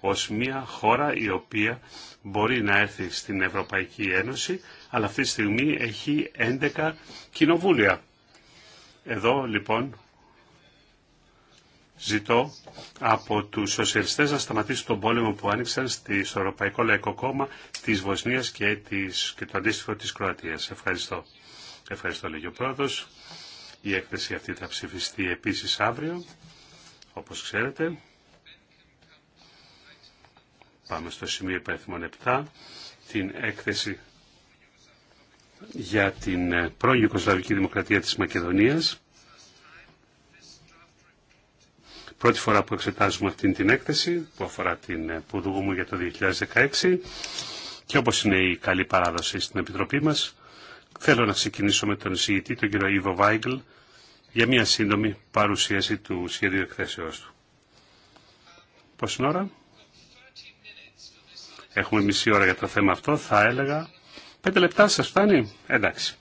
ως μια χώρα η οποία μπορεί να έρθει στην Ευρωπαϊκή Ένωση, αλλά αυτή τη στιγμή έχει 11 κοινοβούλια. Εδώ λοιπόν ζητώ από τους σοσιαλιστές να σταματήσουν τον πόλεμο που άνοιξαν στο Ευρωπαϊκό Λαϊκό Κόμμα της Βοσνίας και, της, και το αντίστοιχο της Κροατίας. Ευχαριστώ. Ευχαριστώ λέγει ο πρόεδρος. Η έκθεση αυτή θα ψηφιστεί επίσης αύριο, όπως ξέρετε. Πάμε στο σημείο υπαριθμών 7, την έκθεση για την ε, πρώην Ιουκοσλαβική Δημοκρατία της Μακεδονίας. Πρώτη φορά που εξετάζουμε αυτήν την έκθεση που αφορά την μου ε, για το 2016 και όπως είναι η καλή παράδοση στην Επιτροπή μας θέλω να ξεκινήσω με τον εισηγητή, τον κύριο Ιβο Βάιγκλ για μια σύντομη παρουσίαση του σχεδίου εκθέσεώς του. Πόση ώρα? Έχουμε μισή ώρα για το θέμα αυτό. Θα έλεγα Πέντε λεπτά σας φτάνει. Εντάξει.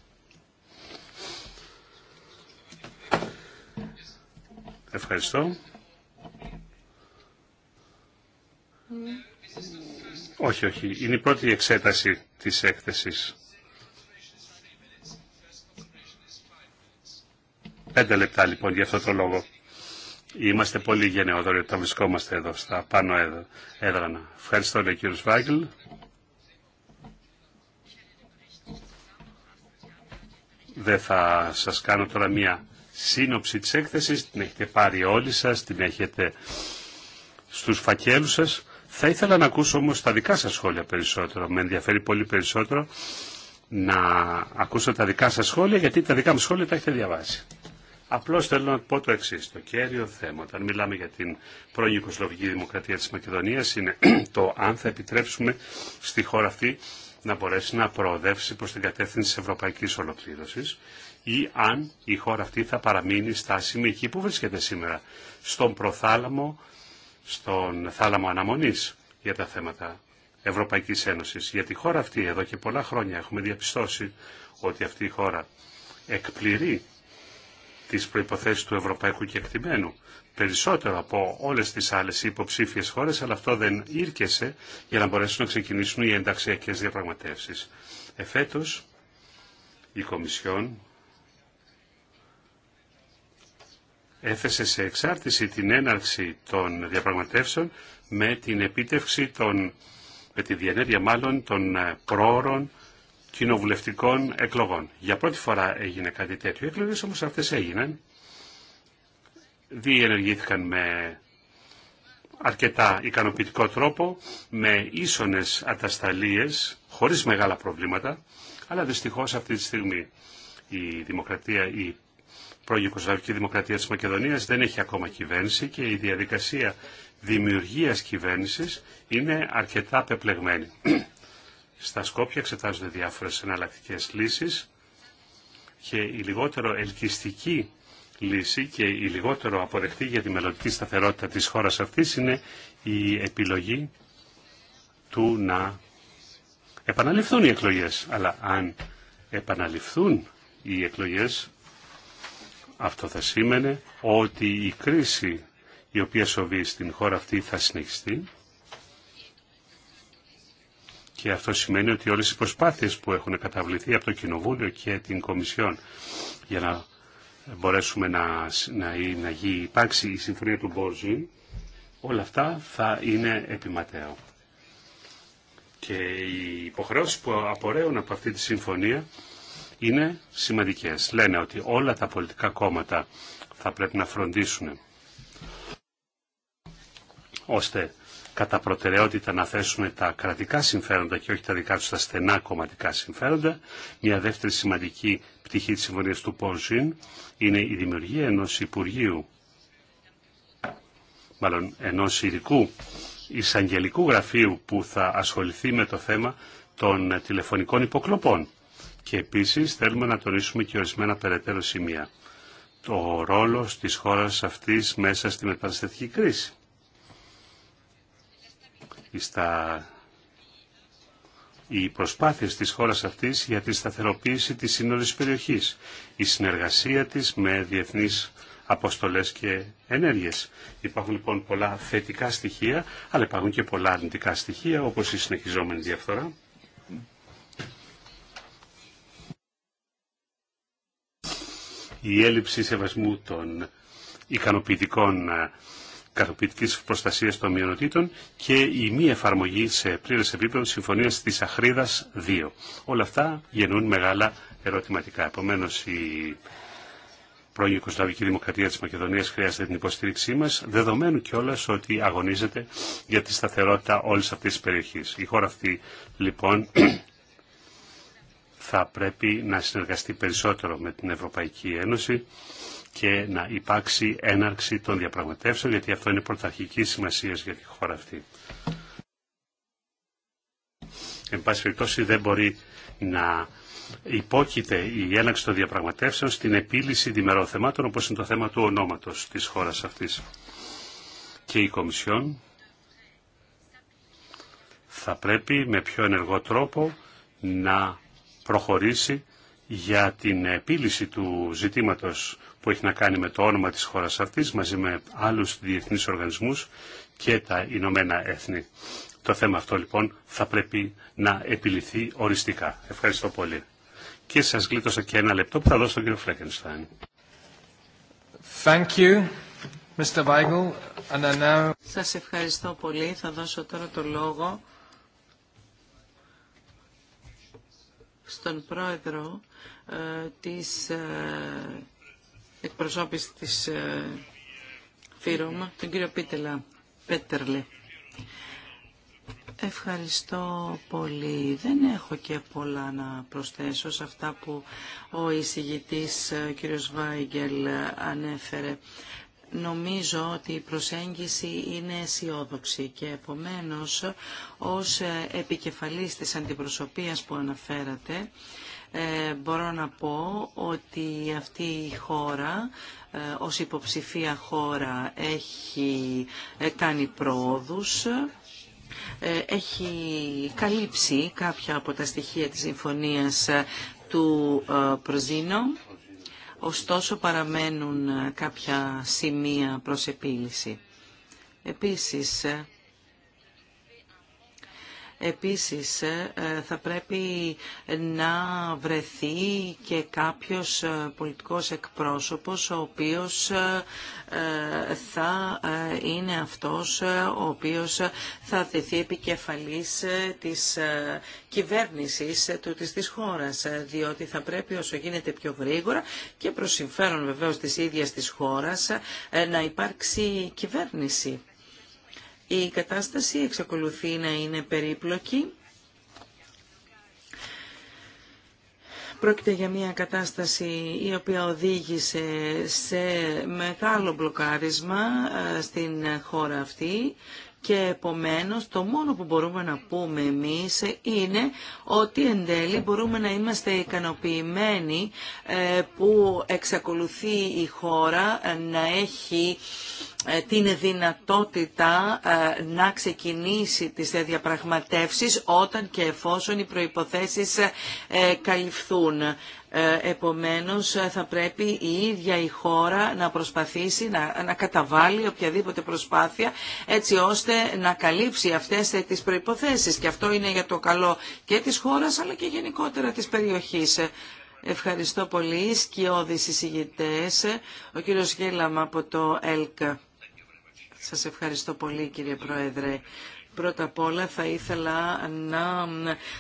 Ευχαριστώ. Όχι, όχι. Είναι η πρώτη εξέταση της έκθεσης. Πέντε λεπτά λοιπόν για αυτό το λόγο. Είμαστε πολύ γενναιόδοροι όταν βρισκόμαστε εδώ στα πάνω έδρανα. Ευχαριστώ λέει κύριος Βάγγελ. Δεν θα σας κάνω τώρα μία σύνοψη της έκθεσης, την έχετε πάρει όλοι σας, την έχετε στους φακέλους σας. Θα ήθελα να ακούσω όμως τα δικά σας σχόλια περισσότερο. Με ενδιαφέρει πολύ περισσότερο να ακούσω τα δικά σας σχόλια, γιατί τα δικά μου σχόλια τα έχετε διαβάσει. Απλώς θέλω να πω το εξή. Το κέριο θέμα, όταν μιλάμε για την πρώην Οικοσλοβική Δημοκρατία τη Μακεδονία είναι το αν θα επιτρέψουμε στη χώρα αυτή να μπορέσει να προοδεύσει προς την κατεύθυνση της ευρωπαϊκής ολοκλήρωσης ή αν η χώρα αυτή θα παραμείνει στάσιμη εκεί που βρίσκεται σήμερα, στον προθάλαμο, στον θάλαμο αναμονής για τα θέματα Ευρωπαϊκής Ένωσης. Γιατί η χώρα αυτή εδώ και πολλά χρόνια έχουμε διαπιστώσει ότι αυτή η χώρα εκπληρεί τις προϋποθέσεις του ευρωπαϊκού κεκτημένου περισσότερο από όλες τις άλλες υποψήφιες χώρες, αλλά αυτό δεν ήρκεσε για να μπορέσουν να ξεκινήσουν οι ενταξιακές διαπραγματεύσεις. Εφέτος, η Κομισιόν έθεσε σε εξάρτηση την έναρξη των διαπραγματεύσεων με την επίτευξη των, με τη διενέργεια μάλλον των ε, πρόωρων κοινοβουλευτικών εκλογών. Για πρώτη φορά έγινε κάτι τέτοιο. Οι εκλογές όμως αυτές έγιναν διενεργήθηκαν με αρκετά ικανοποιητικό τρόπο, με ίσονες ατασταλίες, χωρίς μεγάλα προβλήματα, αλλά δυστυχώς αυτή τη στιγμή η δημοκρατία, η δημοκρατία της Μακεδονίας δεν έχει ακόμα κυβέρνηση και η διαδικασία δημιουργίας κυβέρνησης είναι αρκετά πεπλεγμένη. Στα Σκόπια εξετάζονται διάφορες εναλλακτικέ λύσεις και η λιγότερο ελκυστική λύση και η λιγότερο αποδεκτή για τη μελλοντική σταθερότητα της χώρας αυτής είναι η επιλογή του να επαναληφθούν οι εκλογές. Αλλά αν επαναληφθούν οι εκλογές, αυτό θα σήμαινε ότι η κρίση η οποία σοβεί στην χώρα αυτή θα συνεχιστεί και αυτό σημαίνει ότι όλες οι προσπάθειες που έχουν καταβληθεί από το Κοινοβούλιο και την Κομισιόν για να μπορέσουμε να, να, να υπάρξει η συμφωνία του Μπόρζιν, όλα αυτά θα είναι επιματέο. Και οι υποχρεώσεις που απορρέουν από αυτή τη συμφωνία είναι σημαντικές. Λένε ότι όλα τα πολιτικά κόμματα θα πρέπει να φροντίσουν ώστε κατά προτεραιότητα να θέσουμε τα κρατικά συμφέροντα και όχι τα δικά τους τα στενά κομματικά συμφέροντα. Μια δεύτερη σημαντική πτυχή της συμφωνίας του Πόρζιν είναι η δημιουργία ενός Υπουργείου, μάλλον ενός ειδικού εισαγγελικού γραφείου που θα ασχοληθεί με το θέμα των τηλεφωνικών υποκλοπών. Και επίσης θέλουμε να τονίσουμε και ορισμένα περαιτέρω σημεία. Το ρόλο της χώρας αυτής μέσα στη μεταναστευτική κρίση στα... οι προσπάθειες της χώρας αυτής για τη σταθεροποίηση της σύνολης περιοχής, η συνεργασία της με διεθνείς αποστολές και ενέργειες. Υπάρχουν λοιπόν πολλά θετικά στοιχεία, αλλά υπάρχουν και πολλά αρνητικά στοιχεία, όπως η συνεχιζόμενη διαφθορά. Η έλλειψη σεβασμού των ικανοποιητικών ε, καθοποιητική προστασία των μειονοτήτων και η μη εφαρμογή σε πλήρε επίπεδο συμφωνία τη Αχρίδας 2. Όλα αυτά γεννούν μεγάλα ερωτηματικά. Επομένω, η πρώην Οικοσλαβική Δημοκρατία τη Μακεδονία χρειάζεται την υποστήριξή μα, δεδομένου κιόλα ότι αγωνίζεται για τη σταθερότητα όλη αυτή τη περιοχή. Η χώρα αυτή, λοιπόν, θα πρέπει να συνεργαστεί περισσότερο με την Ευρωπαϊκή Ένωση και να υπάρξει έναρξη των διαπραγματεύσεων, γιατί αυτό είναι πρωταρχική σημασία για τη χώρα αυτή. Εν πάση περιπτώσει δεν μπορεί να υπόκειται η έναρξη των διαπραγματεύσεων στην επίλυση διμερών θεμάτων, όπως είναι το θέμα του ονόματος της χώρας αυτής. Και η Κομισιόν θα πρέπει με πιο ενεργό τρόπο να προχωρήσει για την επίλυση του ζητήματος που έχει να κάνει με το όνομα της χώρας αυτής μαζί με άλλους διεθνείς οργανισμούς και τα Ηνωμένα Έθνη. Το θέμα αυτό λοιπόν θα πρέπει να επιληθεί οριστικά. Ευχαριστώ πολύ. Και σας γλίτωσα και ένα λεπτό που θα δώσω στον κύριο Φλέκενστάιν. Thank ευχαριστώ πολύ. Θα δώσω τώρα το λόγο στον πρόεδρο ε, της ε, εκπροσώπης της ε, ΦΥΡΟΜ, τον κύριο Πίτελα, Πέτερλε. Ευχαριστώ πολύ. Δεν έχω και πολλά να προσθέσω σε αυτά που ο εισηγητής κύριος Βάιγκελ ανέφερε. Νομίζω ότι η προσέγγιση είναι αισιόδοξη και επομένως ως επικεφαλής της αντιπροσωπείας που αναφέρατε ε, μπορώ να πω ότι αυτή η χώρα ε, ως υποψηφία χώρα έχει ε, κάνει πρόοδους έχει καλύψει κάποια από τα στοιχεία της συμφωνίας του Προζίνο, ωστόσο παραμένουν κάποια σημεία προς επίλυση. Επίσης, Επίσης ε, θα πρέπει να βρεθεί και κάποιος ε, πολιτικός εκπρόσωπος ο οποίος ε, θα είναι αυτός ο οποίος θα θεθεί επικεφαλής της κυβέρνησης του της, της χώρας διότι θα πρέπει όσο γίνεται πιο γρήγορα και προς συμφέρον βεβαίως της ίδιας της χώρας να υπάρξει κυβέρνηση. Η κατάσταση εξακολουθεί να είναι περίπλοκη. Πρόκειται για μια κατάσταση η οποία οδήγησε σε μεγάλο μπλοκάρισμα ε, στην χώρα αυτή και επομένως το μόνο που μπορούμε να πούμε εμείς είναι ότι εν τέλει μπορούμε να είμαστε ικανοποιημένοι ε, που εξακολουθεί η χώρα να έχει ε, την δυνατότητα ε, να ξεκινήσει τις διαπραγματεύσεις όταν και εφόσον οι προϋποθέσεις ε, καλυφθούν. Επομένως θα πρέπει η ίδια η χώρα να προσπαθήσει να, να καταβάλει οποιαδήποτε προσπάθεια έτσι ώστε να καλύψει αυτές τις προϋποθέσεις και αυτό είναι για το καλό και της χώρας αλλά και γενικότερα της περιοχής. Ευχαριστώ πολύ. Σκιώδης εισηγητές, ο κύριος Γέλαμα από το ΕΛΚΑ. Σας ευχαριστώ πολύ κύριε Πρόεδρε. Πρώτα απ' όλα θα ήθελα να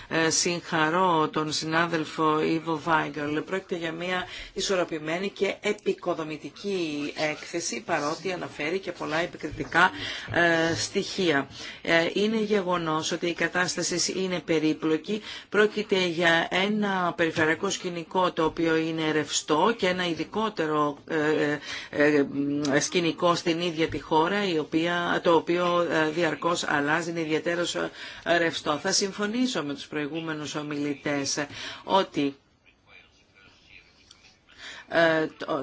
ε, συγχαρώ τον συνάδελφο Ιβο Βάγκελ. Πρόκειται για μια ισορροπημένη και επικοδομητική έκθεση, παρότι αναφέρει και πολλά επικριτικά ε, στοιχεία. Ε, είναι γεγονός ότι η κατάσταση είναι περίπλοκη. Πρόκειται για ένα περιφερειακό σκηνικό το οποίο είναι ρευστό και ένα ειδικότερο σκηνικό στην ίδια τη χώρα, το οποίο διαρκώς αλλάζει είναι ιδιαίτερο ε, ρευστό. Θα συμφωνήσω με τους προηγούμενους ομιλητές ε, ότι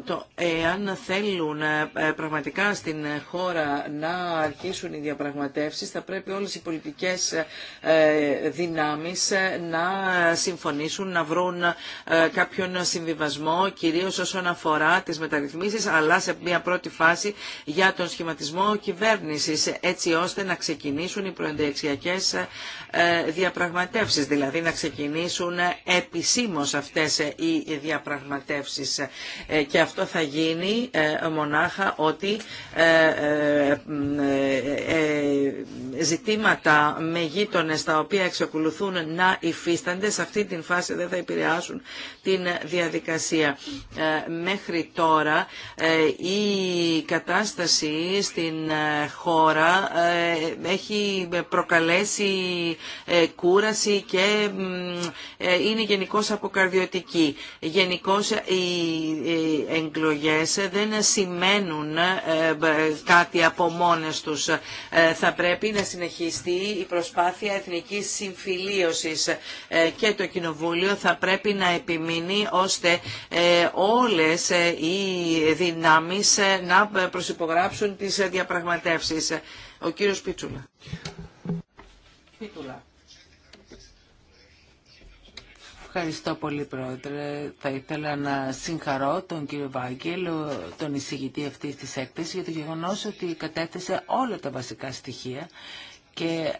το, εάν θέλουν ε, ε, πραγματικά στην χώρα να αρχίσουν οι διαπραγματεύσεις θα πρέπει όλες οι πολιτικές ε, δυνάμεις να συμφωνήσουν, να βρουν κάποιον συμβιβασμό κυρίως όσον αφορά τις μεταρρυθμίσεις αλλά σε μια πρώτη φάση για τον σχηματισμό κυβέρνησης έτσι ώστε να ξεκινήσουν οι προεντεξιακές διαπραγματεύσεις δηλαδή να ξεκινήσουν επισήμως αυτές οι διαπραγματεύσεις ε, και αυτό θα γίνει ε, μονάχα ότι ε, ζητήματα με γείτονε τα οποία εξακολουθούν να υφίστανται σε αυτή την φάση δεν θα επηρεάσουν την διαδικασία. Μέχρι τώρα η κατάσταση στην χώρα έχει προκαλέσει κούραση και είναι γενικώ αποκαρδιωτική. Γενικώ η οι δεν σημαίνουν ε, κάτι από μόνες τους. Ε, θα πρέπει να συνεχιστεί η προσπάθεια εθνικής συμφιλίωσης ε, και το Κοινοβούλιο θα πρέπει να επιμείνει ώστε όλες οι δυνάμεις να προσυπογράψουν τις διαπραγματεύσεις. Ο κύριος Πίτσουλα. Ευχαριστώ πολύ Πρόεδρε. Θα ήθελα να συγχαρώ τον κύριο Βάγκελ, τον εισηγητή αυτής της έκθεσης, για το γεγονός ότι κατέθεσε όλα τα βασικά στοιχεία και ε,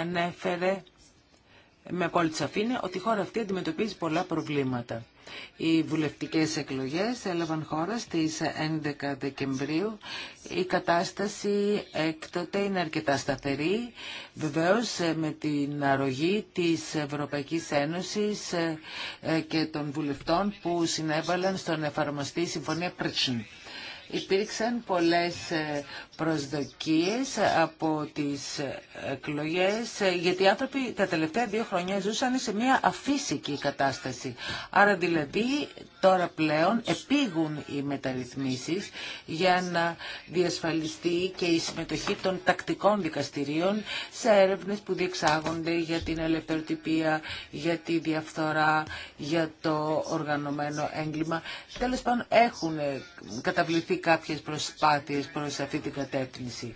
ανέφερε με απόλυτη σαφήνεια ότι η χώρα αυτή αντιμετωπίζει πολλά προβλήματα. Οι βουλευτικές εκλογές έλαβαν χώρα στις 11 Δεκεμβρίου. Η κατάσταση έκτοτε είναι αρκετά σταθερή. Βεβαίως ε, με την αρρωγή της Ευρωπαϊκής Ένωσης ε, ε, και των βουλευτών που συνέβαλαν στον εφαρμοστή Συμφωνία Πρίτσιν. Υπήρξαν πολλές προσδοκίες από τις εκλογές, γιατί οι άνθρωποι τα τελευταία δύο χρόνια ζούσαν σε μια αφύσικη κατάσταση. Άρα δηλαδή τώρα πλέον επίγουν οι μεταρρυθμίσεις για να διασφαλιστεί και η συμμετοχή των τακτικών δικαστηρίων σε έρευνες που διεξάγονται για την ελευθεροτυπία, για τη διαφθορά, για το οργανωμένο έγκλημα. Τέλος πάντων έχουν καταβληθεί κάποιες προσπάθειες προς αυτή την κατάσταση κατεύθυνση.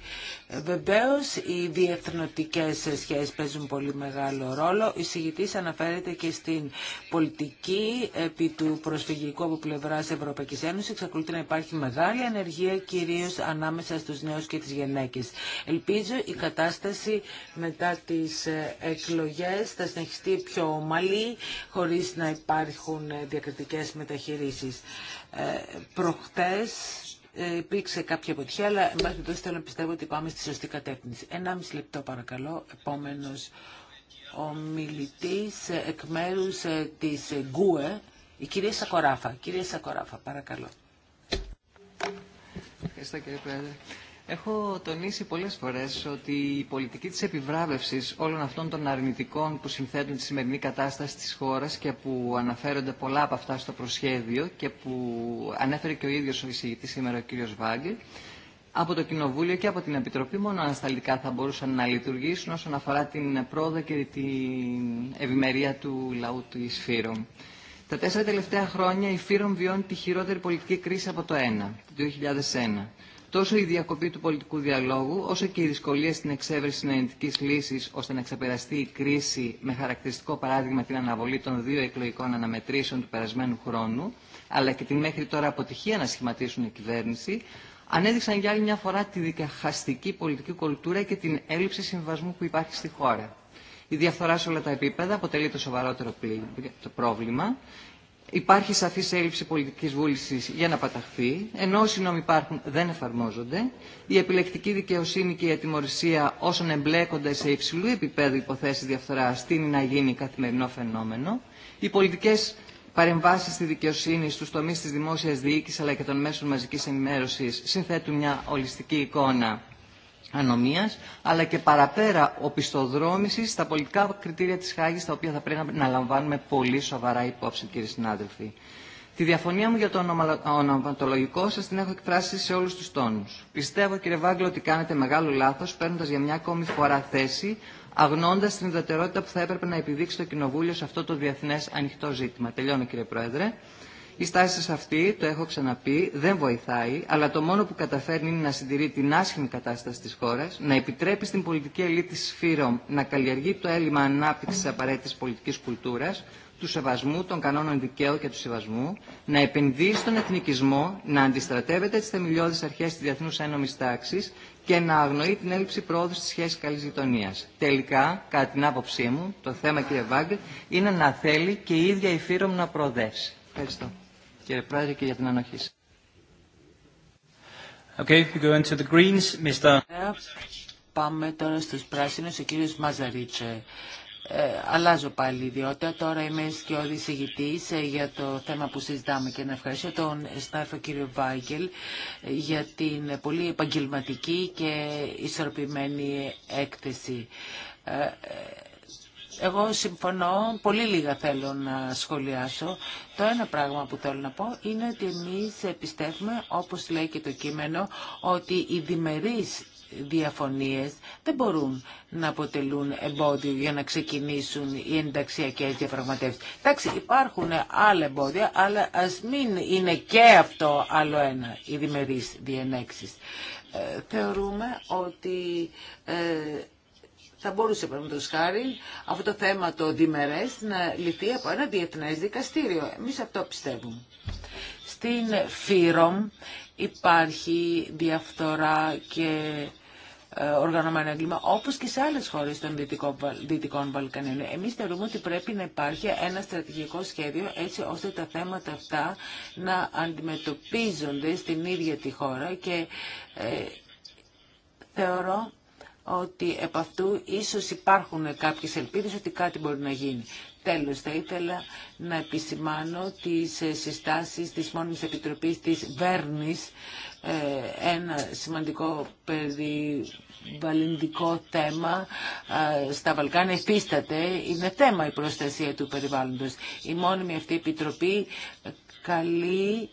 Ε, βεβαίως οι διεθνωτικέ σχέσει παίζουν πολύ μεγάλο ρόλο. η συγητή αναφέρεται και στην πολιτική επί του προσφυγικού από πλευρά Ευρωπαϊκή Ένωση, Εξακολουθεί να υπάρχει μεγάλη ανεργία κυρίω ανάμεσα στους νέους και τις γυναίκε. Ελπίζω η κατάσταση μετά τις ε, εκλογές θα συνεχιστεί πιο ομαλή χωρί να υπάρχουν ε, διακριτικέ μεταχειρήσει. Ε, προχτές ε, υπήρξε κάποια αποτυχία, αλλά εν πάση θέλω να πιστεύω ότι πάμε στη σωστή κατεύθυνση. Ένα μισή λεπτό παρακαλώ, Επόμενο. ο ε, εκ μέρου ε, τη ΓΚΟΕ, η κυρία Σακοράφα. Κυρία Σακοράφα, παρακαλώ. Ευχαριστώ κύριε Πρόεδρε. Έχω τονίσει πολλές φορές ότι η πολιτική της επιβράβευσης όλων αυτών των αρνητικών που συνθέτουν τη σημερινή κατάσταση της χώρας και που αναφέρονται πολλά από αυτά στο προσχέδιο και που ανέφερε και ο ίδιος ο εισηγητής σήμερα ο κύριος Βάγκη, από το Κοινοβούλιο και από την Επιτροπή μόνο ανασταλτικά θα μπορούσαν να λειτουργήσουν όσον αφορά την πρόοδο και την ευημερία του λαού του Ισφύρου. Τα τέσσερα τελευταία χρόνια η Φύρομ βιώνει τη χειρότερη πολιτική κρίση από το 1, το 2001 τόσο η διακοπή του πολιτικού διαλόγου, όσο και οι δυσκολίε στην εξέβρεση συνενετική λύση ώστε να ξεπεραστεί η κρίση με χαρακτηριστικό παράδειγμα την αναβολή των δύο εκλογικών αναμετρήσεων του περασμένου χρόνου, αλλά και την μέχρι τώρα αποτυχία να σχηματίσουν η κυβέρνηση, ανέδειξαν για άλλη μια φορά τη δικαχαστική πολιτική κουλτούρα και την έλλειψη συμβασμού που υπάρχει στη χώρα. Η διαφθορά σε όλα τα επίπεδα αποτελεί το σοβαρότερο πρόβλημα υπάρχει σαφή έλλειψη πολιτικής βούλησης για να παταχθεί, ενώ όσοι νόμοι υπάρχουν δεν εφαρμόζονται, η επιλεκτική δικαιοσύνη και η ατιμορρησία όσων εμπλέκονται σε υψηλού επίπεδου υποθέσει διαφθοράς τείνει να γίνει καθημερινό φαινόμενο, οι πολιτικές παρεμβάσεις στη δικαιοσύνη στους τομείς της δημόσιας διοίκησης αλλά και των μέσων μαζική ενημέρωση συνθέτουν μια ολιστική εικόνα ανομίας, αλλά και παραπέρα οπισθοδρόμησης στα πολιτικά κριτήρια της Χάγης, τα οποία θα πρέπει να λαμβάνουμε πολύ σοβαρά υπόψη, κύριοι συνάδελφοι. Τη διαφωνία μου για το ονοματολογικό σα την έχω εκφράσει σε όλου του τόνου. Πιστεύω, κύριε Βάγκλο, ότι κάνετε μεγάλο λάθο παίρνοντα για μια ακόμη φορά θέση, αγνώντα την ιδιαιτερότητα που θα έπρεπε να επιδείξει το Κοινοβούλιο σε αυτό το διεθνέ ανοιχτό ζήτημα. Τελειώνω, κύριε Πρόεδρε. Η στάση αυτή, το έχω ξαναπεί, δεν βοηθάει, αλλά το μόνο που καταφέρνει είναι να συντηρεί την άσχημη κατάσταση τη χώρα, να επιτρέπει στην πολιτική ελίτ τη Φύρομ να καλλιεργεί το έλλειμμα ανάπτυξη απαραίτητη πολιτική κουλτούρα, του σεβασμού των κανόνων δικαίου και του σεβασμού, να επενδύει στον εθνικισμό, να αντιστρατεύεται τι θεμελιώδει αρχέ τη διεθνού ένωμη τάξη και να αγνοεί την έλλειψη πρόοδου στη σχέση καλή γειτονία. Τελικά, κατά την άποψή μου, το θέμα, κύριε είναι να θέλει και ίδια η Φύρομ να προοδεύσει. Ευχαριστώ κύριε Πρόεδρε και για την ανοχή σας. Okay, we go into the Greens, Mr. Ε, πάμε τώρα στους πράσινους, ο κύριος Μαζαρίτσε. Ε, αλλάζω πάλι ιδιότητα. Τώρα είμαι σκιώδη ηγητή ε, για το θέμα που συζητάμε και να ευχαριστώ τον Στάφο κύριο Βάγκελ ε, για την πολύ επαγγελματική και ισορροπημένη έκθεση. Ε, εγώ συμφωνώ, πολύ λίγα θέλω να σχολιάσω. Το ένα πράγμα που θέλω να πω είναι ότι εμείς πιστεύουμε, όπως λέει και το κείμενο, ότι οι διμερείς διαφωνίες δεν μπορούν να αποτελούν εμπόδιο για να ξεκινήσουν οι ενταξιακές διαπραγματεύσεις. Εντάξει, υπάρχουν άλλα εμπόδια, αλλά ας μην είναι και αυτό άλλο ένα, οι διμερείς διενέξεις. Ε, θεωρούμε ότι ε, θα μπορούσε, παραδείγματο χάρη, αυτό το θέμα το διμερέ να λυθεί από ένα διεθνέ δικαστήριο. Εμεί αυτό πιστεύουμε. Στην ΦΥΡΟΜ υπάρχει διαφθορά και ε, οργανωμένο έγκλημα, όπως και σε άλλες χώρες των Δυτικών, Δυτικών Βαλκανίων. Εμείς θεωρούμε ότι πρέπει να υπάρχει ένα στρατηγικό σχέδιο έτσι ώστε τα θέματα αυτά να αντιμετωπίζονται στην ίδια τη χώρα και ε, θεωρώ ότι επ' αυτού ίσως υπάρχουν κάποιες ελπίδες ότι κάτι μπορεί να γίνει. Τέλος, θα ήθελα να επισημάνω τις ε, συστάσεις της μόνιμης επιτροπής της Βέρνης, ε, ένα σημαντικό περιβαλλοντικό θέμα ε, στα Βαλκάνια εφίσταται, είναι θέμα η προστασία του περιβάλλοντος. Η μόνιμη αυτή επιτροπή καλεί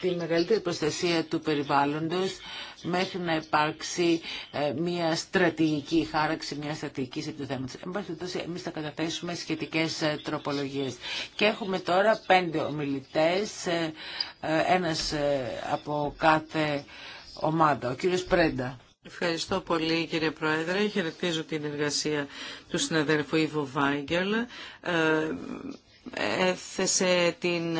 τη μεγαλύτερη προστασία του περιβάλλοντος μέχρι να υπάρξει ε, μια στρατηγική χάραξη, μια στρατηγική επί Εν πάση περιπτώσει, εμείς θα καταθέσουμε σχετικές ε, τροπολογίε. Και έχουμε τώρα πέντε ομιλητές, ε, ένας από κάθε ομάδα. Ο κύριος Πρέντα. Ευχαριστώ πολύ κύριε Πρόεδρε. Χαιρετίζω την εργασία του συναδέλφου Ιβο Βάγγελ. Έθεσε την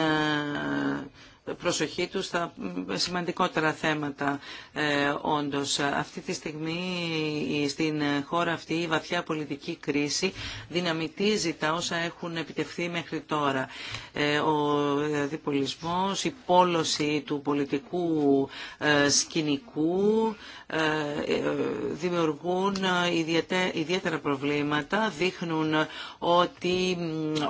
προσοχή τους στα σημαντικότερα θέματα ε, όντως. Αυτή τη στιγμή στην χώρα αυτή η βαθιά πολιτική κρίση δυναμητίζει τα όσα έχουν επιτευχθεί μέχρι τώρα. Ε, ο διπολισμός, η πόλωση του πολιτικού ε, σκηνικού ε, δημιουργούν ιδιαίτερα προβλήματα, δείχνουν ότι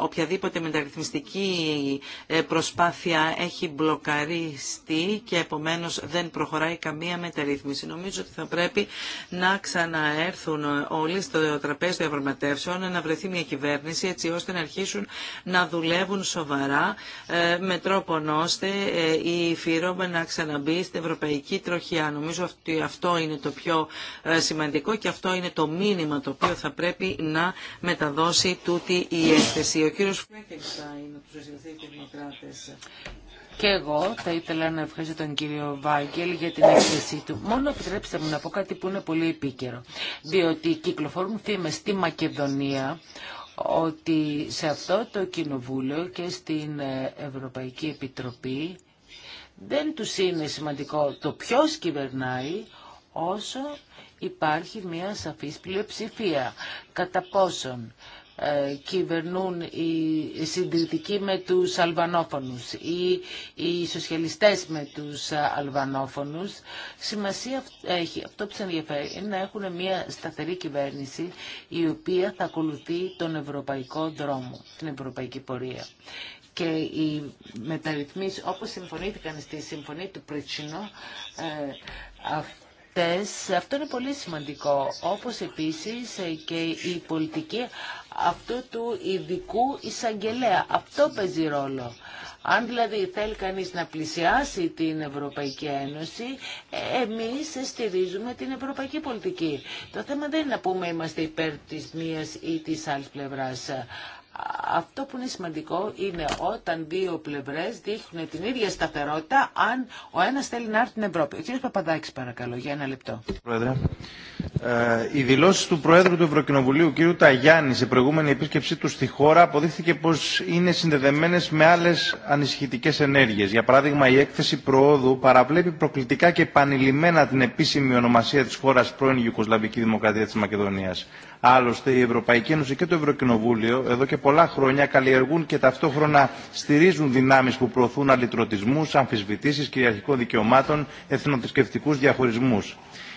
οποιαδήποτε μεταρρυθμιστική προσπάθεια έχει μπλοκαριστεί και επομένως δεν προχωράει καμία μεταρρύθμιση. Νομίζω ότι θα πρέπει να ξαναέρθουν όλοι στο τραπέζι των διαπραγματεύσεων, να βρεθεί μια κυβέρνηση έτσι ώστε να αρχίσουν να δουλεύουν σοβαρά ε, με τρόπο ώστε ε, η φύρομαι να ξαναμπεί στην ευρωπαϊκή τροχιά. Νομίζω ότι αυτό είναι το πιο ε, σημαντικό και αυτό είναι το μήνυμα το οποίο θα πρέπει να μεταδώσει τούτη η έκθεση. Ο κύριος Φλέκενστάιν, του τους δημοκράτε. Και εγώ θα ήθελα να ευχαριστώ τον κύριο Βάγκελ για την έκθεσή του. Μόνο επιτρέψτε μου να πω κάτι που είναι πολύ επίκαιρο. Διότι κυκλοφορούν φήμε στη Μακεδονία ότι σε αυτό το κοινοβούλιο και στην ε, Ευρωπαϊκή Επιτροπή δεν του είναι σημαντικό το ποιος κυβερνάει όσο υπάρχει μια σαφής πλειοψηφία. Κατά πόσον ε, κυβερνούν οι συντηρητικοί με τους αλβανόφωνους ή οι σοσιαλιστές με τους αλβανόφωνους. Σημασία έχει, αυτό που σε ενδιαφέρει, είναι να έχουν μια σταθερή κυβέρνηση η οποία θα ακολουθεί τον ευρωπαϊκό δρόμο, την ευρωπαϊκή πορεία. Και οι μεταρρυθμίσεις, όπως συμφωνήθηκαν στη Συμφωνία του Πρίτσινο, ε, αυτό είναι πολύ σημαντικό, όπως επίσης και η πολιτική αυτού του ειδικού εισαγγελέα. Αυτό παίζει ρόλο. Αν δηλαδή θέλει κανείς να πλησιάσει την Ευρωπαϊκή Ένωση, εμείς στηρίζουμε την ευρωπαϊκή πολιτική. Το θέμα δεν είναι να πούμε είμαστε υπέρ της μίας ή της άλλης πλευράς. Αυτό που είναι σημαντικό είναι όταν δύο πλευρέ δείχνουν την ίδια σταθερότητα αν ο ένα θέλει να έρθει στην Ευρώπη. Ο κ. Παπαδάκης παρακαλώ για ένα λεπτό. Πρόεδρε, ε, οι δηλώσει του Προέδρου του Ευρωκοινοβουλίου κ. Ταγιάννη σε προηγούμενη επίσκεψή του στη χώρα αποδείχθηκε πω είναι συνδεδεμένε με άλλε ανησυχητικέ ενέργειε. Για παράδειγμα η έκθεση προόδου παραβλέπει προκλητικά και επανειλημμένα την επίσημη ονομασία τη χώρα πρώην Ιουκοσλαβική Δημοκρατία τη Μακεδονία. Άλλωστε, η Ευρωπαϊκή Ένωση και το Ευρωκοινοβούλιο εδώ και πολλά χρόνια καλλιεργούν και ταυτόχρονα στηρίζουν δυνάμει που προωθούν αλυτρωτισμού, αμφισβητήσει κυριαρχικών δικαιωμάτων, εθνοθρησκευτικού διαχωρισμού.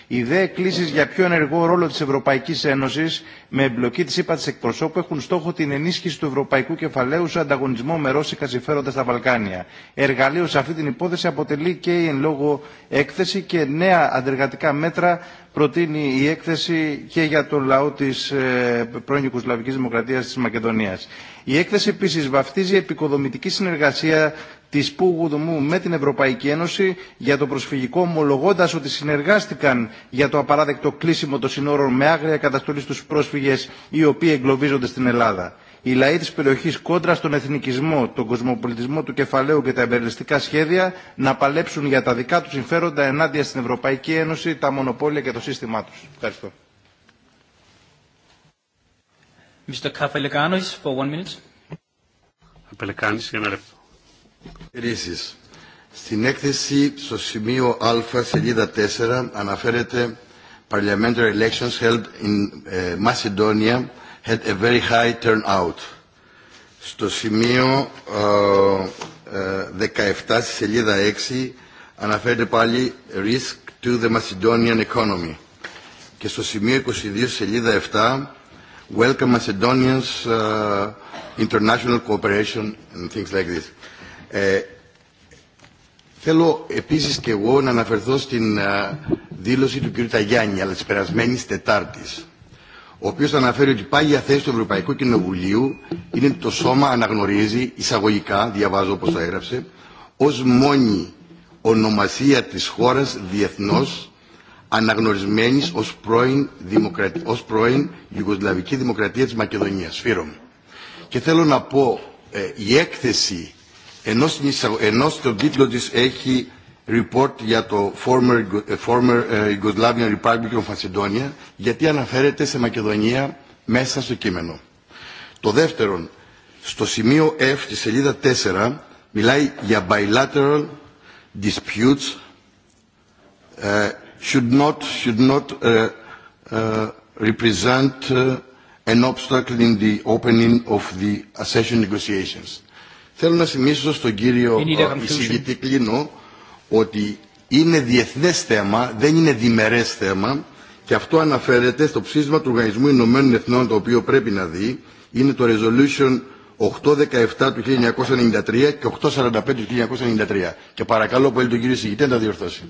Οι δε εκκλήσει για πιο ενεργό ρόλο τη Ευρωπαϊκή Ένωση με εμπλοκή τη ΥΠΑ εκπροσώπου έχουν στόχο την ενίσχυση του ευρωπαϊκού κεφαλαίου σε ανταγωνισμό με ρώσικα συμφέροντα στα Βαλκάνια. Εργαλείο σε αυτή την υπόθεση αποτελεί και η εν λόγω έκθεση και νέα αντεργατικά μέτρα προτείνει η έκθεση και για τον λαό τη ε, πρώην Ιουκοσλαβική Δημοκρατία τη Μακεδονία. Η έκθεση επίση βαφτίζει επικοδομητική συνεργασία τη Πούγου Δουμού με την Ευρωπαϊκή Ένωση για το προσφυγικό, ομολογώντα ότι συνεργάστηκαν για το απαράδεκτο κλείσιμο των συνόρων με άγρια καταστολή στου πρόσφυγε οι οποίοι εγκλωβίζονται στην Ελλάδα. Οι λαοί τη περιοχή κόντρα στον εθνικισμό, τον κοσμοπολιτισμό του κεφαλαίου και τα εμπεριστικά σχέδια να παλέψουν για τα δικά του συμφέροντα ενάντια στην Ευρωπαϊκή Ένωση, τα μονοπόλια και το σύστημά του. Ευχαριστώ. Mr. for one minute. για Ρίσεις. Στην έκθεση στο σημείο Α, σελίδα 4, αναφέρεται Parliamentary elections held in Macedonia had a very high turnout. Στο σημείο 17, στη σελίδα 6, αναφέρεται πάλι risk to the Macedonian economy. Και στο σημείο 22, σελίδα 7, welcome Macedonians uh, international cooperation and things like this. Ε, θέλω επίσης και εγώ να αναφερθώ στην ε, δήλωση του κ. Ταγιάννη, αλλά της περασμένης Τετάρτης, ο οποίος αναφέρει ότι η πάγια θέση του Ευρωπαϊκού Κοινοβουλίου είναι ότι το σώμα αναγνωρίζει εισαγωγικά, διαβάζω όπως το έγραψε, ως μόνη ονομασία της χώρας διεθνώς αναγνωρισμένης ως πρώην, δημοκρατι... ως Ιουγκοσλαβική Δημοκρατία της Μακεδονίας, Φύρομ. Και θέλω να πω, ε, η έκθεση ενώ ενώ στον τίτλο της έχει report για το former, former Yugoslavian Republic of Macedonia γιατί αναφέρεται σε Μακεδονία μέσα στο κείμενο. Το δεύτερον, στο σημείο F της σελίδα 4 μιλάει για bilateral disputes uh, should not, should not uh, uh, represent uh, an obstacle in the opening of the accession negotiations. Θέλω να θυμίσω στον κύριο ε, εισηγητή Κλίνο ότι είναι διεθνές θέμα, δεν είναι διμερές θέμα και αυτό αναφέρεται στο ψήφισμα του Οργανισμού Ηνωμένων Εθνών το οποίο πρέπει να δει είναι το Resolution 817 του 1993 και 845 του 1993 και παρακαλώ πολύ τον κύριο εισηγητή να τα διορθώσει.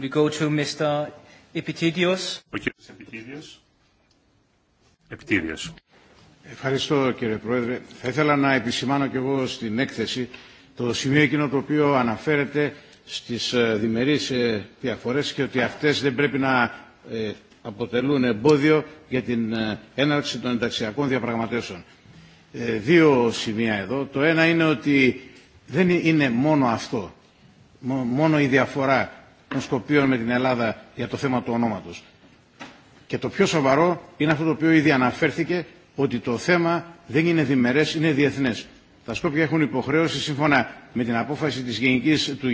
We go to Mr. Ο κύριος Επιτήδιος. Ευχαριστώ κύριε Πρόεδρε. Θα ήθελα να επισημάνω και εγώ στην έκθεση το σημείο εκείνο το οποίο αναφέρεται στις ε, διμερείς ε, διαφορές και ότι αυτές δεν πρέπει να ε, αποτελούν εμπόδιο για την έναρξη των ενταξιακών διαπραγματεύσεων. Δύο σημεία εδώ. Το ένα είναι ότι δεν είναι μόνο αυτό, μόνο η διαφορά των Σκοπίων με την Ελλάδα για το θέμα του ονόματος. Και το πιο σοβαρό είναι αυτό το οποίο ήδη αναφέρθηκε ότι το θέμα δεν είναι διμερές, είναι διεθνές. Τα Σκόπια έχουν υποχρέωση σύμφωνα με την απόφαση της Γενικής, του,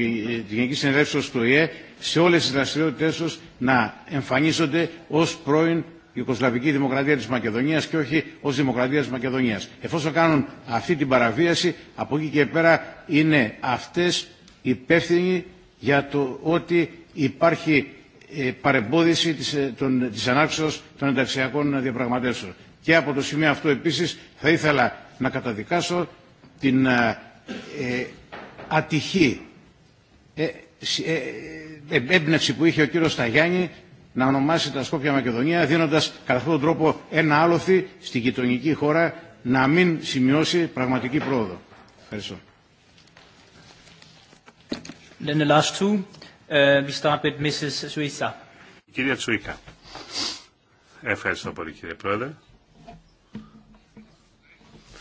της Γενικής του ΙΕ σε όλες τις δραστηριότητες τους να εμφανίζονται ως πρώην Ιουκοσλαβική Δημοκρατία της Μακεδονίας και όχι ως Δημοκρατία της Μακεδονίας. Εφόσον κάνουν αυτή την παραβίαση, από εκεί και πέρα είναι αυτές υπεύθυνοι για το ότι υπάρχει ε, παρεμπόδιση της, ε, της ανάξεως των ενταξιακών διαπραγματεύσεων. Και από το σημείο αυτό επίσης θα ήθελα να καταδικάσω την ε, ε ατυχή ε, ε, ε, έμπνευση που είχε ο κύριος Σταγιάννη να ονομάσει τα Σκόπια Μακεδονία δίνοντας κατά αυτόν τον τρόπο ένα άλοθη στη γειτονική χώρα να μην σημειώσει πραγματική πρόοδο. Ευχαριστώ. Then last uh, Κυρία Τσουίκα, ευχαριστώ πολύ κύριε Πρόεδρε.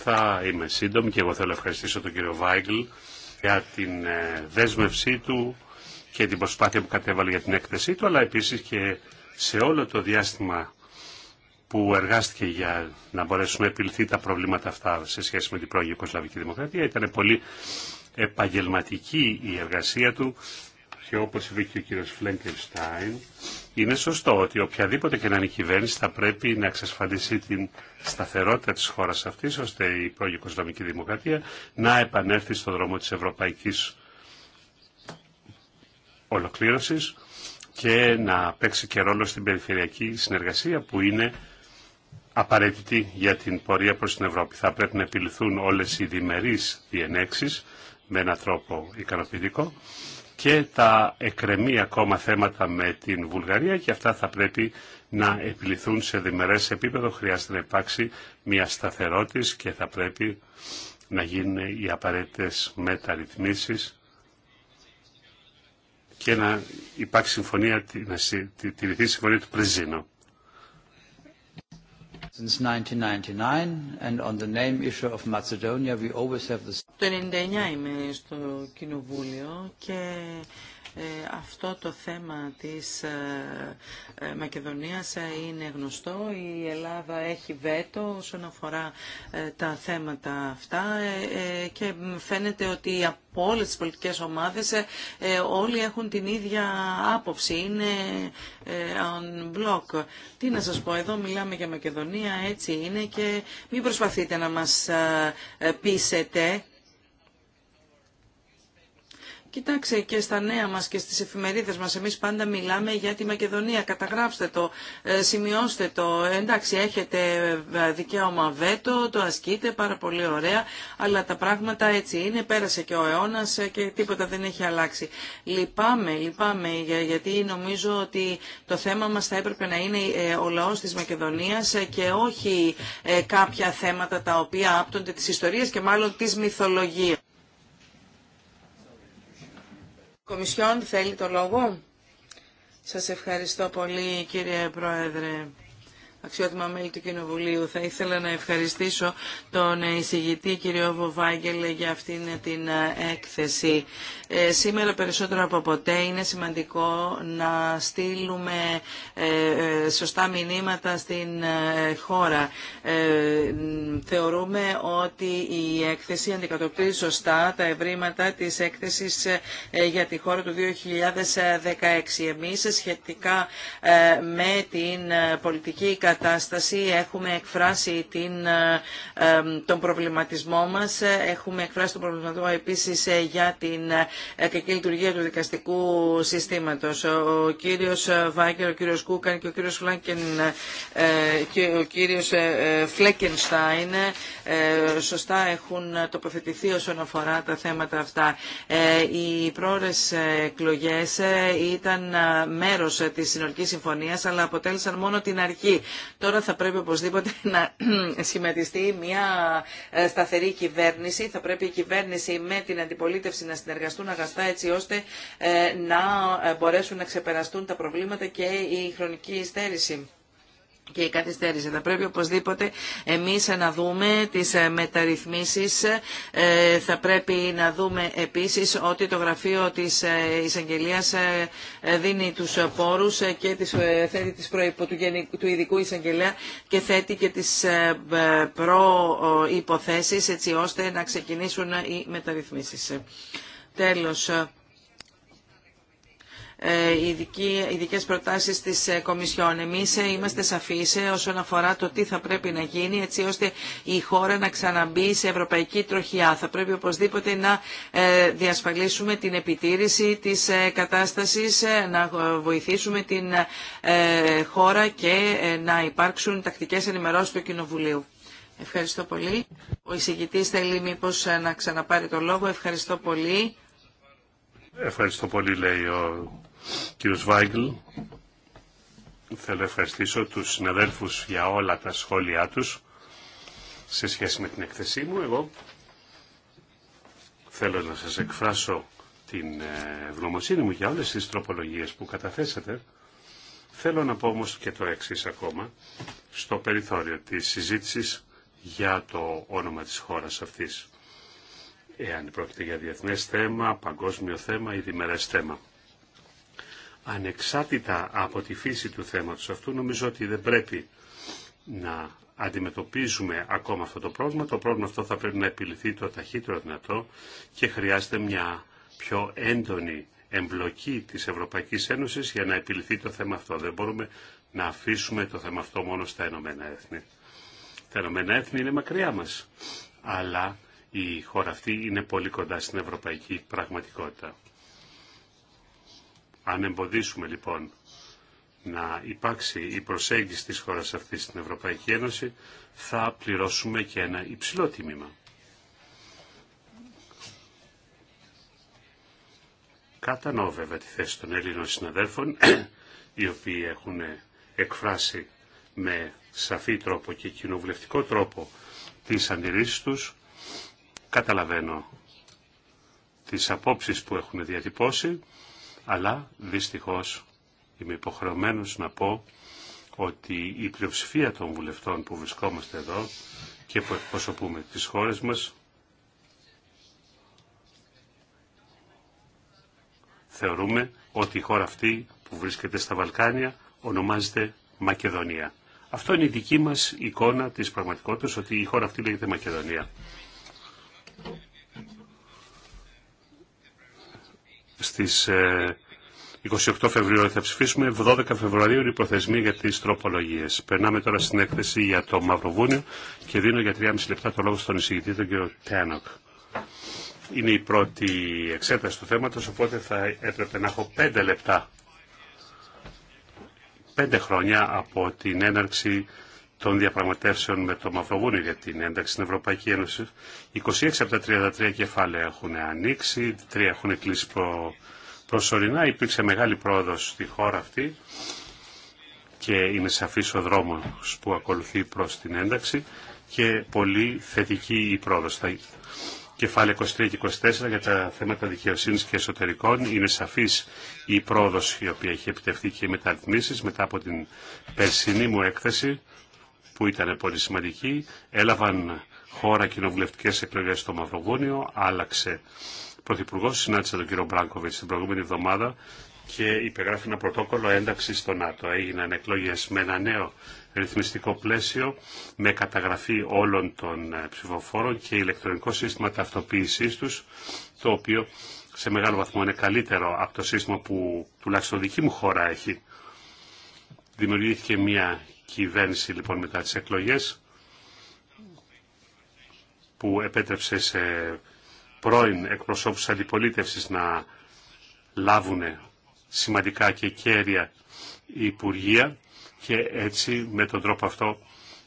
Θα είμαι σύντομη και εγώ θέλω να ευχαριστήσω τον κύριο Βάγκλ για την ε, δέσμευσή του και την προσπάθεια που κατέβαλε για την έκθεσή του, αλλά επίσης και σε όλο το διάστημα που εργάστηκε για να μπορέσουμε να επιληθεί τα προβλήματα αυτά σε σχέση με την πρώην Ιουκοσλαβική Δημοκρατία. Ήταν πολύ επαγγελματική η εργασία του και όπως είπε και ο κύριος Φλέγκενστάιν, είναι σωστό ότι οποιαδήποτε και να είναι η κυβέρνηση θα πρέπει να εξασφαλίσει την σταθερότητα της χώρας αυτής, ώστε η πρώην Δημοκρατία να επανέλθει στον δρόμο της ευρωπαϊκής ολοκλήρωσης και να παίξει και ρόλο στην περιφερειακή συνεργασία που είναι απαραίτητη για την πορεία προς την Ευρώπη. Θα πρέπει να επιληθούν όλες οι διμερείς διενέξεις με έναν τρόπο ικανοποιητικό και τα εκρεμή ακόμα θέματα με την Βουλγαρία και αυτά θα πρέπει να επιληθούν σε διμερές επίπεδο. Χρειάζεται να υπάρξει μια σταθερότηση και θα πρέπει να γίνουν οι απαραίτητες μεταρρυθμίσεις και να υπάρξει συμφωνία, να τηρηθεί συμφωνία του Πρεζίνο since 1999 and on the name issue of Macedonia we always have this. 99 είμαι στο κοινοβούλιο και ε, αυτό το θέμα της ε, ε, Μακεδονίας είναι γνωστό. Η Ελλάδα έχει βέτο όσον αφορά τα θέματα αυτά και φαίνεται ότι από όλες τι πολιτικές ομάδες όλοι έχουν την ίδια άποψη. Είναι on block. Τι να σας πω, εδώ μιλάμε για Μακεδονία, έτσι είναι και μην προσπαθείτε να μας πείσετε Κοιτάξτε και στα νέα μας και στις εφημερίδες μας εμείς πάντα μιλάμε για τη Μακεδονία. Καταγράψτε το, ε, σημειώστε το. Ε, εντάξει έχετε ε, δικαίωμα βέτο, το ασκείτε πάρα πολύ ωραία, αλλά τα πράγματα έτσι είναι. Πέρασε και ο αιώνας και τίποτα δεν έχει αλλάξει. Λυπάμαι, λυπάμαι γιατί νομίζω ότι το θέμα μας θα έπρεπε να είναι ο λαός της Μακεδονίας και όχι κάποια θέματα τα οποία άπτονται της ιστορίας και μάλλον της μυθολογίας. Κομισιόν θέλει το λόγο. Σας ευχαριστώ πολύ κύριε Πρόεδρε αξιότιμα μέλη του Κοινοβουλίου. Θα ήθελα να ευχαριστήσω τον εισηγητή κύριο Βοβάγγελ για αυτήν την ε, έκθεση. Ε, σήμερα περισσότερο από ποτέ είναι σημαντικό να στείλουμε ε, σωστά μηνύματα στην χώρα. Θεωρούμε ότι η έκθεση αντικατοπτρίζει σωστά τα ευρήματα της έκθεσης για τη χώρα του 2016. Εμείς σχετικά με την πολιτική κατάσταση, έχουμε εκφράσει την, ε, ε, τον προβληματισμό μας, έχουμε εκφράσει τον προβληματισμό επίσης ε, για την κακή λειτουργία του δικαστικού συστήματος. Ο κύριος Βάγκερ, ο κύριος Κούκαν και ο κύριος και ο κύριος Φλέκενστάιν σωστά έχουν τοποθετηθεί όσον αφορά τα θέματα αυτά. Οι πρόορες εκλογές ήταν μέρος της συνολικής συμφωνίας αλλά αποτέλεσαν μόνο την αρχή. Τώρα θα πρέπει οπωσδήποτε να σχηματιστεί μια ε, σταθερή κυβέρνηση. Θα πρέπει η κυβέρνηση με την αντιπολίτευση να συνεργαστούν αγαστά έτσι ώστε ε, να ε, μπορέσουν να ξεπεραστούν τα προβλήματα και η χρονική υστέρηση και η Θα πρέπει οπωσδήποτε εμείς να δούμε τις ε, μεταρρυθμίσεις. Ε, θα πρέπει να δούμε επίσης ότι το γραφείο της ε, εισαγγελία δίνει τους πόρους και τις, θέτει τις προϋπο, του, του ειδικού εισαγγελέα και θέτει και τις προϋποθέσεις έτσι ώστε να ξεκινήσουν οι μεταρρυθμίσεις. Τέλος, ε, ειδικές προτάσεις της ε, Κομισιόν. Εμείς ε, είμαστε σαφείς όσον αφορά το τι θα πρέπει να γίνει έτσι ώστε η χώρα να ξαναμπεί σε ευρωπαϊκή τροχιά. Θα πρέπει οπωσδήποτε να διασφαλίσουμε την επιτήρηση της κατάστασης, να βοηθήσουμε την χώρα και να υπάρξουν τακτικές ενημερώσεις του Κοινοβουλίου. Ευχαριστώ πολύ. Ο εισηγητή θέλει μήπω να ξαναπάρει το λόγο. Ευχαριστώ πολύ. Ευχαριστώ πολύ λέει ο Κύριος Βάγκλ, θέλω να ευχαριστήσω τους συναδέλφους για όλα τα σχόλιά τους σε σχέση με την εκθεσή μου. Εγώ θέλω να σας εκφράσω την ε, ευγνωμοσύνη μου για όλες τις τροπολογίες που καταθέσατε. Θέλω να πω όμως και το εξή ακόμα, στο περιθώριο της συζήτηση για το όνομα της χώρας αυτής. Εάν πρόκειται για διεθνές θέμα, παγκόσμιο θέμα ή διμερές θέμα ανεξάρτητα από τη φύση του θέματος αυτού, νομίζω ότι δεν πρέπει να αντιμετωπίζουμε ακόμα αυτό το πρόβλημα. Το πρόβλημα αυτό θα πρέπει να επιληθεί το ταχύτερο δυνατό και χρειάζεται μια πιο έντονη εμπλοκή της Ευρωπαϊκής Ένωσης για να επιληθεί το θέμα αυτό. Δεν μπορούμε να αφήσουμε το θέμα αυτό μόνο στα Ενωμένα Έθνη. Τα Ενωμένα Έθνη είναι μακριά μας, αλλά η χώρα αυτή είναι πολύ κοντά στην ευρωπαϊκή πραγματικότητα. Αν εμποδίσουμε λοιπόν να υπάρξει η προσέγγιση της χώρας αυτής στην Ευρωπαϊκή Ένωση, θα πληρώσουμε και ένα υψηλό τίμημα. Κατανοώ βέβαια τη θέση των Ελλήνων συναδέλφων, οι οποίοι έχουν εκφράσει με σαφή τρόπο και κοινοβουλευτικό τρόπο τις αντιρρήσεις τους. Καταλαβαίνω τις απόψεις που έχουν διατυπώσει αλλά δυστυχώς είμαι υποχρεωμένος να πω ότι η πλειοψηφία των βουλευτών που βρισκόμαστε εδώ και που εκπροσωπούμε τις χώρες μας θεωρούμε ότι η χώρα αυτή που βρίσκεται στα Βαλκάνια ονομάζεται Μακεδονία. Αυτό είναι η δική μας εικόνα της πραγματικότητας ότι η χώρα αυτή λέγεται Μακεδονία. στις 28 ε, Φεβρουαρίου θα ψηφίσουμε, 12 Φεβρουαρίου είναι η προθεσμία για τις τροπολογίες. Περνάμε τώρα στην έκθεση για το Μαυροβούνιο και δίνω για 3,5 λεπτά το λόγο στον εισηγητή, τον κύριο Τένοκ. Είναι η πρώτη εξέταση του θέματος, οπότε θα έπρεπε να έχω 5 λεπτά. 5 χρόνια από την έναρξη των διαπραγματεύσεων με το Μαυροβούνιο για την ένταξη στην Ευρωπαϊκή Ένωση. 26 από τα 33 κεφάλαια έχουν ανοίξει, 3 έχουν κλείσει προ... προσωρινά. Υπήρξε μεγάλη πρόοδος στη χώρα αυτή και είναι σαφής ο δρόμος που ακολουθεί προς την ένταξη και πολύ θετική η πρόοδος. Κεφάλαιο κεφάλαια 23 και 24 για τα θέματα δικαιοσύνης και εσωτερικών είναι σαφής η πρόοδος η οποία έχει επιτευχθεί και οι μεταρρυθμίσεις μετά από την περσινή μου έκθεση που ήταν πολύ σημαντική. Έλαβαν χώρα κοινοβουλευτικέ εκλογέ στο Μαυροβούνιο, άλλαξε πρωθυπουργό, συνάντησε τον κύριο Μπράγκοβιτ την προηγούμενη εβδομάδα και υπεγράφει ένα πρωτόκολλο ένταξη στο ΝΑΤΟ. Έγιναν εκλογέ με ένα νέο ρυθμιστικό πλαίσιο, με καταγραφή όλων των ε, ψηφοφόρων και ηλεκτρονικό σύστημα ταυτοποίησή του, το οποίο σε μεγάλο βαθμό είναι καλύτερο από το σύστημα που τουλάχιστον δική μου χώρα έχει. Δημιουργήθηκε μια κυβέρνηση λοιπόν μετά τις εκλογές που επέτρεψε σε πρώην εκπροσώπους αντιπολίτευσης να λάβουν σημαντικά και κέρια υπουργεία και έτσι με τον τρόπο αυτό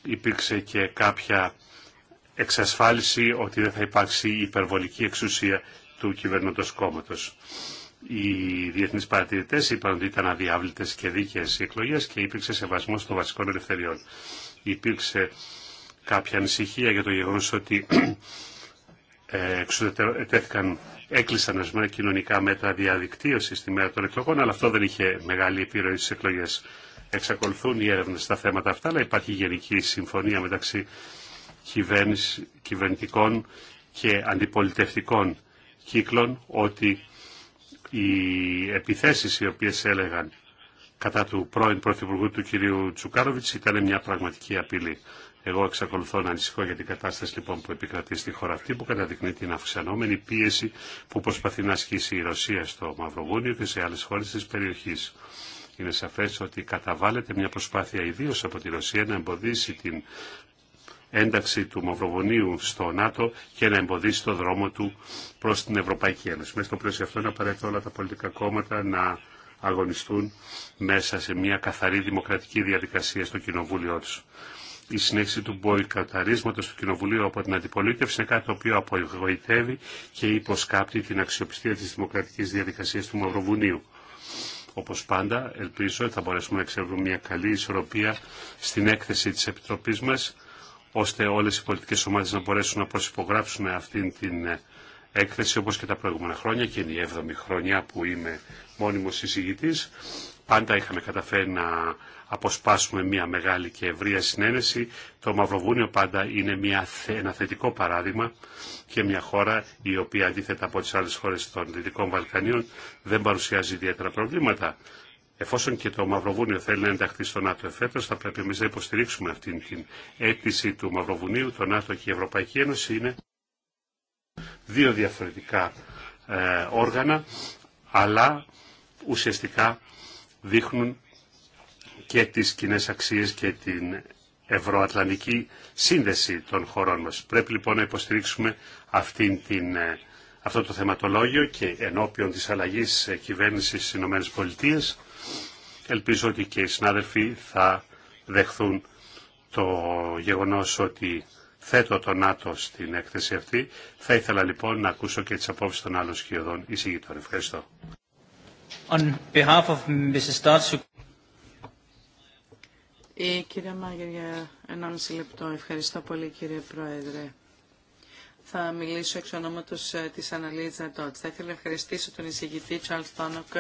υπήρξε και κάποια εξασφάλιση ότι δεν θα υπάρξει υπερβολική εξουσία του κυβερνώντος κόμματος οι διεθνεί παρατηρητέ είπαν ότι ήταν αδιάβλητε και δίκαιε οι εκλογέ και υπήρξε σεβασμό των βασικών ελευθεριών. Υπήρξε κάποια ανησυχία για το γεγονό ότι ε, έκλεισαν ορισμένα κοινωνικά μέτρα διαδικτύωση στη μέρα των εκλογών, αλλά αυτό δεν είχε μεγάλη επιρροή στι εκλογέ. Εξακολουθούν οι έρευνε στα θέματα αυτά, αλλά υπάρχει γενική συμφωνία μεταξύ κυβερνητικών και αντιπολιτευτικών κύκλων ότι οι επιθέσεις οι οποίες έλεγαν κατά του πρώην Πρωθυπουργού του κυρίου Τσουκάροβιτς ήταν μια πραγματική απειλή. Εγώ εξακολουθώ να ανησυχώ για την κατάσταση λοιπόν που επικρατεί στη χώρα αυτή που καταδεικνύει την αυξανόμενη πίεση που προσπαθεί να ασκήσει η Ρωσία στο Μαυροβούνιο και σε άλλες χώρες της περιοχής. Είναι σαφές ότι καταβάλλεται μια προσπάθεια ιδίως από τη Ρωσία να εμποδίσει την ένταξη του Μαυροβουνίου στο ΝΑΤΟ και να εμποδίσει το δρόμο του προς την Ευρωπαϊκή Ένωση. Μέσα στο πλαίσιο αυτό είναι απαραίτητο όλα τα πολιτικά κόμματα να αγωνιστούν μέσα σε μια καθαρή δημοκρατική διαδικασία στο κοινοβούλιο του. Η συνέχιση του μποϊκαταρίσματος του Κοινοβουλίου από την αντιπολίτευση είναι κάτι το οποίο απογοητεύει και υποσκάπτει την αξιοπιστία της δημοκρατικής διαδικασίας του Μαυροβουνίου. Όπως πάντα, ελπίζω ότι θα μπορέσουμε να εξεύρουμε μια καλή ισορροπία στην έκθεση της Επιτροπής μας ώστε όλες οι πολιτικές ομάδες να μπορέσουν να προσυπογράψουν αυτήν την ε, έκθεση όπως και τα προηγούμενα χρόνια και είναι η 7η χρονιά που είμαι μόνιμος εισηγητής. Πάντα είχαμε καταφέρει να αποσπάσουμε μια μεγάλη και ευρεία συνένεση. Το Μαυροβούνιο πάντα είναι μια, ένα θετικό παράδειγμα και μια χώρα η οποία αντίθετα από τις άλλες χώρες των Δυτικών Βαλκανίων δεν παρουσιάζει ιδιαίτερα προβλήματα Εφόσον και το Μαυροβούνιο θέλει να ενταχθεί στο ΝΑΤΟ εφέτο, θα πρέπει εμεί να υποστηρίξουμε αυτή την αίτηση του Μαυροβουνίου. Το ΝΑΤΟ και η Ευρωπαϊκή Ένωση είναι δύο διαφορετικά ε, όργανα, αλλά ουσιαστικά δείχνουν και τις κοινέ αξίες και την ευρωατλαντική σύνδεση των χωρών μας. Πρέπει λοιπόν να υποστηρίξουμε αυτήν την, ε, αυτό το θεματολόγιο και ενώπιον της αλλαγής ε, κυβέρνησης στις ΗΠΑ Ελπίζω ότι και οι συνάδελφοι θα δεχθούν το γεγονός ότι θέτω τον ΝΑΤΟ στην έκθεση αυτή. Θα ήθελα λοιπόν να ακούσω και τις απόψεις των άλλων σχεδόν εισηγητών. Ευχαριστώ. On behalf of Mrs. Η ε, κυρία Μάγερ για 1,5 λεπτό. Ευχαριστώ πολύ κύριε Πρόεδρε θα μιλήσω εξ ονόματο ε, τη Αναλύης Νατότς. Θα ήθελα να ευχαριστήσω τον εισηγητή Τσάρλ Τόνοκ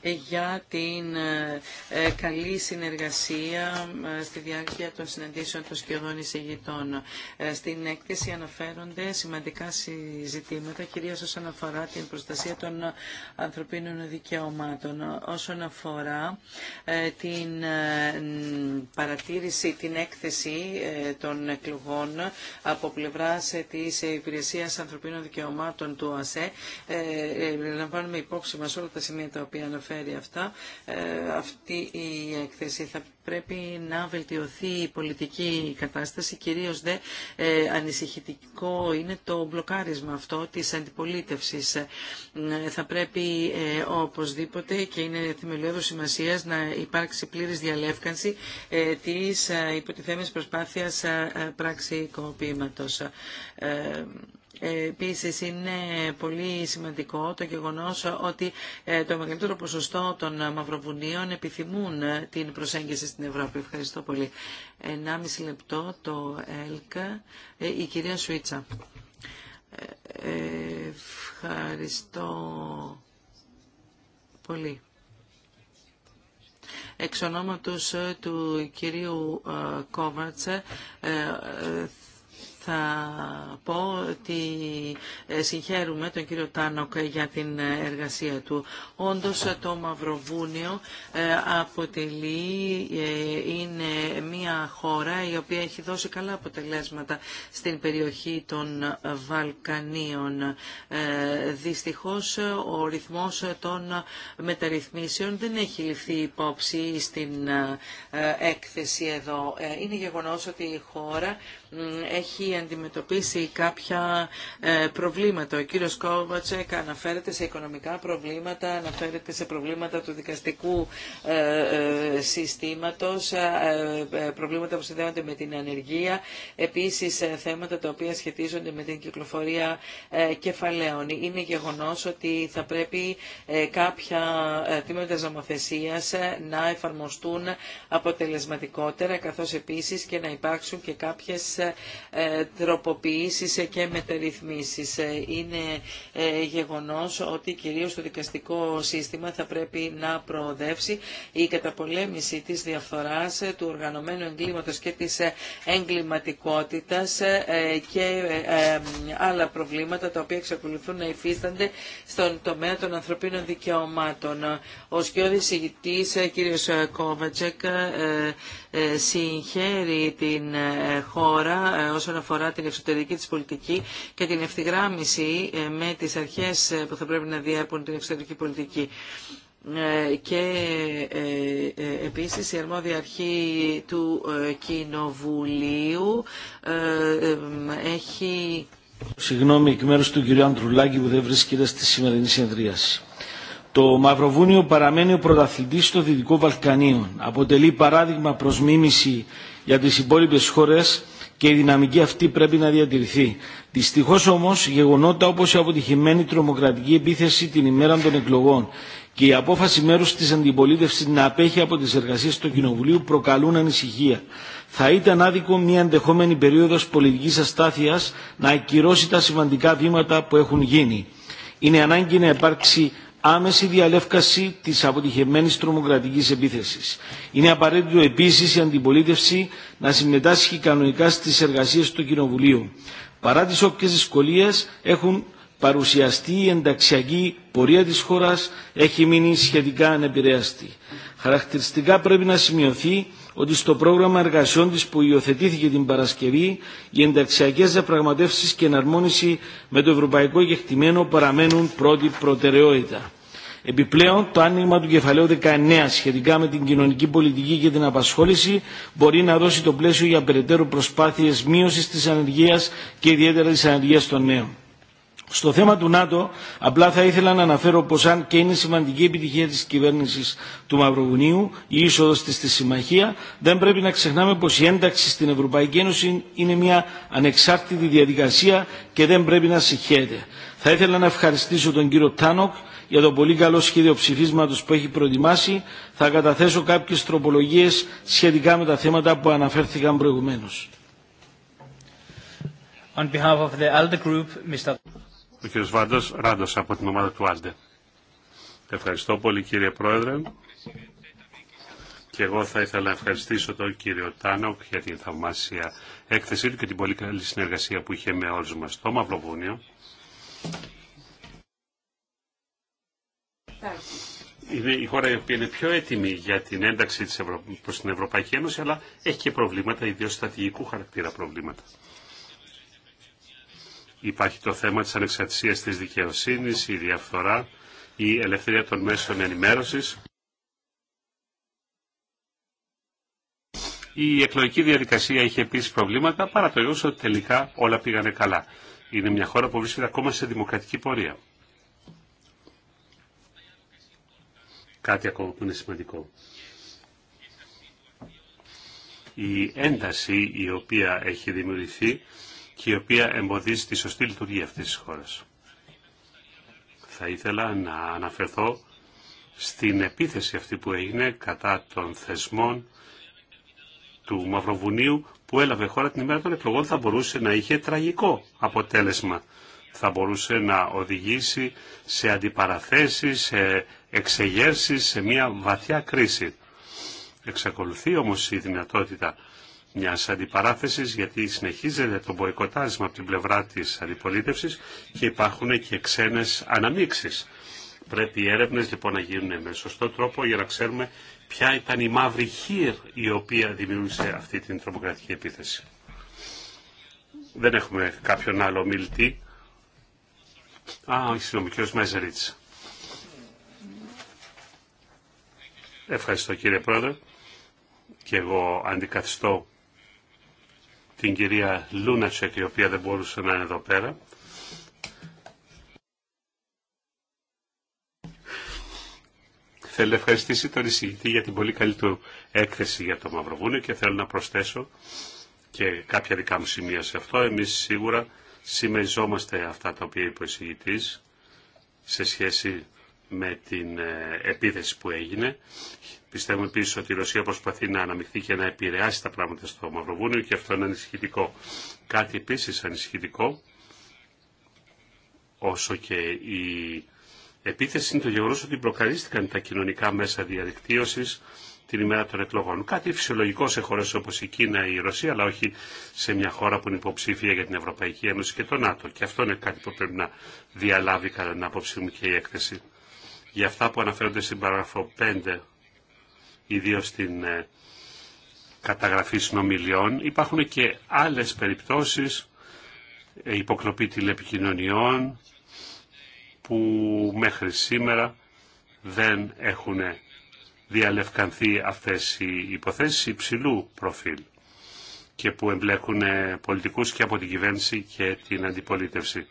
ε, για την ε, καλή συνεργασία στη διάρκεια των συναντήσεων των σκιωδών εισηγητών. Στην έκθεση αναφέρονται σημαντικά συζητήματα, κυρίω όσον αφορά την προστασία των ανθρωπίνων δικαιωμάτων. Όσον αφορά την παρατήρηση, την έκθεση των εκλογών από πλευρά τη υπηρεσία υπηρεσία Ανθρωπίνων Δικαιωμάτων του ΟΑΣΕ. Ε, ε, λαμβάνουμε υπόψη μα όλα τα σημεία τα οποία αναφέρει αυτά. Ε, αυτή η έκθεση θα πρέπει να βελτιωθεί η πολιτική κατάσταση, κυρίως δε ε, ανησυχητικό είναι το μπλοκάρισμα αυτό τη αντιπολίτευση. θα πρέπει ε, οπωσδήποτε και είναι θεμελιώδου σημασία να υπάρξει πλήρη διαλεύκανση ε, της ε, πράξη ε, Επίση, είναι πολύ σημαντικό το γεγονός ότι ε, το μεγαλύτερο ποσοστό των Μαυροβουνίων επιθυμούν ε, την προσέγγιση στην Ευρώπη. Ευχαριστώ πολύ. 1,5 λεπτό το ΕΛΚΑ. Ε, η κυρία Σουίτσα. Ευχαριστώ πολύ. Εξ ονόματος του κυρίου Κόβατς θα πω ότι ε, συγχαίρουμε τον κύριο Τάνοκ για την εργασία του. Όντως το Μαυροβούνιο ε, αποτελεί, ε, είναι μια χώρα η οποία έχει δώσει καλά αποτελέσματα στην περιοχή των Βαλκανίων. Δυστυχώς ο ρυθμός των μεταρρυθμίσεων δεν έχει ληφθεί υπόψη στην έκθεση εδώ. Είναι γεγονός ότι η χώρα έχει αντιμετωπίσει κάποια ε, προβλήματα. Ο κύριος Κόβατσεκ αναφέρεται σε οικονομικά προβλήματα, αναφέρεται σε προβλήματα του δικαστικού ε, ε, συστήματος, προβλήματα που συνδέονται με την ανεργία, επίσης θέματα τα οποία σχετίζονται με την κυκλοφορία κεφαλαίων. Είναι γεγονός ότι θα πρέπει κάποια τμήματα νομοθεσίας να εφαρμοστούν αποτελεσματικότερα, καθώς επίσης και να υπάρξουν και κάποιες τροποποιήσεις και μεταρρυθμίσεις. Είναι ε, γεγονός ότι κυρίως το δικαστικό σύστημα θα πρέπει να προοδεύσει η καταπολέμηση της διαφθοράς, ε, του οργανωμένου εγκλήματος και της ε, εγκληματικότητας και άλλα προβλήματα τα οποία εξακολουθούν να υφίστανται στον τομέα των ανθρωπίνων δικαιωμάτων. Ο σκιώδης ηγητής κύριος Κόβατσεκ ε, συγχαίρει την ε, χώρα ε, όσον αφορά την εξωτερική της πολιτική και την ευθυγράμμιση με τις αρχές που θα πρέπει να διέπουν την εξωτερική πολιτική και επίσης η αρμόδια αρχή του Κοινοβουλίου έχει... Συγγνώμη εκ μέρους του κυρίου Αντρουλάκη που δεν βρίσκεται στη σημερινή συνεδρίαση. Το Μαυροβούνιο παραμένει ο πρωταθλητής στο Δυτικό Βαλκανίο. Αποτελεί παράδειγμα προς μίμηση για τις υπόλοιπες χώρες και η δυναμική αυτή πρέπει να διατηρηθεί. Δυστυχώ όμω, γεγονότα όπως η αποτυχημένη τρομοκρατική επίθεση την ημέρα των εκλογών και η απόφαση μέρους της αντιπολίτευσης να απέχει από τις εργασίες του Κοινοβουλίου προκαλούν ανησυχία. Θα ήταν άδικο μια ενδεχόμενη περίοδος πολιτική αστάθεια να ακυρώσει τα σημαντικά βήματα που έχουν γίνει. Είναι ανάγκη να υπάρξει άμεση διαλεύκαση της αποτυχεμένης τρομοκρατικής επίθεσης. Είναι απαραίτητο επίσης η αντιπολίτευση να συμμετάσχει κανονικά στις εργασίες του Κοινοβουλίου. Παρά τις όποιες δυσκολίες έχουν παρουσιαστεί η ενταξιακή πορεία της χώρας έχει μείνει σχετικά ανεπηρέαστη. Χαρακτηριστικά πρέπει να σημειωθεί ότι στο πρόγραμμα εργασιών της που υιοθετήθηκε την Παρασκευή οι ενταξιακές διαπραγματεύσεις και εναρμόνιση με το ευρωπαϊκό κεκτημένο παραμένουν πρώτη προτεραιότητα. Επιπλέον, το άνοιγμα του κεφαλαίου 19 σχετικά με την κοινωνική πολιτική και την απασχόληση μπορεί να δώσει το πλαίσιο για περαιτέρω προσπάθειε μείωση τη ανεργία και ιδιαίτερα τη ανεργία των νέων. Στο θέμα του ΝΑΤΟ, απλά θα ήθελα να αναφέρω πως αν και είναι σημαντική επιτυχία της κυβέρνησης του Μαυροβουνίου, η είσοδος της στη Συμμαχία, δεν πρέπει να ξεχνάμε πως η ένταξη στην Ευρωπαϊκή Ένωση είναι μια ανεξάρτητη διαδικασία και δεν πρέπει να συγχαίεται. Θα ήθελα να ευχαριστήσω τον κύριο Τάνοκ, για το πολύ καλό σχέδιο ψηφίσματος που έχει προετοιμάσει, θα καταθέσω κάποιες τροπολογίες σχετικά με τα θέματα που αναφέρθηκαν προηγουμένως. On behalf of the group, Mr. Ο κ. Βάντος, Ράντος από την ομάδα του ALDE. Ευχαριστώ πολύ κύριε Πρόεδρε. Και εγώ θα ήθελα να ευχαριστήσω τον κύριο Τάνοκ για την θαυμάσια έκθεσή του και την πολύ καλή συνεργασία που είχε με όλους μας στο Μαυροβούνιο είναι η χώρα η οποία είναι πιο έτοιμη για την ένταξη της Ευρω... προς την Ευρωπαϊκή Ένωση, αλλά έχει και προβλήματα, ιδίως στρατηγικού χαρακτήρα προβλήματα. Υπάρχει το θέμα της ανεξαρτησίας της δικαιοσύνης, η διαφθορά, η ελευθερία των μέσων ενημέρωσης. Η εκλογική διαδικασία είχε επίσης προβλήματα, παρά το γεγονός ότι τελικά όλα πήγανε καλά. Είναι μια χώρα που βρίσκεται ακόμα σε δημοκρατική πορεία. κάτι ακόμα που είναι σημαντικό. Η ένταση η οποία έχει δημιουργηθεί και η οποία εμποδίζει τη σωστή λειτουργία αυτής της χώρας. Θα ήθελα να αναφερθώ στην επίθεση αυτή που έγινε κατά των θεσμών του Μαυροβουνίου που έλαβε χώρα την ημέρα των εκλογών θα μπορούσε να είχε τραγικό αποτέλεσμα θα μπορούσε να οδηγήσει σε αντιπαραθέσεις, σε εξεγέρσεις, σε μια βαθιά κρίση. Εξακολουθεί όμως η δυνατότητα μιας αντιπαράθεσης γιατί συνεχίζεται το μποϊκοτάρισμα από την πλευρά της αντιπολίτευσης και υπάρχουν και ξένες αναμίξεις. Πρέπει οι έρευνες λοιπόν να γίνουν με σωστό τρόπο για να ξέρουμε ποια ήταν η μαύρη χείρ η οποία δημιούργησε αυτή την τρομοκρατική επίθεση. Δεν έχουμε κάποιον άλλο μιλτή Α, όχι, συγγνώμη, Ευχαριστώ κύριε Πρόεδρε. Και εγώ αντικαθιστώ την κυρία Λούνατσεκ, η οποία δεν μπορούσε να είναι εδώ πέρα. Θέλω να ευχαριστήσει τον εισηγητή για την πολύ καλή του έκθεση για το Μαυροβούνιο και θέλω να προσθέσω και κάποια δικά μου σημεία σε αυτό. Εμείς σίγουρα συμμεριζόμαστε αυτά τα οποία είπε ο εισηγητής σε σχέση με την ε, επίθεση που έγινε. Πιστεύουμε επίση ότι η Ρωσία προσπαθεί να αναμειχθεί και να επηρεάσει τα πράγματα στο Μαυροβούνιο και αυτό είναι ανησυχητικό. Κάτι επίση ανησυχητικό, όσο και η επίθεση είναι το γεγονό ότι μπλοκαρίστηκαν τα κοινωνικά μέσα διαδικτύωση την ημέρα των εκλογών. Κάτι φυσιολογικό σε χώρε όπω η Κίνα ή η Ρωσία, αλλά όχι σε μια χώρα που είναι υποψήφια για την Ευρωπαϊκή Ένωση και το ΝΑΤΟ. Και αυτό είναι κάτι που πρέπει να διαλάβει κατά την άποψή μου και η έκθεση. Για αυτά που αναφέρονται στην παράγραφο 5, ιδίω στην ε, καταγραφή συνομιλιών, υπάρχουν και άλλε περιπτώσει ε, υποκλοπή τηλεπικοινωνιών που μέχρι σήμερα δεν έχουν διαλευκανθεί αυτές οι υποθέσεις υψηλού προφίλ και που εμπλέκουν ε, πολιτικούς και από την κυβέρνηση και την αντιπολίτευση.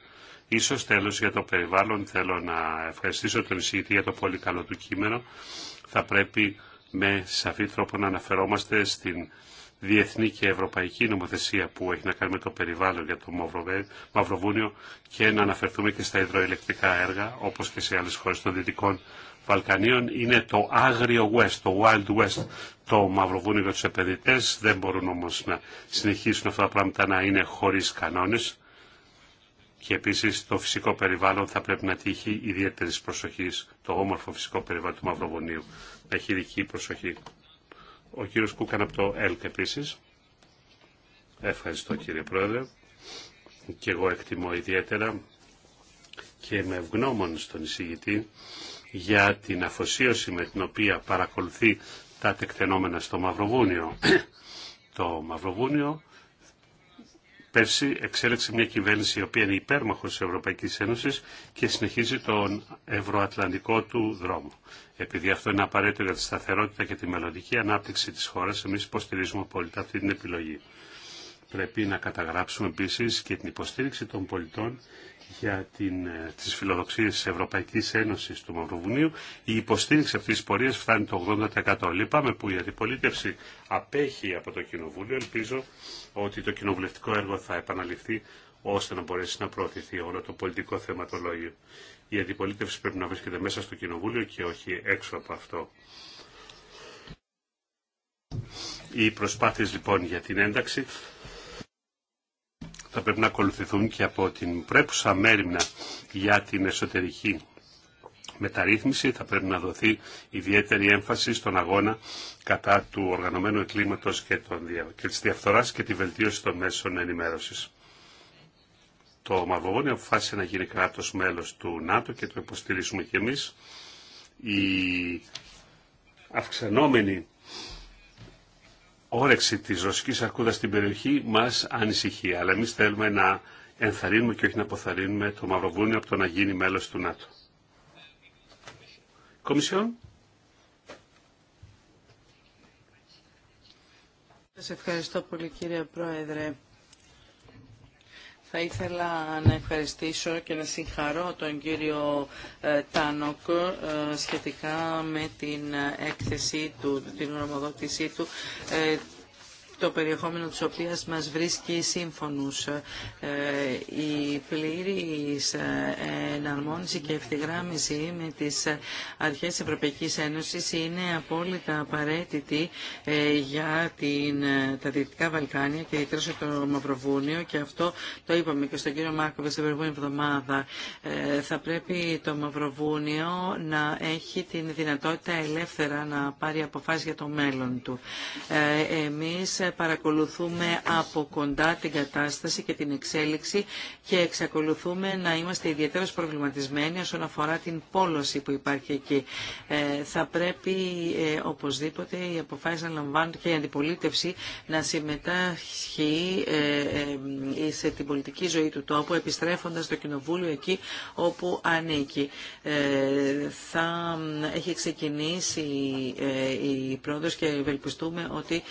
Ίσως τέλος για το περιβάλλον θέλω να ευχαριστήσω τον εισηγητή για το πολύ καλό του κείμενο. Θα πρέπει με σαφή τρόπο να αναφερόμαστε στην διεθνή και ευρωπαϊκή νομοθεσία που έχει να κάνει με το περιβάλλον για το Μαυροβούνιο και να αναφερθούμε και στα υδροελεκτρικά έργα όπως και σε άλλες χώρες των Δυτικών Βαλκανίων είναι το άγριο West, το Wild West, το μαυροβούνιο για τους επενδυτές. Δεν μπορούν όμως να συνεχίσουν αυτά τα πράγματα να είναι χωρίς κανόνες. Και επίσης το φυσικό περιβάλλον θα πρέπει να τύχει ιδιαίτερη προσοχής, το όμορφο φυσικό περιβάλλον του Μαυροβουνίου, να έχει ειδική προσοχή. Ο κύριος Κούκαν από το ΕΛΚ επίσης. Ευχαριστώ κύριε Πρόεδρε. Και εγώ εκτιμώ ιδιαίτερα και με ευγνώμων στον εισηγητή για την αφοσίωση με την οποία παρακολουθεί τα τεκτενόμενα στο Μαυροβούνιο. το Μαυροβούνιο πέρσι εξέλεξε μια κυβέρνηση η οποία είναι υπέρμαχος της Ευρωπαϊκής Ένωσης και συνεχίζει τον ευρωατλαντικό του δρόμο. Επειδή αυτό είναι απαραίτητο για τη σταθερότητα και τη μελλοντική ανάπτυξη της χώρας, εμείς υποστηρίζουμε απόλυτα αυτή την επιλογή. Πρέπει να καταγράψουμε επίση και την υποστήριξη των πολιτών για την, ε, τις φιλοδοξίες της Ευρωπαϊκής Ένωσης του Μαυροβουνίου, η υποστήριξη αυτής της πορείας φτάνει το 80%. Λείπαμε που η αντιπολίτευση απέχει από το Κοινοβούλιο. Ελπίζω ότι το κοινοβουλευτικό έργο θα επαναληφθεί ώστε να μπορέσει να προωθηθεί όλο το πολιτικό θεματολόγιο. Η αντιπολίτευση πρέπει να βρίσκεται μέσα στο Κοινοβούλιο και όχι έξω από αυτό. Οι προσπάθειες λοιπόν για την ένταξη θα πρέπει να ακολουθηθούν και από την πρέπουσα μέρημνα για την εσωτερική μεταρρύθμιση. Θα πρέπει να δοθεί ιδιαίτερη έμφαση στον αγώνα κατά του οργανωμένου εγκλήματος και, των, και της διαφθοράς και τη βελτίωση των μέσων ενημέρωσης. Το Μαυροβόνιο αποφάσισε να γίνει κράτος μέλος του ΝΑΤΟ και το υποστηρίζουμε και εμείς. Η αυξανόμενη όρεξη της ρωσικής αρκούδας στην περιοχή μας ανησυχεί. Αλλά εμείς θέλουμε να ενθαρρύνουμε και όχι να αποθαρρύνουμε το Μαυροβούνιο από το να γίνει μέλος του ΝΑΤΟ. Κομισιόν. Σας ευχαριστώ πολύ κύριε Πρόεδρε. Θα ήθελα να ευχαριστήσω και να συγχαρώ τον κύριο ε, Τάνοκ ε, σχετικά με την ε, έκθεσή του, την γνωμοδότησή του το περιεχόμενο της οποίας μας βρίσκει σύμφωνους. Ε, η πλήρη ε, εναρμόνιση και ευθυγράμμιση με τις ε, αρχές Ευρωπαϊκής Ένωσης είναι απόλυτα απαραίτητη για την, τα Δυτικά Βαλκάνια και ιδιαίτερα το Μαυροβούνιο και αυτό το είπαμε και στον κύριο Μάρκοβε την προηγούμενη εβδομάδα. Θα πρέπει το Μαυροβούνιο να έχει την δυνατότητα ελεύθερα να πάρει αποφάσεις για το μέλλον του. Εμείς παρακολουθούμε από κοντά την κατάσταση και την εξέλιξη και εξακολουθούμε να είμαστε ιδιαίτερα προβληματισμένοι όσον αφορά την πόλωση που υπάρχει εκεί. Ε, θα πρέπει ε, οπωσδήποτε οι αποφάσεις να λαμβάνουν και η αντιπολίτευση να συμμετάσχει ε, σε την πολιτική ζωή του τόπου επιστρέφοντας στο κοινοβούλιο εκεί όπου ανήκει. Θα έχει ξεκινήσει η πρόοδος και ευελπιστούμε ότι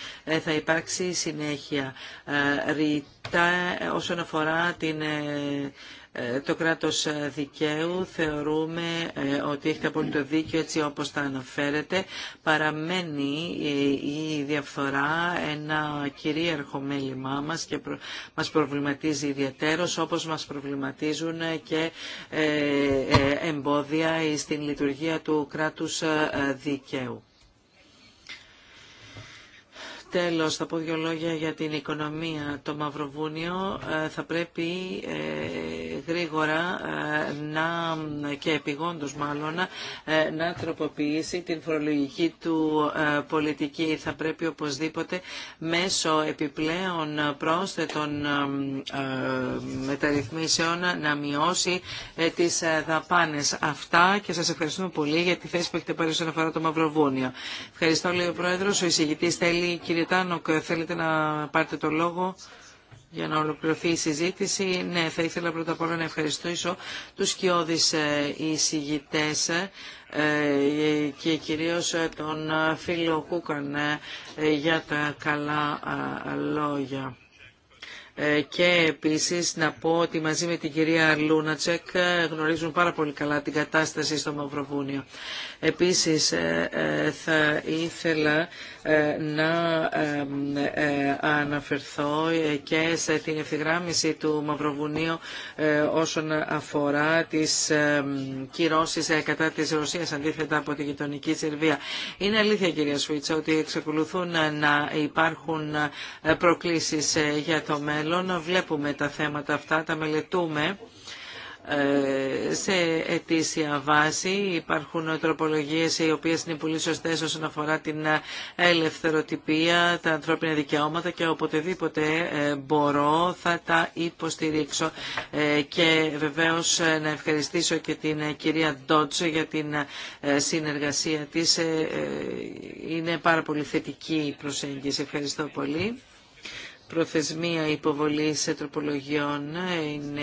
θα υπάρξει συνέχεια ε, ρητά ε, όσον αφορά την ε, το κράτος δικαίου θεωρούμε ότι έχετε απόλυτο δίκιο έτσι όπως τα αναφέρετε. Παραμένει η διαφθορά ένα κυρίαρχο μέλημά μας και μας προβληματίζει ιδιαίτερος όπως μας προβληματίζουν και εμπόδια στην λειτουργία του κράτους δικαίου. Τέλος, θα πω δύο λόγια για την οικονομία. Το Μαυροβούνιο ε, θα πρέπει ε, γρήγορα ε, να, και επιγόντως μάλλον να τροποποιήσει την φορολογική του πολιτική. Θα πρέπει οπωσδήποτε μέσω επιπλέον πρόσθετων μεταρρυθμίσεων να μειώσει τις δαπάνες. Αυτά και σας ευχαριστούμε πολύ για τη θέση που έχετε πάρει όσον αφορά το Μαυροβούνιο. Ευχαριστώ, λέει ο Πρόεδρος. Ο θέλει, Κύριε Τάνοκ, θέλετε να πάρετε το λόγο για να ολοκληρωθεί η συζήτηση. Ναι, θα ήθελα πρώτα απ' όλα να ευχαριστήσω τους σκιώδεις ε, εισηγητές ε, και κυρίως ε, τον φίλο Κούκαν για τα καλά λόγια και επίσης να πω ότι μαζί με την κυρία Λούνατσεκ γνωρίζουν πάρα πολύ καλά την κατάσταση στο Μαυροβούνιο. Επίσης ε, ε, θα ήθελα ε, να αναφερθώ και σε την ευθυγράμμιση του Μαυροβουνίου όσον αφορά τις κυρώσεις κατά της Ρωσίας αντίθετα από τη γειτονική Σερβία. Είναι αλήθεια κυρία Σουίτσα ότι εξακολουθούν να υπάρχουν προκλήσεις για το μέλλον. Βλέπουμε τα θέματα αυτά, τα μελετούμε ε, σε αιτήσια βάση. Υπάρχουν τροπολογίες οι οποίες είναι πολύ σωστέ όσον αφορά την ελευθεροτυπία, τα ανθρώπινα δικαιώματα και οποτεδήποτε ε, μπορώ θα τα υποστηρίξω. Ε, και βεβαίως να ευχαριστήσω και την κυρία Ντότσο για την συνεργασία της. Είναι πάρα πολύ θετική η προσέγγιση. Ευχαριστώ πολύ. Προθεσμία υποβολής τροπολογιών είναι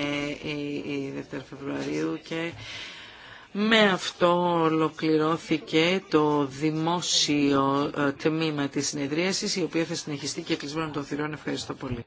η 2 Φεβρουαρίου και με αυτό ολοκληρώθηκε το δημόσιο ε, τμήμα της συνεδρίασης, η οποία θα συνεχιστεί και κλεισμένο των θυρών. Ευχαριστώ πολύ.